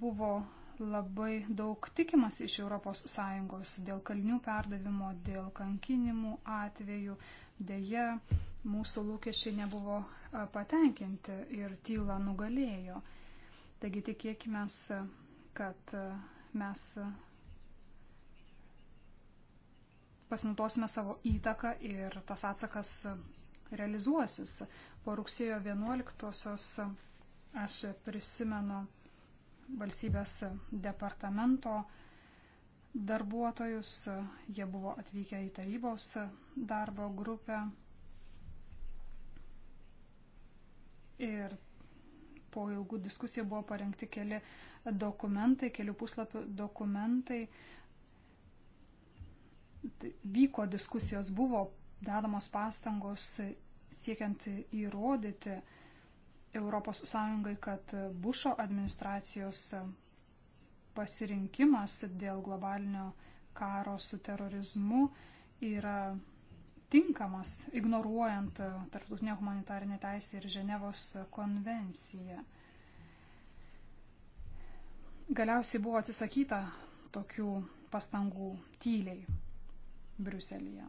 Buvo labai daug tikimas iš ES dėl kalnių perdavimo, dėl kankinimų atvejų, Deja, mūsų lūkesčiai nebuvo patenkinti ir tyla nugalėjo. Taigi tikėkime, kad mes pasinaudosime savo įtaką ir tas atsakas realizuosis. Po rugsėjo 11-osios aš prisimenu valstybės departamento darbuotojus. Jie buvo atvykę į tarybos darbo grupę. Ir po ilgų diskusijų buvo parengti keli dokumentai, kelių puslapių dokumentai. Tai vyko diskusijos, buvo dedamos pastangos siekiant įrodyti ES, kad Bušo administracijos pasirinkimas dėl globalinio karo su terorizmu yra tinkamas, ignoruojant tarptautinę humanitarinę teisę ir Ženevos konvenciją. Galiausiai buvo atsisakyta tokių pastangų tyliai Briuselėje.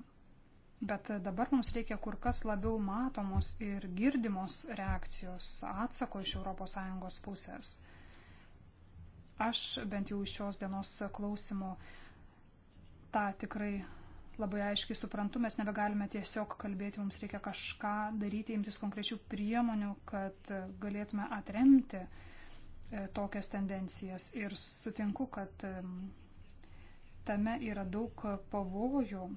Bet dabar mums reikia kur kas labiau matomos ir girdimos reakcijos atsako iš ES pusės. Aš bent jau iš šios dienos klausimo tą tikrai labai aiškiai suprantu, mes nebegalime tiesiog kalbėti, mums reikia kažką daryti, imtis konkrečių priemonių, kad galėtume atremti e, tokias tendencijas. Ir sutinku, kad tame yra daug pavojų,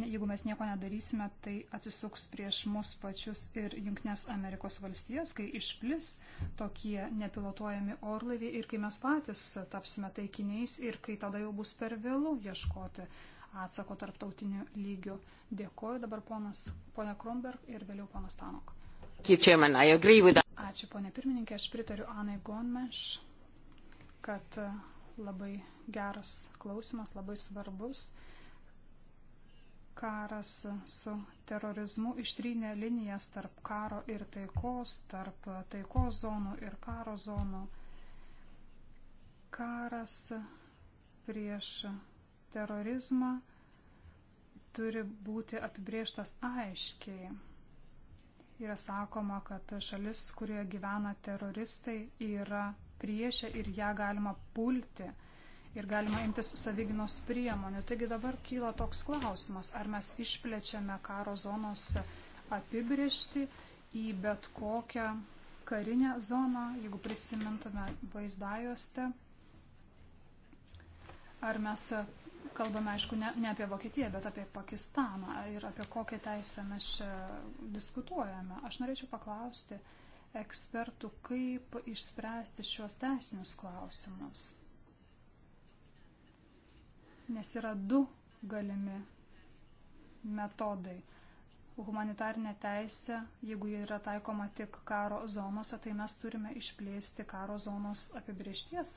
jeigu mes nieko nedarysime, tai atsisuks prieš mus pačius ir Junktinės Amerikos valstijos, kai išplis tokie nepilotuojami orlaiviai ir kai mes patys tapsime taikiniais ir kai tada jau bus per vėlų ieškoti atsako tarptautiniu lygiu. Dėkoju dabar ponas, ponia Kromberg ir vėliau ponas Tanok. Ačiū, ponė pirmininkė, aš pritariu Anai Gonmeš, kad e, labai geras klausimas, labai svarbus karas su terorizmu ištrynė linijas tarp karo ir taikos, tarp taikos zonų ir karo zonų. Karas prieš terorizmą turi būti apibrieštas aiškiai. Yra sakoma, kad šalis, kurioje gyvena teroristai, yra priešė ir ją galima pulti ir galima imtis savyginos priemonių. Taigi dabar kyla toks klausimas, ar mes išplečiame karo zonos apibriežti į bet kokią karinę zoną, jeigu prisimintume vaizdajoste. Ar mes kalbame, aišku, ne, ne apie Vokietiją, bet apie Pakistaną ir apie kokią teisę mes čia diskutuojame. Aš norėčiau paklausti ekspertų, kaip išspręsti šios teisinius klausimus nes yra du galimi metodai. Humanitarinė teisė, jeigu ji yra taikoma tik karo zonose, tai mes turime išplėsti karo zonos apibriešties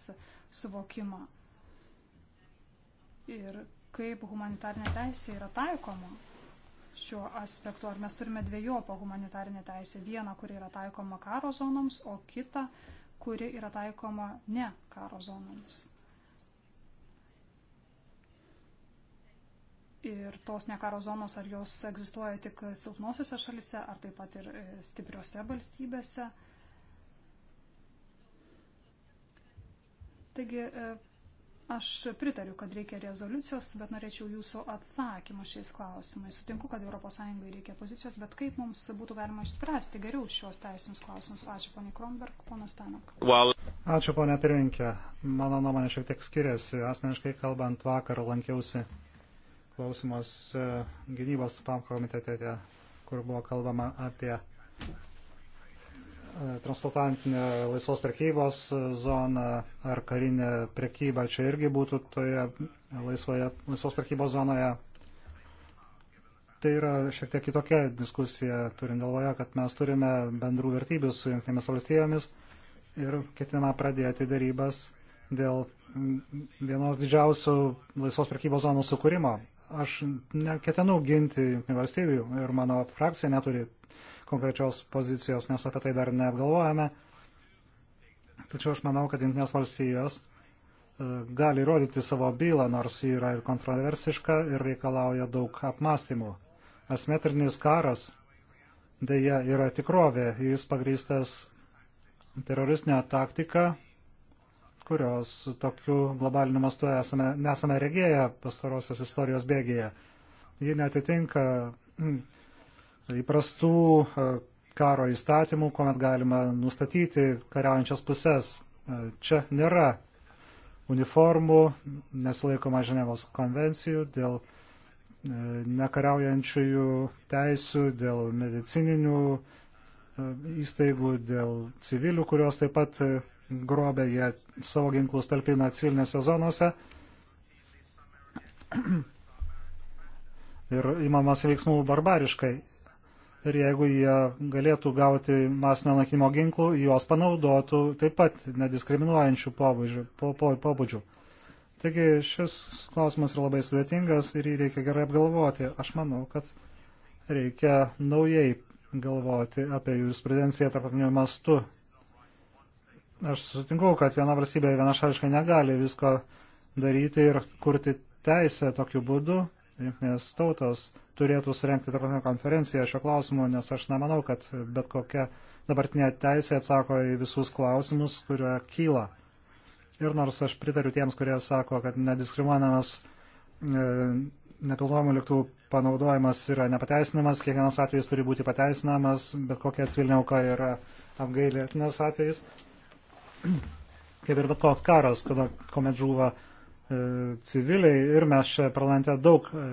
suvokimą. Ir kaip humanitarinė teisė yra taikoma šiuo aspektu. Ar mes turime dviejopą humanitarinę teisę. Vieną, kuri yra taikoma karo zonoms, o kitą, kuri yra taikoma ne karo zonoms. ir tos nekaro zonos, ar jos egzistuoja tik silpnosiuose šalise, ar taip pat ir e, stipriuose valstybėse. Taigi, e, aš pritariu, kad reikia rezoliucijos, bet norėčiau jūsų atsakymą šiais klausimais. Sutinku, kad ES reikia pozicijos, bet kaip mums būtų galima išspręsti geriau šios teisinius klausimus? Ačiū, ponė Kronberg, ponas Tanok. Well. Ačiū, ponė Pirinkė. Mano nuomonė šiek tiek skiriasi. Asmeniškai kalbant, vakar lankiausi klausimus e, gynybos komitete, e, kur buvo kalbama apie e, transatlantinę laisvos prekybos zoną ar karinę prekybą. Čia irgi būtų toje laisvoje, laisvos prekybos zonoje. Tai yra šiek tiek kitokia diskusija, turint galvoje, kad mes turime bendrų vertybių su jungtinėmis valstybėmis ir ketinama pradėti darybas dėl vienos didžiausių laisvos prekybos zonų sukūrimo aš neketinau ginti Junktinių valstybių ir mano frakcija neturi konkrečios pozicijos, nes apie tai dar neapgalvojame. Tačiau aš manau, kad Junktinės valstijos e, gali įrodyti savo bylą, nors ji yra ir kontroversiška ir reikalauja daug apmąstymų. Asmetrinis karas dėja yra tikrovė, jis pagrįstas teroristinė taktika, kurios tokiu globaliniu mastu esame, nesame regėję pastarosios istorijos bėgėje. Ji netitinka hmm, įprastų e, karo įstatymų, kuomet galima nustatyti kariaujančias pusės. E, čia nėra uniformų, nesilaikoma Ženevos konvencijų dėl e, nekariaujančiųjų teisių, dėl medicininių įstaigų, dėl civilių, kurios taip pat grobę, jie savo ginklus talpina civilinėse zonose ir imamas veiksmų barbariškai. Ir jeigu jie galėtų gauti masinio nakimo ginklų, juos panaudotų taip pat nediskriminuojančių pobūdžių. Po, po, pobūdžių. Taigi šis klausimas yra labai sudėtingas ir jį reikia gerai apgalvoti. Aš manau, kad reikia naujai galvoti apie jurisprudenciją tarptautiniu mastu Aš sutinku, kad viena valstybė vienašališkai negali visko daryti ir kurti teisę tokiu būdu. Junktinės tautos turėtų surenkti tarptautinę konferenciją šio klausimu, nes aš nemanau, kad bet kokia dabartinė teisė atsako į visus klausimus, kurie kyla. Ir nors aš pritariu tiems, kurie sako, kad nediskriminuojamas e, nepilnojimų lėktuvų panaudojimas yra nepateisinamas, kiekvienas atvejis turi būti pateisinamas, bet kokia civilinė auka yra apgailėtinas atvejis kaip ir bet koks karas, kada, kuomet žūva e, civiliai ir mes čia parlamente daug e,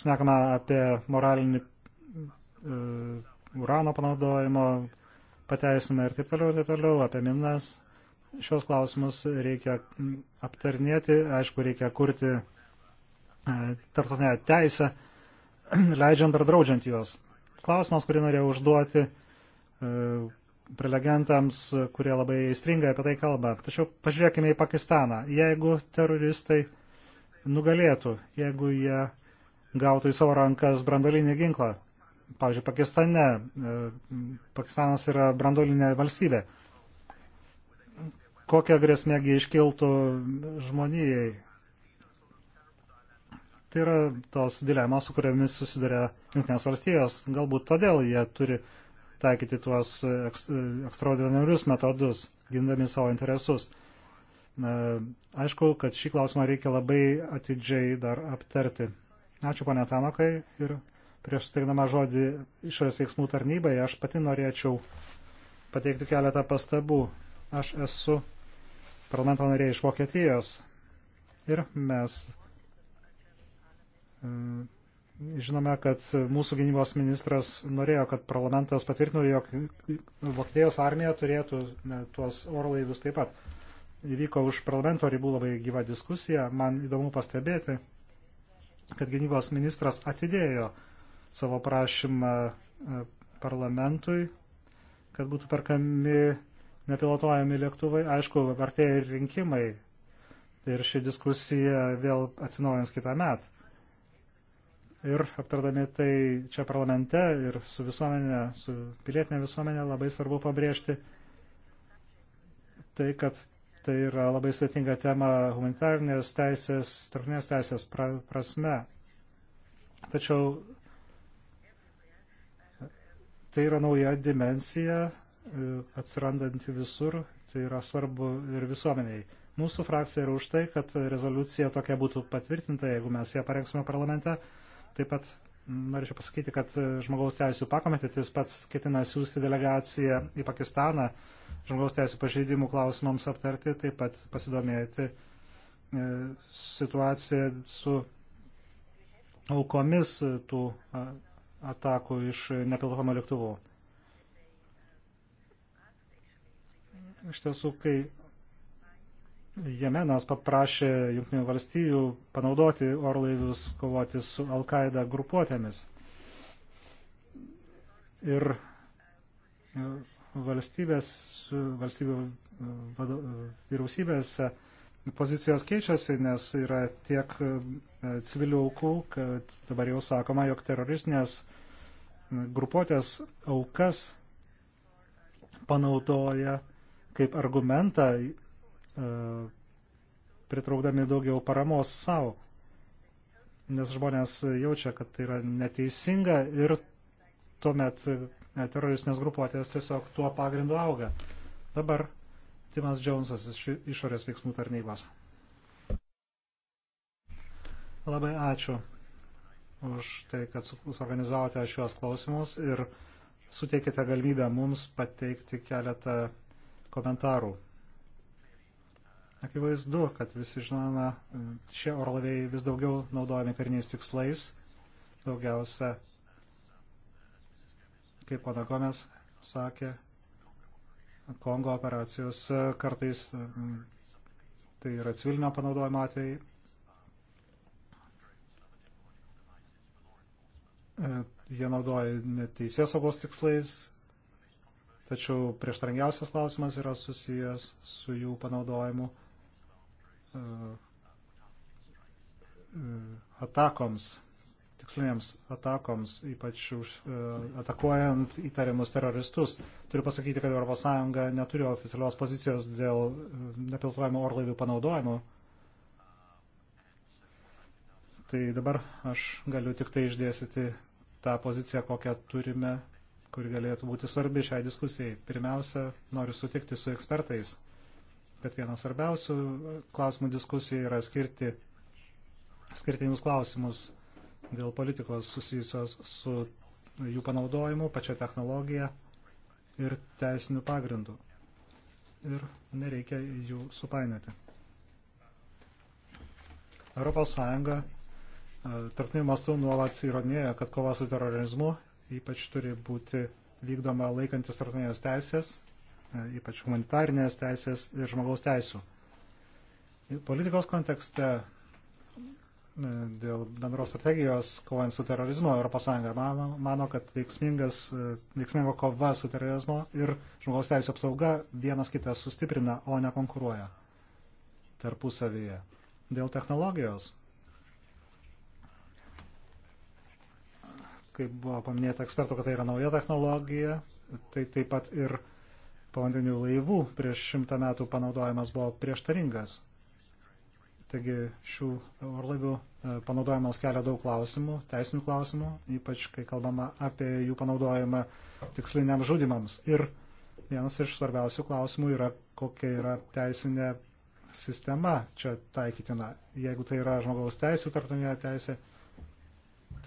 šnekame apie moralinį e, urano panaudojimo pateisimą ir taip toliau, ir taip toliau, apie minas. Šios klausimus reikia aptarnėti, aišku, reikia kurti e, tarptautinę teisę, leidžiant ar draudžiant juos. Klausimas, kurį norėjau užduoti, e, prelegentams, kurie labai įstringai apie tai kalba. Tačiau pažiūrėkime į Pakistaną. Jeigu teroristai nugalėtų, jeigu jie gautų į savo rankas brandolinį ginklą, pavyzdžiui, Pakistane, e, Pakistanas yra brandolinė valstybė, kokia grėsmėgi iškiltų žmonijai? Tai yra tos dilemos, su kuriamis susiduria Junktinės valstijos. Galbūt todėl jie turi taikyti tuos e, e, ekstraordinarius metodus, gindami savo interesus. Aišku, kad šį klausimą reikia labai atidžiai dar aptarti. Ačiū, ponė Tanokai. Ir prieš teikdama žodį išorės veiksmų tarnybai, aš pati norėčiau pateikti keletą pastabų. Aš esu parlamento narė iš Vokietijos ir mes e, Žinome, kad mūsų gynybos ministras norėjo, kad parlamentas patvirtino, jog Vokietijos armija turėtų e, tuos orlaivius taip pat. Įvyko už parlamento ribų labai gyva diskusija. Man įdomu pastebėti, kad gynybos ministras atidėjo savo prašymą e, parlamentui, kad būtų perkami nepilotuojami lėktuvai. Aišku, artėja ir rinkimai. Ir ši diskusija vėl atsinaujins kitą metą ir aptardami tai čia parlamente ir su visuomenė, su pilietinė visuomenė labai svarbu pabrėžti tai, kad tai yra labai svetinga tema humanitarnės teisės, tarpinės teisės pra, prasme. Tačiau tai yra nauja dimensija e, atsirandanti visur, tai yra svarbu ir visuomeniai. Mūsų frakcija yra už tai, kad rezoliucija tokia būtų patvirtinta, jeigu mes ją parengsime parlamente. Taip pat norėčiau pasakyti, kad e, žmogaus teisų pakomitetis pats ketina siūsti delegaciją į Pakistaną žmogaus teisų pažeidimų klausimams aptarti, taip pat pasidomėti e, situaciją su aukomis tų atakų iš nepilkomo lėktuvų. Iš tiesų, kai Jemenas paprašė Junktinių valstybių panaudoti orlaivius kovoti su Al-Qaeda grupuotėmis. Ir e, valstybės, valstybių e, e, vyriausybėse pozicijos keičiasi, nes yra tiek civilių aukų, kad dabar jau sakoma, jog teroristinės grupuotės aukas panaudoja kaip argumentą E, pritraukdami daugiau paramos savo, nes žmonės jaučia, kad tai yra neteisinga ir tuomet e, teroristinės grupuotės tiesiog tuo pagrindu auga. Dabar Timas Džonsas iš išorės veiksmų tarnybos. Labai ačiū už tai, kad suorganizavote šiuos klausimus ir suteikite galimybę mums pateikti keletą komentarų. Akivaizdu, kad visi žinome, šie orlaviai vis daugiau naudojami kariniais tikslais, daugiausia, kaip pana Gomes sakė, Kongo operacijos e, kartais tai yra civilinio panaudojimo atvejai. E, jie naudoja neteisės saugos tikslais, tačiau prieštarangiausias klausimas yra susijęs su jų panaudojimu E, e, atakoms, tikslinėms atakoms, ypač už, e, atakuojant įtariamus teroristus. Turiu pasakyti, kad ES neturi oficialios pozicijos dėl nepiltuojamų orlaivių panaudojimo. Tai dabar aš galiu tik tai išdėsyti tą poziciją, kokią turime, kuri galėtų būti svarbi šiai diskusijai. Pirmiausia, noriu sutikti su ekspertais kad vienas svarbiausių klausimų diskusija yra skirti skirtingus klausimus dėl politikos susijusios su jų panaudojimu, pačia technologija ir teisinių pagrindų. Ir nereikia jų supainioti. Europos Sąjunga e, tarptautiniu mastu nuolat įrodinėja, kad kova su terorizmu ypač turi būti vykdoma laikantis tarptautinės teisės E, ypač humanitarnės teisės ir žmogaus teisų. Politikos kontekste e, dėl bendros strategijos kovojant su terorizmu ES mano, kad veiksmingas, e, veiksmingo kova su terorizmu ir žmogaus teisų apsauga vienas kitą sustiprina, o ne konkuruoja tarpusavyje. Dėl technologijos, kaip buvo paminėta ekspertų, kad tai yra nauja technologija, tai taip pat ir povandeninių laivų prieš šimtą metų panaudojimas buvo prieštaringas. Taigi šių orlaivių e, panaudojimas kelia daug klausimų, teisinių klausimų, ypač kai kalbama apie jų panaudojimą tiksliniam žudimams. Ir vienas iš svarbiausių klausimų yra, kokia yra teisinė sistema čia taikytina. Jeigu tai yra žmogaus teisų tarptautinė teisė,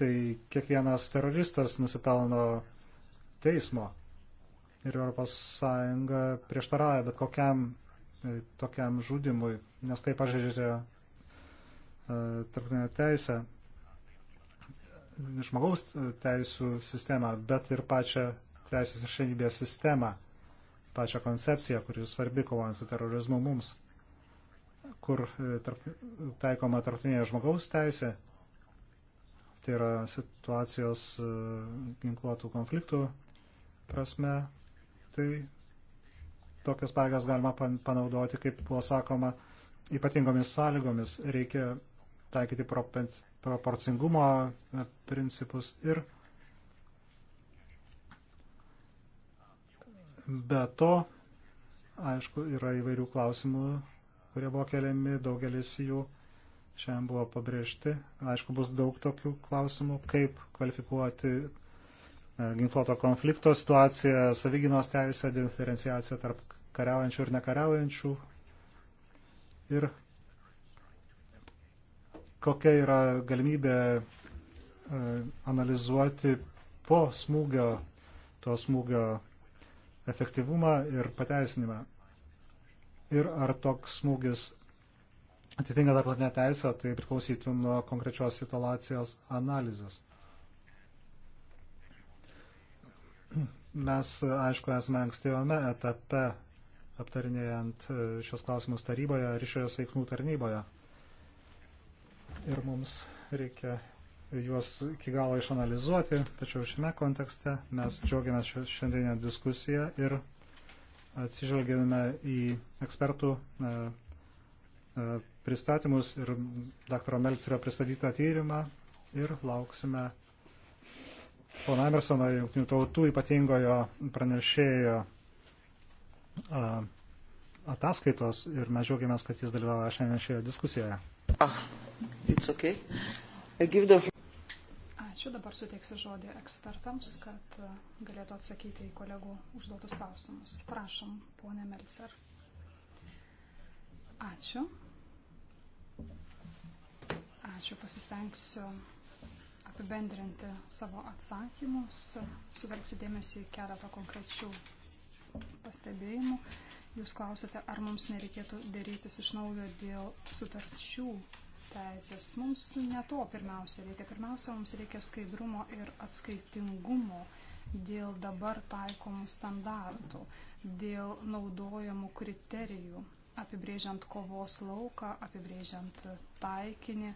tai kiekvienas teroristas nusipelno teismo ir ES prieštarauja bet kokiam e, tokiam žudimui, nes tai pažeidžia e, tarptautinę teisę, e, žmogaus teisų sistemą, bet ir pačią teisės ir šeimybės sistemą, pačią koncepciją, kuri svarbi kovojant su terorizmu mums, kur tarp, taikoma tarptautinė žmogaus teisė, tai yra situacijos ginkluotų konfliktų prasme, tai tokias pajėgas galima panaudoti, kaip buvo sakoma, ypatingomis sąlygomis. Reikia taikyti proporcingumo e, principus ir be to, aišku, yra įvairių klausimų, kurie buvo keliami, daugelis jų šiandien buvo pabrėžti. Aišku, bus daug tokių klausimų, kaip kvalifikuoti E, ginkluoto konflikto situaciją, savyginos teisę, diferenciaciją tarp kariaujančių ir nekariaujančių ir kokia yra galimybė e, analizuoti po smūgio, to smūgio efektyvumą ir pateisinimą. Ir ar toks smūgis atitinka tarptautinę teisę, tai priklausytų nuo konkrečios situacijos analizės. Mes, aišku, esame ankstyvame etape aptarinėjant e, šios klausimus taryboje ir išorės veiksmų tarnyboje. Ir mums reikia juos iki galo išanalizuoti, tačiau šiame kontekste mes džiaugiamės šiandienę diskusiją ir atsižvelgėme į ekspertų e, e, pristatymus ir dr. Melcerio pristatytą tyrimą ir lauksime pono Emersono, jungtinių tautų ypatingojo pranešėjo ataskaitos ir mes džiaugiamės, kad jis dalyvavo šiandien šioje diskusijoje. Ah, okay. the... Ačiū, dabar suteiksiu žodį ekspertams, kad galėtų atsakyti į kolegų užduotus klausimus. Prašom, ponė Melcer. Ačiū. Ačiū, pasistengsiu apibendrinti savo atsakymus, sutelksiu dėmesį į keletą konkrečių pastebėjimų. Jūs klausite, ar mums nereikėtų dėrytis iš naujo dėl sutarčių teisės. Mums ne to pirmiausia reikia. Pirmiausia, mums reikia skaidrumo ir atskaitingumo dėl dabar taikomų standartų, dėl naudojamų kriterijų, apibrėžiant kovos lauką, apibrėžiant taikinį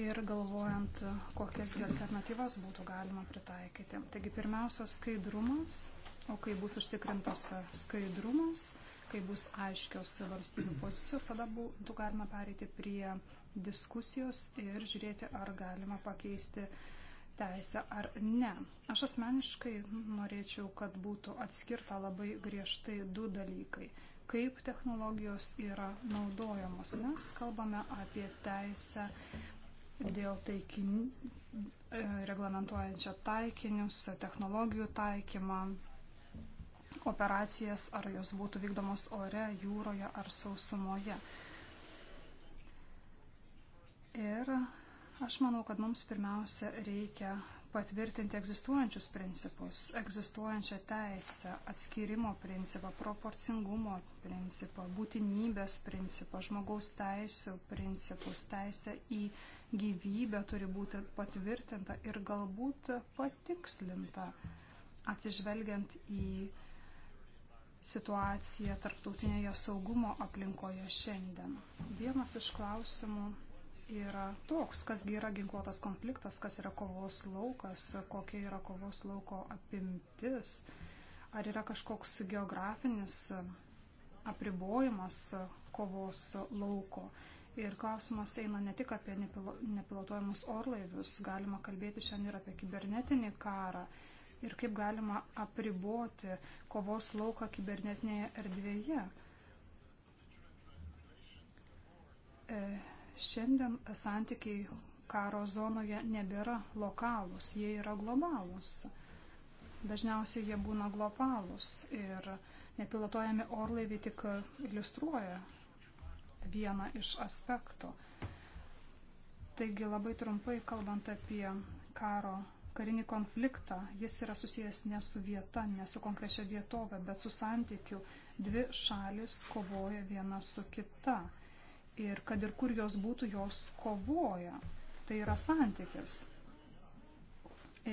ir galvojant, kokias alternatyvas būtų galima pritaikyti. Taigi pirmiausia, skaidrumas, o kai bus užtikrintas skaidrumas, kai bus aiškios valstybių pozicijos, tada būtų galima pereiti prie diskusijos ir žiūrėti, ar galima pakeisti teisę ar ne. Aš asmeniškai norėčiau, kad būtų atskirta labai griežtai du dalykai - kaip technologijos yra naudojamos. Mes kalbame apie teisę dėl taikinių, e, reglamentuojančio taikinius, technologijų taikymą, operacijas, ar jos būtų vykdomos ore, jūroje ar sausumoje. Ir aš manau, kad mums pirmiausia reikia patvirtinti egzistuojančius principus, egzistuojančią teisę, atskirimo principą, proporcingumo principą, būtinybės principą, žmogaus teisų principus, teisę į gyvybė turi būti patvirtinta ir galbūt patikslinta, atsižvelgiant į situaciją tarptautinėje saugumo aplinkoje šiandien. Vienas iš klausimų yra toks, kasgi yra ginkluotas konfliktas, kas yra kovos laukas, kokia yra kovos lauko apimtis, ar yra kažkoks geografinis apribojimas kovos lauko. Ir klausimas eina ne tik apie nepilotuojamus orlaivius, galima kalbėti šiandien ir apie kibernetinį karą ir kaip galima apriboti kovos lauką kibernetinėje erdvėje. E, šiandien santykiai karo zonoje nebėra lokalūs, jie yra globalūs. Dažniausiai jie būna globalūs ir nepilotuojami orlaiviai tik iliustruoja vieną iš aspektų. Taigi labai trumpai kalbant apie karo, karinį konfliktą, jis yra susijęs ne su vieta, ne su konkrečia vietove, bet su santykiu. Dvi šalis kovoja viena su kita. Ir kad ir kur jos būtų, jos kovoja. Tai yra santykis.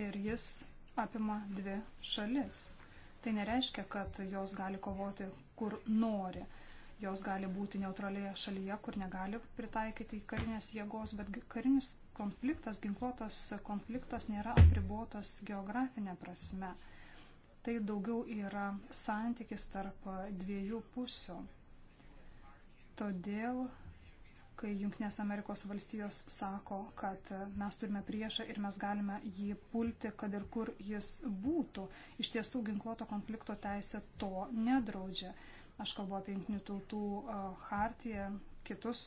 Ir jis apima dvi šalis. Tai nereiškia, kad jos gali kovoti kur nori. Jos gali būti neutralioje šalyje, kur negali pritaikyti karinės jėgos, bet karinis konfliktas, ginkluotas konfliktas nėra apribuotas geografinė prasme. Tai daugiau yra santykis tarp dviejų pusių. Todėl, kai Junktinės Amerikos valstijos sako, kad mes turime priešą ir mes galime jį pulti, kad ir kur jis būtų, iš tiesų ginkluoto konflikto teisė to nedraudžia. Aš kalbu apie Junktinių tautų hartiją, kitus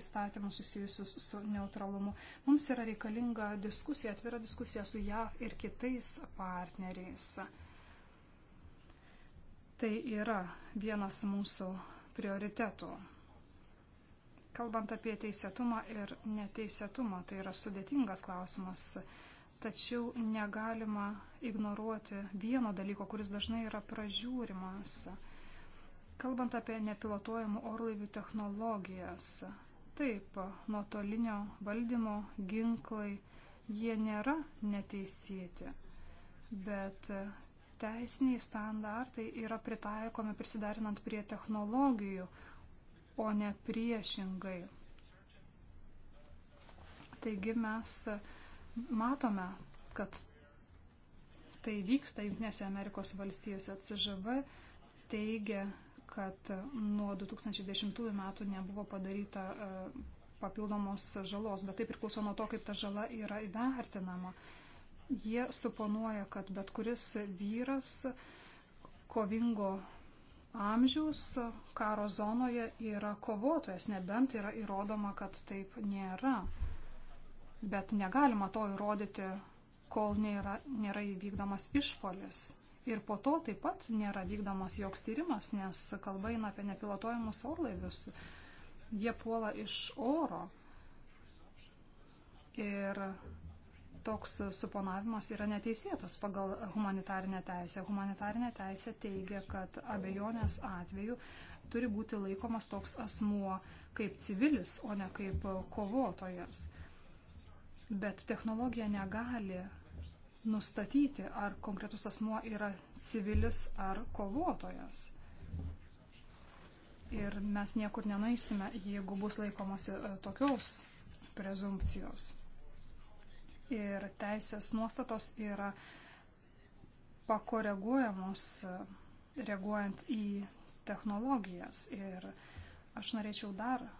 įstatymus susijusius su neutralumu. Mums yra reikalinga diskusija, atvira diskusija su JAV ir kitais partneriais. Tai yra vienas mūsų prioritetų. Kalbant apie teisėtumą ir neteisėtumą, tai yra sudėtingas klausimas, tačiau negalima ignoruoti vieno dalyko, kuris dažnai yra pražiūrimas Kalbant apie nepilotuojamų orlaivių technologijas, taip, nuotolinio valdymo ginklai, jie nėra neteisėti, bet teisiniai standartai yra pritaikomi prisiderinant prie technologijų, o ne priešingai. Taigi mes matome, kad tai vyksta Junktinėse Amerikos valstijose CŽV teigia, kad nuo 2010 metų nebuvo padaryta e, papildomos žalos, bet tai priklauso nuo to, kaip ta žala yra įvertinama. Jie suponuoja, kad bet kuris vyras kovingo amžiaus karo zonoje yra kovotojas, nebent yra įrodoma, kad taip nėra. Bet negalima to įrodyti, kol nėra, nėra įvykdomas išpolis. Ir po to taip pat nėra vykdomas joks tyrimas, nes kalba eina apie nepilotojimus orlaivius. Jie puola iš oro. Ir toks suponavimas yra neteisėtas pagal humanitarinę teisę. Humanitarinė teisė teigia, kad abejonės atveju turi būti laikomas toks asmuo kaip civilis, o ne kaip kovotojas. Bet technologija negali nustatyti, ar konkretus asmuo yra civilis ar kovotojas. Ir mes niekur nenaisime, jeigu bus laikomasi e, tokios prezumpcijos. Ir teisės nuostatos yra pakoreguojamos e, reaguojant į technologijas. Ir aš norėčiau dar e,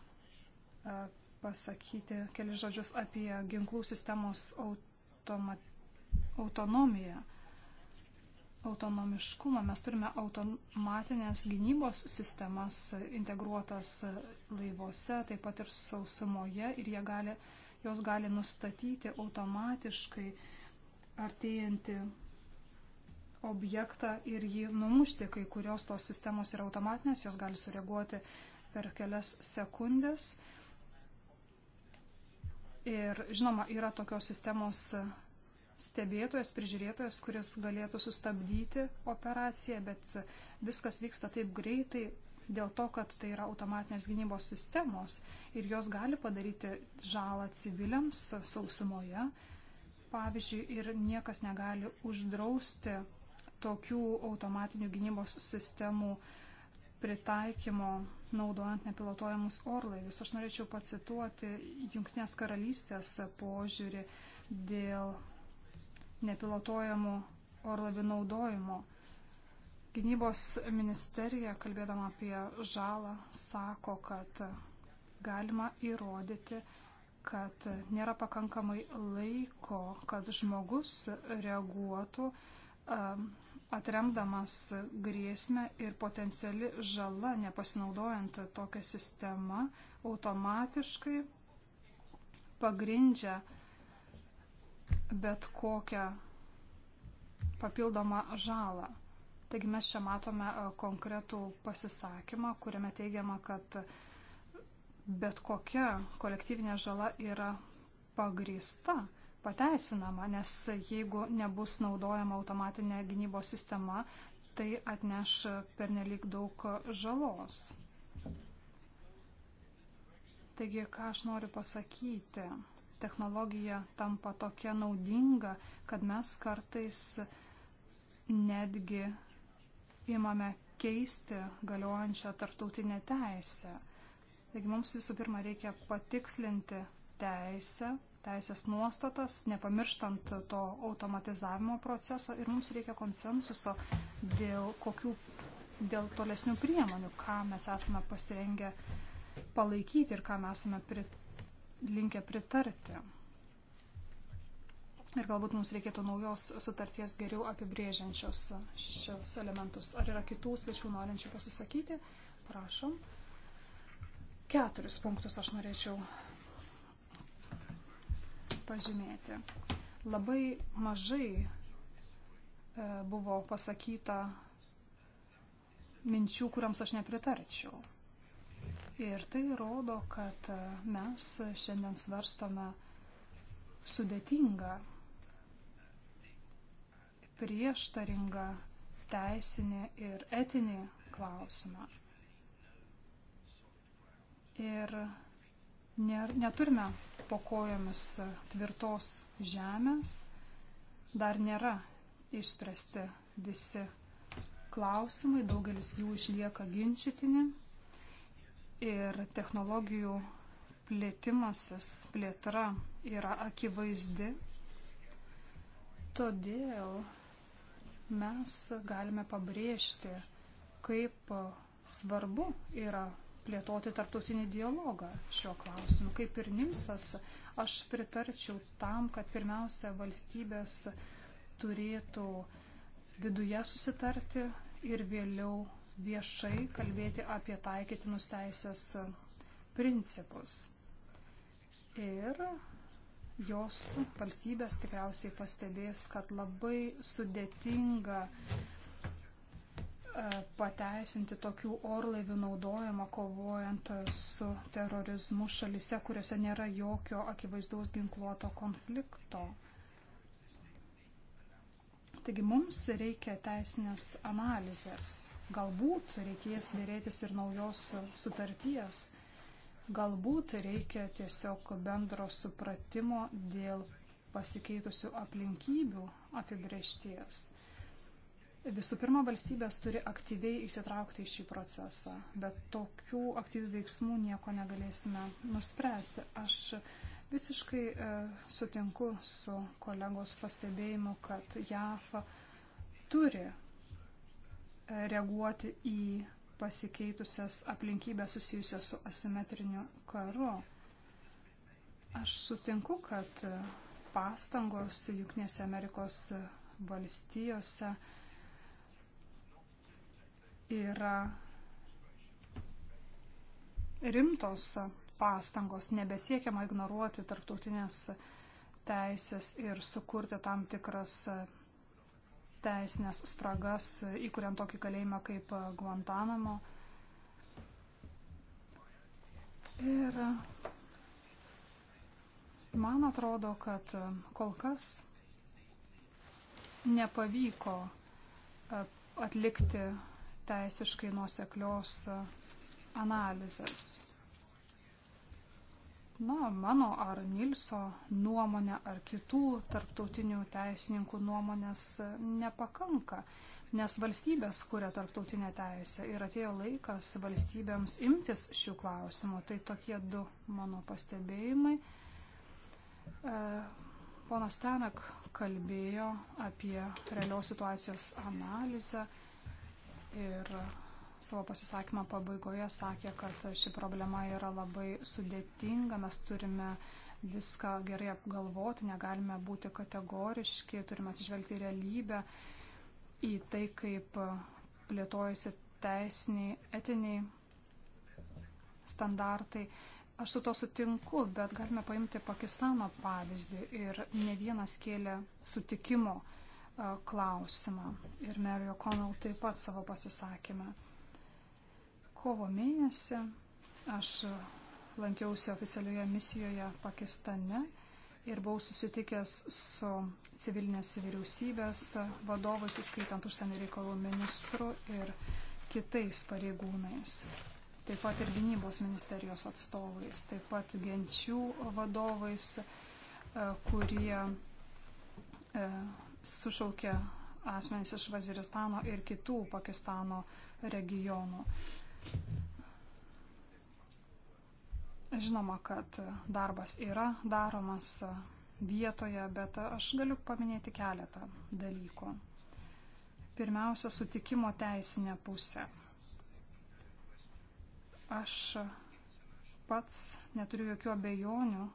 pasakyti keli žodžius apie ginklų sistemos automatizavimą autonomiją, autonomiškumą. Mes turime automatinės gynybos sistemas integruotas laivuose, taip pat ir sausumoje ir jie gali, jos gali nustatyti automatiškai artėjantį objektą ir jį numušti. Kai kurios tos sistemos yra automatinės, jos gali sureaguoti per kelias sekundės. Ir žinoma, yra tokios sistemos stebėtojas, prižiūrėtojas, kuris galėtų sustabdyti operaciją, bet viskas vyksta taip greitai dėl to, kad tai yra automatinės gynybos sistemos ir jos gali padaryti žalą civiliams sausumoje, pavyzdžiui, ir niekas negali uždrausti tokių automatinių gynybos sistemų pritaikymo naudojant nepilotuojamus orlaivius. Aš norėčiau pacituoti Junktinės karalystės požiūrį dėl nepilotuojamų orlavių naudojimo. Gynybos ministerija, kalbėdama apie žalą, sako, kad galima įrodyti, kad nėra pakankamai laiko, kad žmogus reaguotų atremdamas grėsmę ir potenciali žala, nepasinaudojant tokią sistemą, automatiškai pagrindžia bet kokią papildomą žalą. Taigi mes čia matome e, konkretų pasisakymą, kuriame teigiama, kad bet kokia kolektyvinė žala yra pagrįsta, pateisinama, nes jeigu nebus naudojama automatinė gynybos sistema, tai atneš pernelik daug žalos. Taigi, ką aš noriu pasakyti? technologija tampa tokia naudinga, kad mes kartais netgi imame keisti galiojančią tartautinę teisę. Taigi mums visų pirma reikia patikslinti teisę, teisės nuostatas, nepamirštant to automatizavimo proceso ir mums reikia konsensuso dėl, kokių, dėl tolesnių priemonių, ką mes esame pasirengę palaikyti ir ką mes esame prit linkę pritarti. Ir galbūt mums reikėtų naujos sutarties geriau apibrėžiančios šios elementus. Ar yra kitų svečių norinčių pasisakyti? Prašom. Keturis punktus aš norėčiau pažymėti. Labai mažai e, buvo pasakyta minčių, kuriams aš nepritarčiau. Ir tai rodo, kad e, mes šiandien svarstome sudėtingą, prieštaringą teisinį ir etinį klausimą. Ir neturime po kojomis tvirtos žemės, dar nėra išspręsti visi klausimai, daugelis jų išlieka ginčytini ir technologijų plėtimasis, plėtra yra akivaizdi. Todėl mes galime pabrėžti, kaip svarbu yra plėtoti tarptautinį dialogą šiuo klausimu. Kaip ir Nimsas, aš pritarčiau tam, kad pirmiausia valstybės turėtų viduje susitarti ir vėliau viešai kalbėti apie taikytinus teisės principus. Ir jos valstybės tikriausiai pastebės, kad labai sudėtinga e, pateisinti tokių orlaivių naudojimą kovojant su terorizmu šalise, kuriuose nėra jokio akivaizdaus ginkluoto konflikto. Taigi mums reikia teisinės analizės Galbūt reikės dėrėtis ir naujos sutarties. Galbūt reikia tiesiog bendro supratimo dėl pasikeitusių aplinkybių apibriešties. Visų pirma, valstybės turi aktyviai įsitraukti į šį procesą, bet tokių aktyvių veiksmų nieko negalėsime nuspręsti. Aš visiškai e, sutinku su kolegos pastebėjimu, kad JAF turi reaguoti į pasikeitusias aplinkybės susijusias su asimetriniu karu. Aš sutinku, kad pastangos Junktinėse Amerikos valstijose yra rimtos pastangos, nebesiekiama ignoruoti tarptautinės teisės ir sukurti tam tikras teisinės spragas, įkuriant tokį kalėjimą kaip Guantanamo. Ir man atrodo, kad kol kas nepavyko e, atlikti teisiškai nuoseklios e, analizės na, mano ar Nilso nuomonė ar kitų tarptautinių teisininkų nuomonės nepakanka, nes valstybės kuria tarptautinę teisę ir atėjo laikas valstybėms imtis šių klausimų. Tai tokie du mano pastebėjimai. E, ponas Tenak kalbėjo apie realios situacijos analizę ir savo pasisakymą pabaigoje sakė, kad ši problema yra labai sudėtinga, mes turime viską gerai apgalvoti, negalime būti kategoriški, turime atsižvelgti realybę į tai, kaip plėtojasi teisiniai, etiniai standartai. Aš su to sutinku, bet galime paimti Pakistano pavyzdį ir ne vienas kėlė sutikimo klausimą. Ir Mary O'Connell taip pat savo pasisakymą. Kovo mėnesį aš lankiausi oficialioje misijoje Pakistane ir buvau susitikęs su civilinės vyriausybės vadovais, įskaitant užsienio reikalų ministru ir kitais pareigūnais taip pat ir gynybos ministerijos atstovais, taip pat genčių vadovais, e, kurie e, sušaukė asmenys iš Vaziristano ir kitų Pakistano regionų. Žinoma, kad darbas yra daromas vietoje, bet aš galiu paminėti keletą dalykų. Pirmiausia, sutikimo teisinė pusė. Aš pats neturiu jokių abejonių,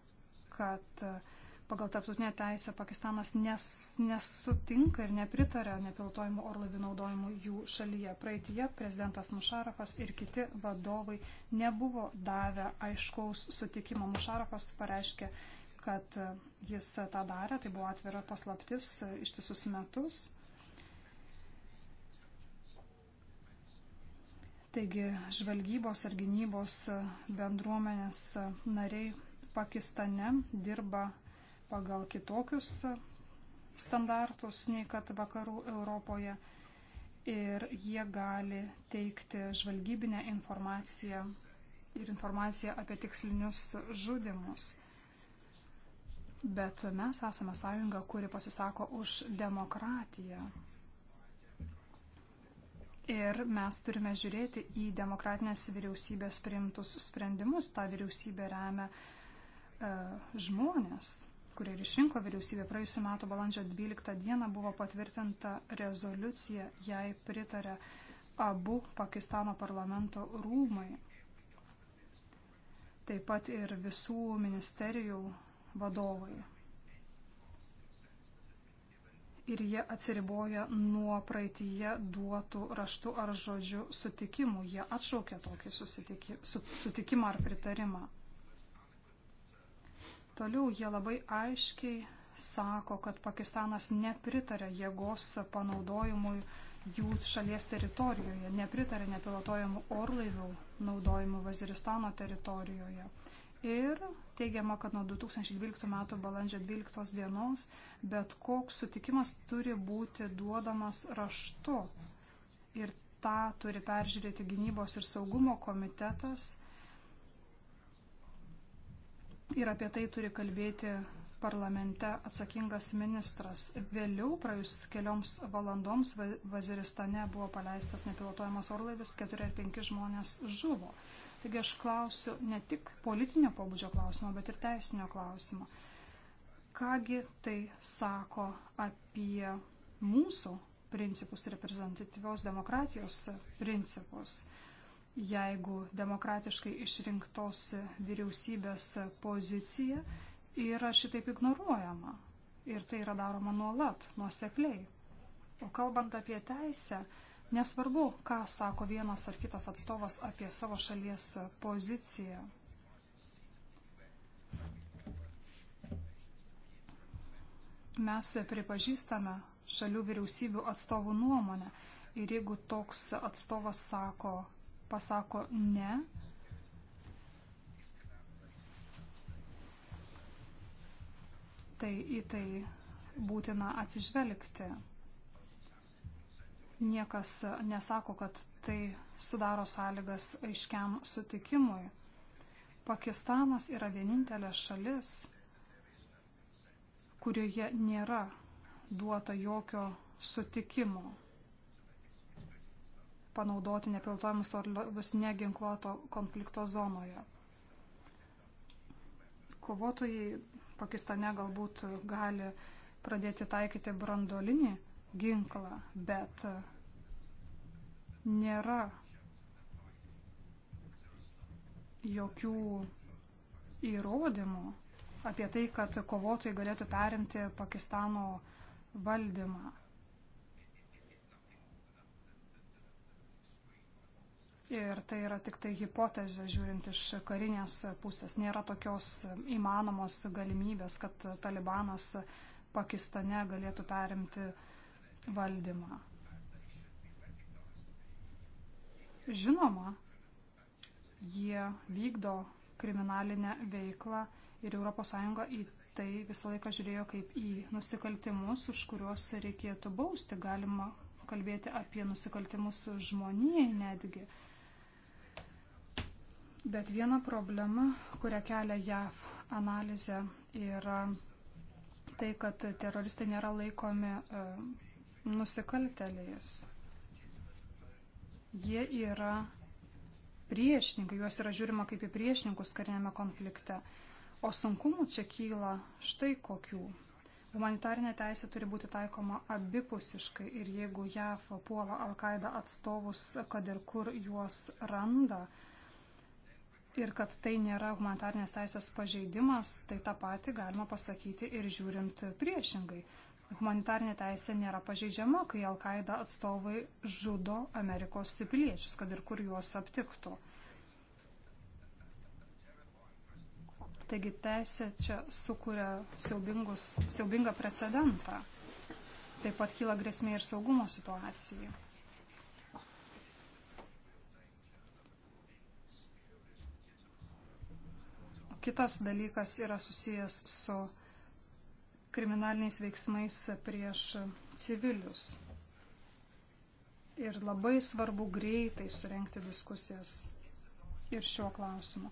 kad uh, Pagal tarptautinę teisę Pakistanas nes, nesutinka ir nepritarė nepilotojimų orlaivių naudojimų jų šalyje. Praeitie prezidentas Mušarafas ir kiti vadovai nebuvo davę aiškaus sutikimo. Mušarafas pareiškė, kad jis tą darė, tai buvo atvira paslaptis ištisus metus. Taigi žvalgybos ar gynybos bendruomenės nariai Pakistane dirba pagal kitokius standartus nei kad vakarų Europoje ir jie gali teikti žvalgybinę informaciją ir informaciją apie tikslinius žudimus. Bet mes esame sąjunga, kuri pasisako už demokratiją. Ir mes turime žiūrėti į demokratinės vyriausybės priimtus sprendimus. Ta vyriausybė remia e, žmonės kurį ir išrinko vyriausybė praėjusiu metu balandžio 12 dieną buvo patvirtinta rezoliucija, jai pritarė abu Pakistano parlamento rūmai. Taip pat ir visų ministerijų vadovai. Ir jie atsiriboja nuo praeitįje duotų raštų ar žodžių sutikimų. Jie atšaukia tokį susitikimą ar pritarimą. Toliau jie labai aiškiai sako, kad Pakistanas nepritarė jėgos panaudojimui jų šalies teritorijoje, nepritarė nepilotojimų orlaivių naudojimų Vaziristano teritorijoje. Ir teigiama, kad nuo 2012 m. balandžio 12 dienos bet koks sutikimas turi būti duodamas raštu. Ir tą turi peržiūrėti gynybos ir saugumo komitetas ir apie tai turi kalbėti parlamente atsakingas ministras. Vėliau, praėjus kelioms valandoms, Vaziristane buvo paleistas nepilotuojamas orlaivis, keturi ar penki žmonės žuvo. Taigi aš klausiu ne tik politinio pobūdžio klausimo, bet ir teisinio klausimo. Kągi tai sako apie mūsų principus, reprezentatyvios demokratijos principus jeigu demokratiškai išrinktos vyriausybės pozicija yra šitaip ignoruojama. Ir tai yra daroma nuolat, nuosekliai. O kalbant apie teisę, nesvarbu, ką sako vienas ar kitas atstovas apie savo šalies poziciją. Mes pripažįstame šalių vyriausybių atstovų nuomonę. Ir jeigu toks atstovas sako, pasako ne. Tai į tai būtina atsižvelgti. Niekas nesako, kad tai sudaro sąlygas aiškiam sutikimui. Pakistanas yra vienintelė šalis, kurioje nėra duota jokio sutikimo panaudoti nepiltojimus orlaivus neginkluoto konflikto zonoje. Kovotojai Pakistane galbūt gali pradėti taikyti brandolinį ginklą, bet nėra jokių įrodymų apie tai, kad kovotojai galėtų perimti Pakistano valdymą. Ir tai yra tik tai hipotezė, žiūrint iš karinės pusės. Nėra tokios įmanomos galimybės, kad talibanas Pakistane galėtų perimti valdymą. Žinoma, jie vykdo kriminalinę veiklą ir ES į tai visą laiką žiūrėjo kaip į nusikaltimus, už kuriuos reikėtų bausti. Galima kalbėti apie nusikaltimus žmonijai netgi. Bet viena problema, kurią kelia JAV analizė, yra tai, kad teroristai nėra laikomi e, nusikalteliais. Jie yra priešininkai, juos yra žiūrima kaip į priešininkus karinėme konflikte. O sunkumų čia kyla štai kokių. Humanitarinė teisė turi būti taikoma abipusiškai ir jeigu JAF puola Al-Qaeda atstovus, kad ir kur juos randa, ir kad tai nėra humanitarnės teisės pažeidimas, tai tą patį galima pasakyti ir žiūrint priešingai. Humanitarnė teisė nėra pažeidžiama, kai Al-Qaeda atstovai žudo Amerikos piliečius, kad ir kur juos aptiktų. Taigi teisė čia sukuria siaubingą precedentą. Taip pat kyla grėsmė ir saugumo situacijai. Kitas dalykas yra susijęs su kriminaliniais veiksmais prieš civilius. Ir labai svarbu greitai surenkti diskusijas ir šiuo klausimu.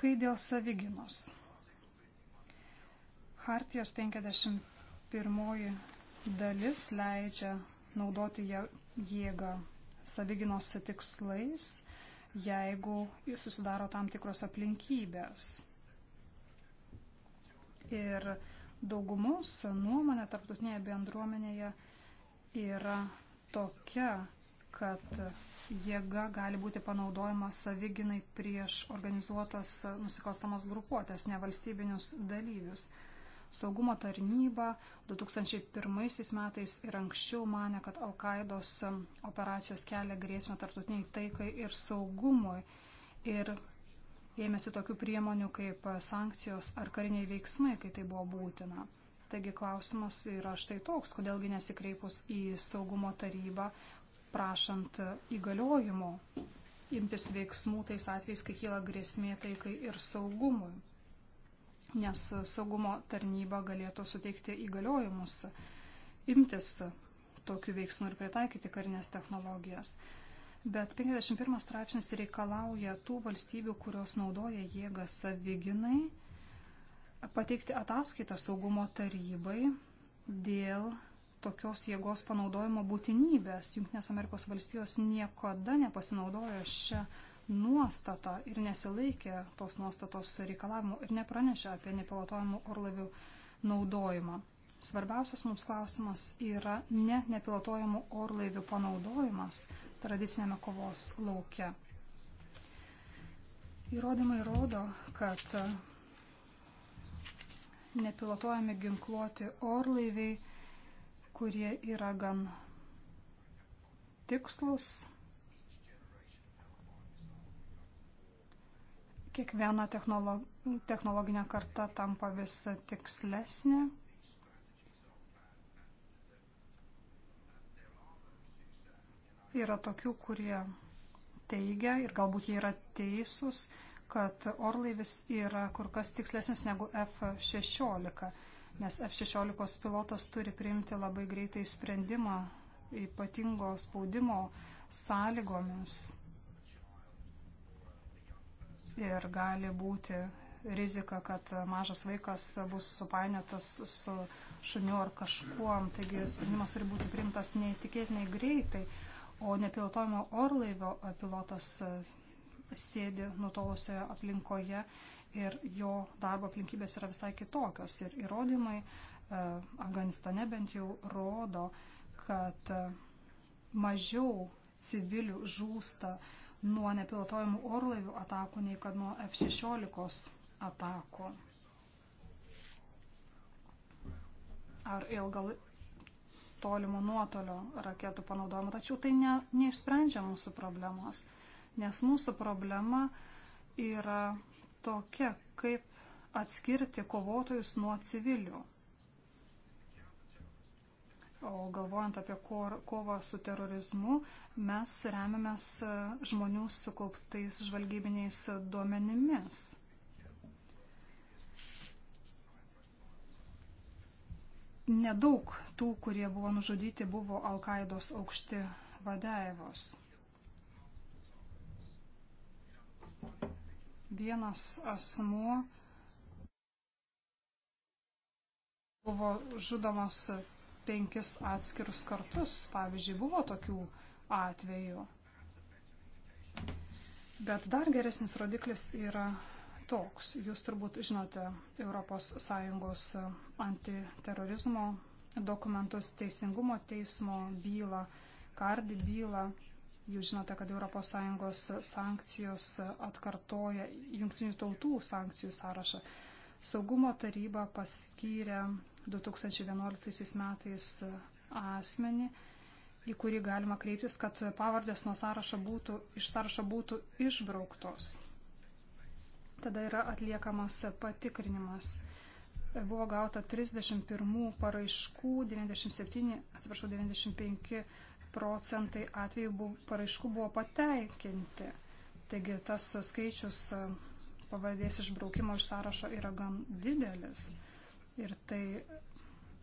Kai dėl savigynos. Hartijos 51 dalis leidžia naudoti jėgą savigynos tikslais jeigu susidaro tam tikros aplinkybės. Ir daugumos nuomonė tarptautinėje bendruomenėje yra tokia, kad jėga gali būti panaudojama saviginai prieš organizuotas nusikalstamas grupuotės, nevalstybinius dalyvius. Saugumo tarnyba 2001 metais ir anksčiau mane, kad Al-Qaidos um, operacijos kelia grėsmę tartutiniai taikai ir saugumui ir ėmėsi tokių priemonių kaip uh, sankcijos ar kariniai veiksmai, kai tai buvo būtina. Taigi klausimas yra štai toks, kodėlgi nesikreipus į saugumo tarybą, prašant uh, įgaliojimo imtis veiksmų tais atvejais, kai kyla grėsmė taikai ir saugumui nes saugumo tarnyba galėtų suteikti įgaliojimus imtis tokių veiksmų ir pritaikyti karinės technologijas. Bet 51 straipsnis reikalauja tų valstybių, kurios naudoja jėgą saviginai, pateikti ataskaitą saugumo tarybai dėl tokios jėgos panaudojimo būtinybės. Junktinės Amerikos valstijos niekada nepasinaudojo šią nuostatą ir nesilaikė tos nuostatos reikalavimų ir nepranešė apie nepilotuojamų orlavių naudojimą. Svarbiausias mums klausimas yra ne nepilotuojamų orlaivių panaudojimas tradicinėme kovos lauke. Įrodymai rodo, kad nepilotuojami ginkluoti orlaiviai, kurie yra gan tikslus, Kiekviena technolo technologinė karta tampa vis tikslesnė. Yra tokių, kurie teigia, ir galbūt jie yra teisūs, kad orlaivis yra kur kas tikslesnis negu F-16, nes F-16 pilotas turi priimti labai greitai sprendimą ypatingo spaudimo sąlygomis ir gali būti rizika, kad mažas vaikas bus supainiotas su šuniu ar kažkuom. Taigi sprendimas turi būti priimtas neįtikėtinai greitai, o nepilotojimo orlaivio pilotas sėdi nutolusioje aplinkoje ir jo darbo aplinkybės yra visai kitokios. Ir įrodymai e, Afganistane bent jau rodo, kad e, mažiau civilių žūsta uh, nuo nepilotojimų orlaivių atakų, nei kad nuo F-16 atakų. Ar ilgal tolimo nuotolio raketų panaudojimo. Tačiau tai ne, neišsprendžia mūsų problemos, nes mūsų problema yra tokia, kaip atskirti kovotojus nuo civilių. O galvojant apie kovą su terorizmu, mes remiamės e, žmonių sukauptais žvalgybiniais duomenimis. Nedaug tų, kurie buvo nužudyti, buvo Al-Qaidos aukšti vadeivos. Vienas asmuo buvo žudomas penkis atskirus kartus. Pavyzdžiui, buvo tokių atvejų. Bet dar geresnis rodiklis yra toks. Jūs turbūt žinote ES antiterorizmo dokumentus, teisingumo teismo bylą, kardį bylą. Jūs žinote, kad ES sankcijos atkartoja jungtinių tautų sankcijų sąrašą. Saugumo taryba paskyrė 2011 metais asmenį, į kurį galima kreiptis, kad pavardės nuo sąrašo būtų, iš sąrašo būtų išbrauktos. Tada yra atliekamas patikrinimas. Buvo gauta 31 paraiškų, 97, atsiprašau, 95 procentai atvejų buvo, paraiškų buvo pateikinti. Taigi tas skaičius pavardės išbraukimo iš sąrašo yra gan didelis ir tai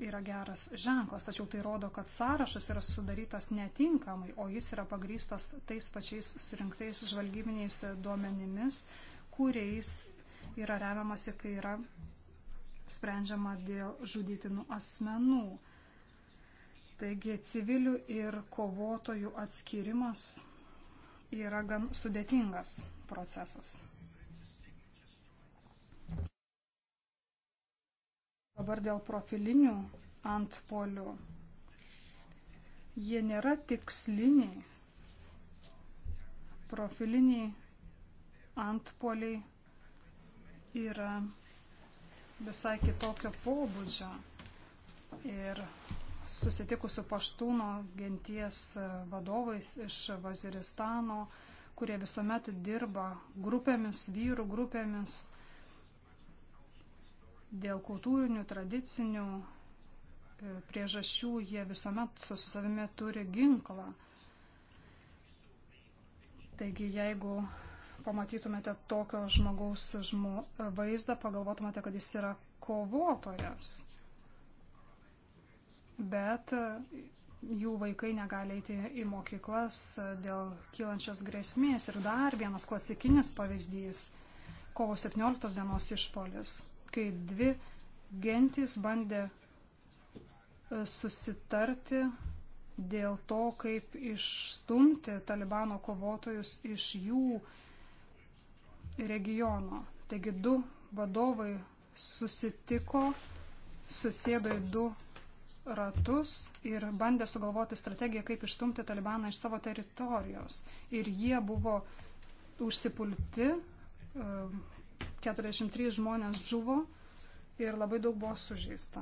yra geras ženklas, tačiau tai rodo, kad sąrašas yra sudarytas netinkamai, o jis yra pagrystas tais pačiais surinktais žvalgybiniais duomenimis, kuriais yra remiamasi, kai yra sprendžiama dėl žudytinų asmenų. Taigi civilių ir kovotojų atskirimas yra gan sudėtingas procesas. Dabar dėl profilinių antpolių. Jie nėra tiksliniai. Profiliniai antpoliai yra visai kitokio pobūdžio. Ir susitikusių paštūno genties vadovais iš Vaziristano, kurie visuomet dirba grupėmis, vyrų grupėmis, dėl kultūrinių, tradicinių e, priežasčių jie visuomet su savimi turi ginklą. Taigi, jeigu pamatytumėte tokio žmogaus žmo, e, vaizdą, pagalvotumėte, kad jis yra kovotojas. Bet e, jų vaikai negali eiti į mokyklas dėl kylančios grėsmės. Ir dar vienas klasikinis pavyzdys - kovo 17 dienos išpolis kai dvi gentys bandė e, susitarti dėl to, kaip išstumti talibano kovotojus iš jų regiono. Taigi du vadovai susitiko, susėdo į du ratus ir bandė sugalvoti strategiją, kaip išstumti talibaną iš savo teritorijos. Ir jie buvo užsipulti, e, 43 žmonės žuvo ir labai daug buvo sužeista.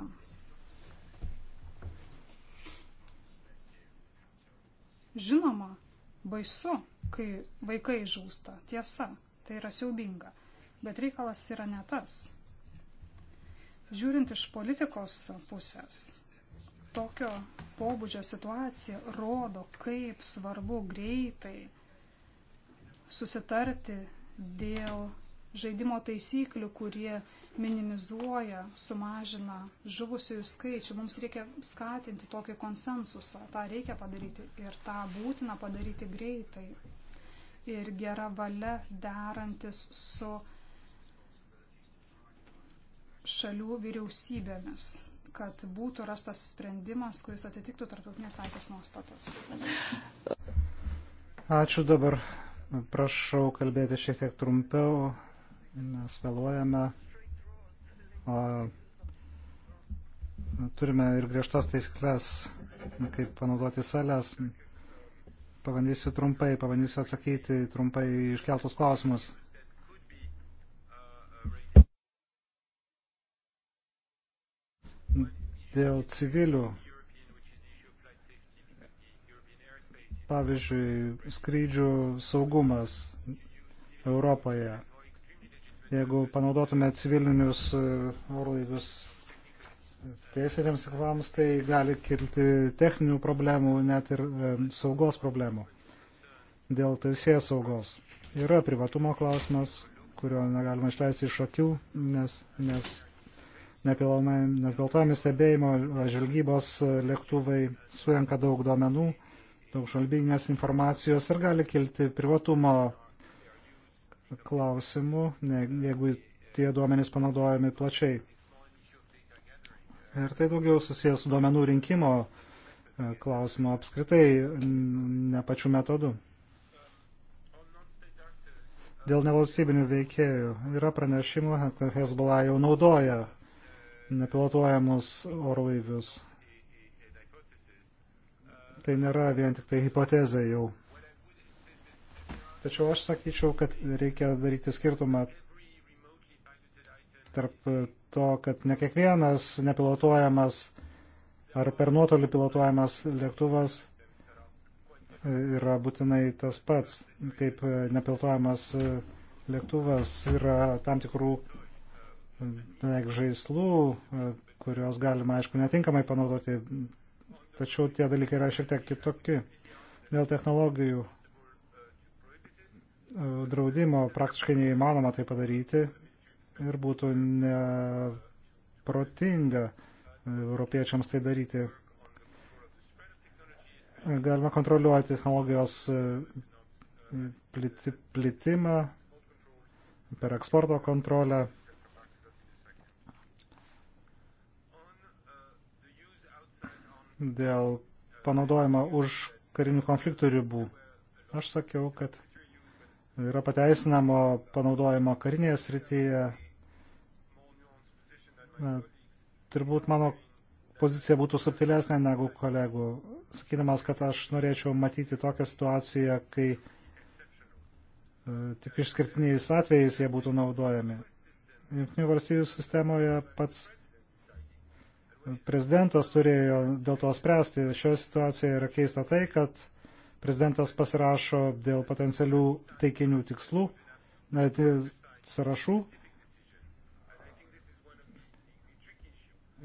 Žinoma, baisu, kai vaikai žūsta, tiesa, tai yra siaubinga, bet reikalas yra ne tas. Žiūrint iš politikos pusės, tokio pobūdžio situacija rodo, kaip svarbu greitai susitarti dėl žaidimo taisyklių, kurie minimizuoja, sumažina žuvusiųjų skaičių. Mums reikia skatinti tokį konsensusą. Ta reikia padaryti ir tą būtina padaryti greitai. Ir gera valia derantis su šalių vyriausybėmis kad būtų rastas sprendimas, kuris atitiktų tarptautinės teisės nuostatas. Ačiū dabar. Prašau kalbėti šiek tiek trumpiau mes vėluojame, o turime ir griežtas taisyklės, kaip panaudoti salės. Pabandysiu trumpai, pabandysiu atsakyti trumpai iškeltus klausimus. Dėl civilių, pavyzdžiui, skrydžių saugumas Europoje Jeigu panaudotume civilinius e, orlaivius teisėtėms tiklams, tai gali kilti techninių problemų, net ir e, saugos problemų dėl teisės saugos. Yra privatumo klausimas, kurio negalima išleisti iš akių, nes, nes nepilnojami stebėjimo žvalgybos e, lėktuvai surenka daug duomenų, daug šalbinės informacijos ir gali kilti privatumo klausimų, jeigu tie duomenys panaudojami plačiai. Ir tai daugiau susijęs su duomenų rinkimo e, klausimo apskritai, ne pačių metodų. Dėl nevalstybinių veikėjų yra pranešimų, kad Hezbollah jau naudoja nepilotuojamus orlaivius. Tai nėra vien tik tai hipotezė jau. Tačiau aš sakyčiau, kad reikia daryti skirtumą tarp to, kad ne kiekvienas nepilotuojamas ar per nuotolį pilotuojamas lėktuvas e, yra būtinai tas pats, kaip nepilotuojamas e, lėktuvas yra tam tikrų e, beveik žaislų, kurios galima, aišku, netinkamai panaudoti, tačiau tie dalykai yra šiek tiek kitokie. Dėl technologijų draudimo praktiškai neįmanoma tai padaryti ir būtų neprotinga europiečiams tai daryti. Galima kontroliuoti technologijos e, pliti, plitimą per eksporto kontrolę. Dėl panaudojimo už karinių konfliktų ribų. Aš sakiau, kad yra pateisinamo panaudojimo karinėje srityje. Na, turbūt mano pozicija būtų subtilesnė negu kolegų, sakydamas, kad aš norėčiau matyti tokią situaciją, kai e, tik išskirtiniais atvejais jie būtų naudojami. Junktinių valstybių sistemoje pats prezidentas turėjo dėl to spręsti. Šioje situacijoje yra keista tai, kad prezidentas pasirašo dėl potencialių taikinių tikslų, tai sąrašų.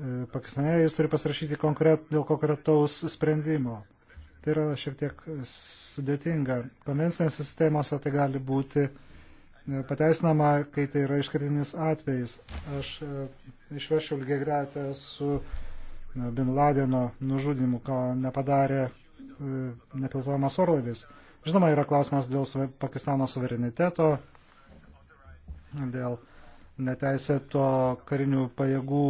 E, Pakistane jis turi pasirašyti konkret, dėl konkretaus sprendimo. Tai yra šiek tiek sudėtinga. Konvencinėse sistemose tai gali būti e, pateisinama, kai tai yra išskirtinis atvejis. Aš e, išvešiau lygiai greitę su Bin Ladeno nužudimu, ko nepadarė E, nepilotuojamas orlaivis. Žinoma, yra klausimas dėl Pakistano suvereniteto, dėl neteisėto karinių pajėgų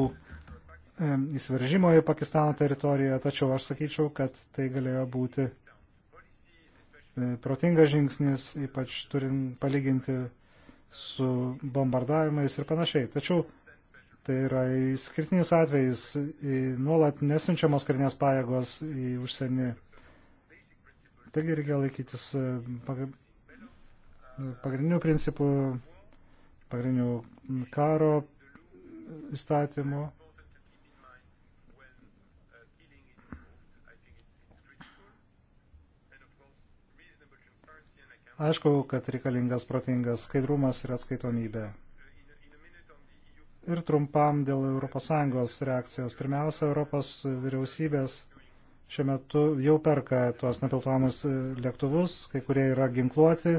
e, įsiveržimo į Pakistano teritoriją, tačiau aš sakyčiau, kad tai galėjo būti e, protingas žingsnis, ypač turint palyginti su bombardavimais ir panašiai. Tačiau tai yra išskirtinis atvejis, nuolat nesunčiamos karinės pajėgos į užsienį Taigi reikia laikytis e, pagrindinių principų, pagrindinių karo įstatymų. Aišku, kad reikalingas protingas skaidrumas ir atskaitomybė. Ir trumpam dėl ES reakcijos. Pirmiausia, Europos vyriausybės šiuo metu jau perka tuos nepiltuomus lėktuvus, kai kurie yra ginkluoti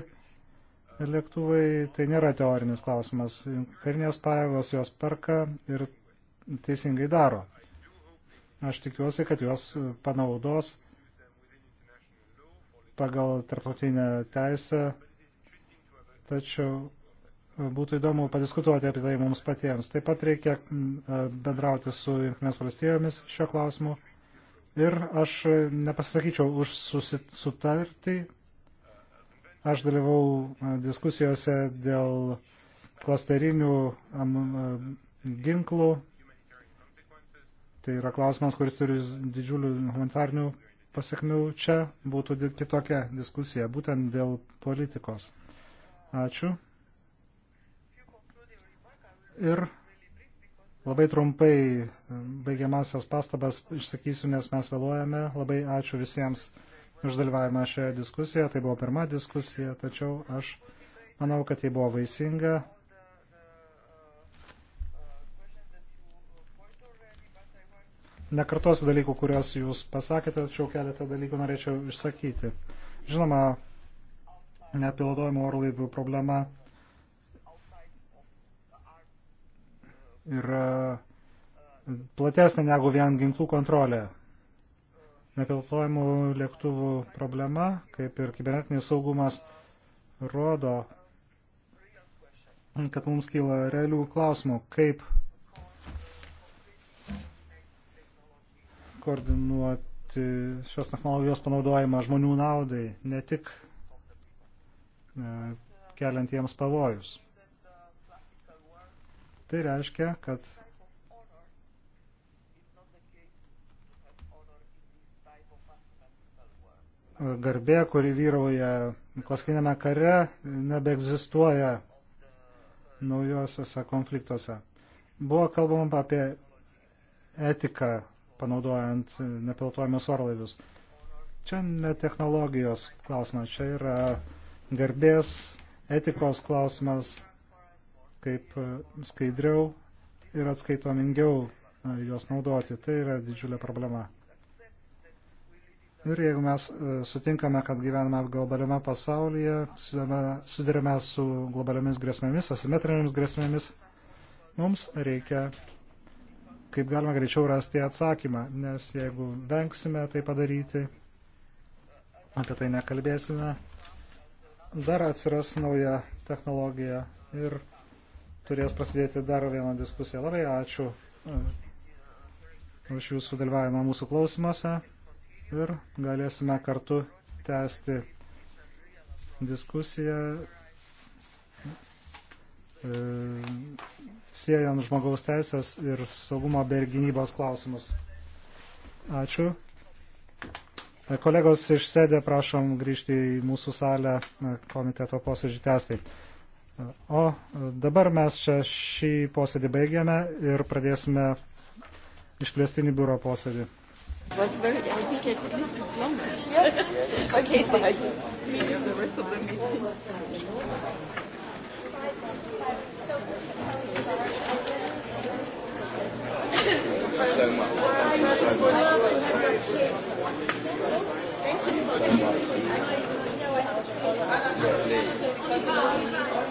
lėktuvai, tai nėra teorinis klausimas. Karinės pajėgos juos perka ir teisingai daro. Aš tikiuosi, kad juos panaudos pagal tarptautinę teisę, tačiau būtų įdomu padiskutuoti apie tai mums patiems. Taip pat reikia bendrauti su Junktinės valstijomis šiuo klausimu Ir aš nepasakyčiau už sutartį. Aš dalyvau e, diskusijose dėl klasterinių e, ginklų. Tai yra klausimas, kuris turi didžiulių humanitarnių pasiekmių. Čia būtų kitokia diskusija, būtent dėl politikos. Ačiū. Ir Labai trumpai um, baigiamasias pastabas išsakysiu, nes mes vėluojame. Labai ačiū visiems už dalyvavimą šioje diskusijoje. Tai buvo pirma diskusija, tačiau aš manau, kad tai buvo vaisinga. Nekartosiu dalykų, kuriuos jūs pasakėte, tačiau keletą dalykų norėčiau išsakyti. Žinoma, nepilotuojimo orlaivių problema yra platesnė negu vien ginklų kontrolė. Nepilotuojamų lėktuvų problema, kaip ir kibernetinis saugumas, rodo, kad mums kyla realių klausimų, kaip koordinuoti šios technologijos panaudojimą žmonių naudai, ne tik e, keliant jiems pavojus. Tai reiškia, kad garbė, kuri vyrauja klasikinėme kare, nebeegzistuoja naujosiuose konfliktuose. Buvo kalbama apie etiką panaudojant nepilotuojamus orlaivius. Čia ne technologijos klausimas, čia yra garbės, etikos klausimas, kaip e, skaidriau ir atskaitomingiau e, juos naudoti. Tai yra didžiulė problema. Ir jeigu mes e, sutinkame, kad gyvename globaliame pasaulyje, sudarėme su globaliomis grėsmėmis, asimetrinėmis grėsmėmis, mums reikia kaip galima greičiau rasti atsakymą, nes jeigu vengsime tai padaryti, apie tai nekalbėsime, dar atsiras nauja technologija ir turės prasidėti dar viena diskusija. Labai ačiū uh, už jūsų dalyvavimą mūsų klausimuose ir galėsime kartu tęsti diskusiją e, siejant žmogaus teisės ir saugumo bei gynybos klausimus. Ačiū. Uh, kolegos iš sėdė, prašom grįžti į mūsų salę komiteto posėdžių testai. O dabar mes čia šį posėdį baigiame ir pradėsime išplėstinį biuro posėdį. was very, I think at least it's longer. Yeah. yeah. okay, thank you. Me and the rest of the meeting. So much. So much. Thank you. So much.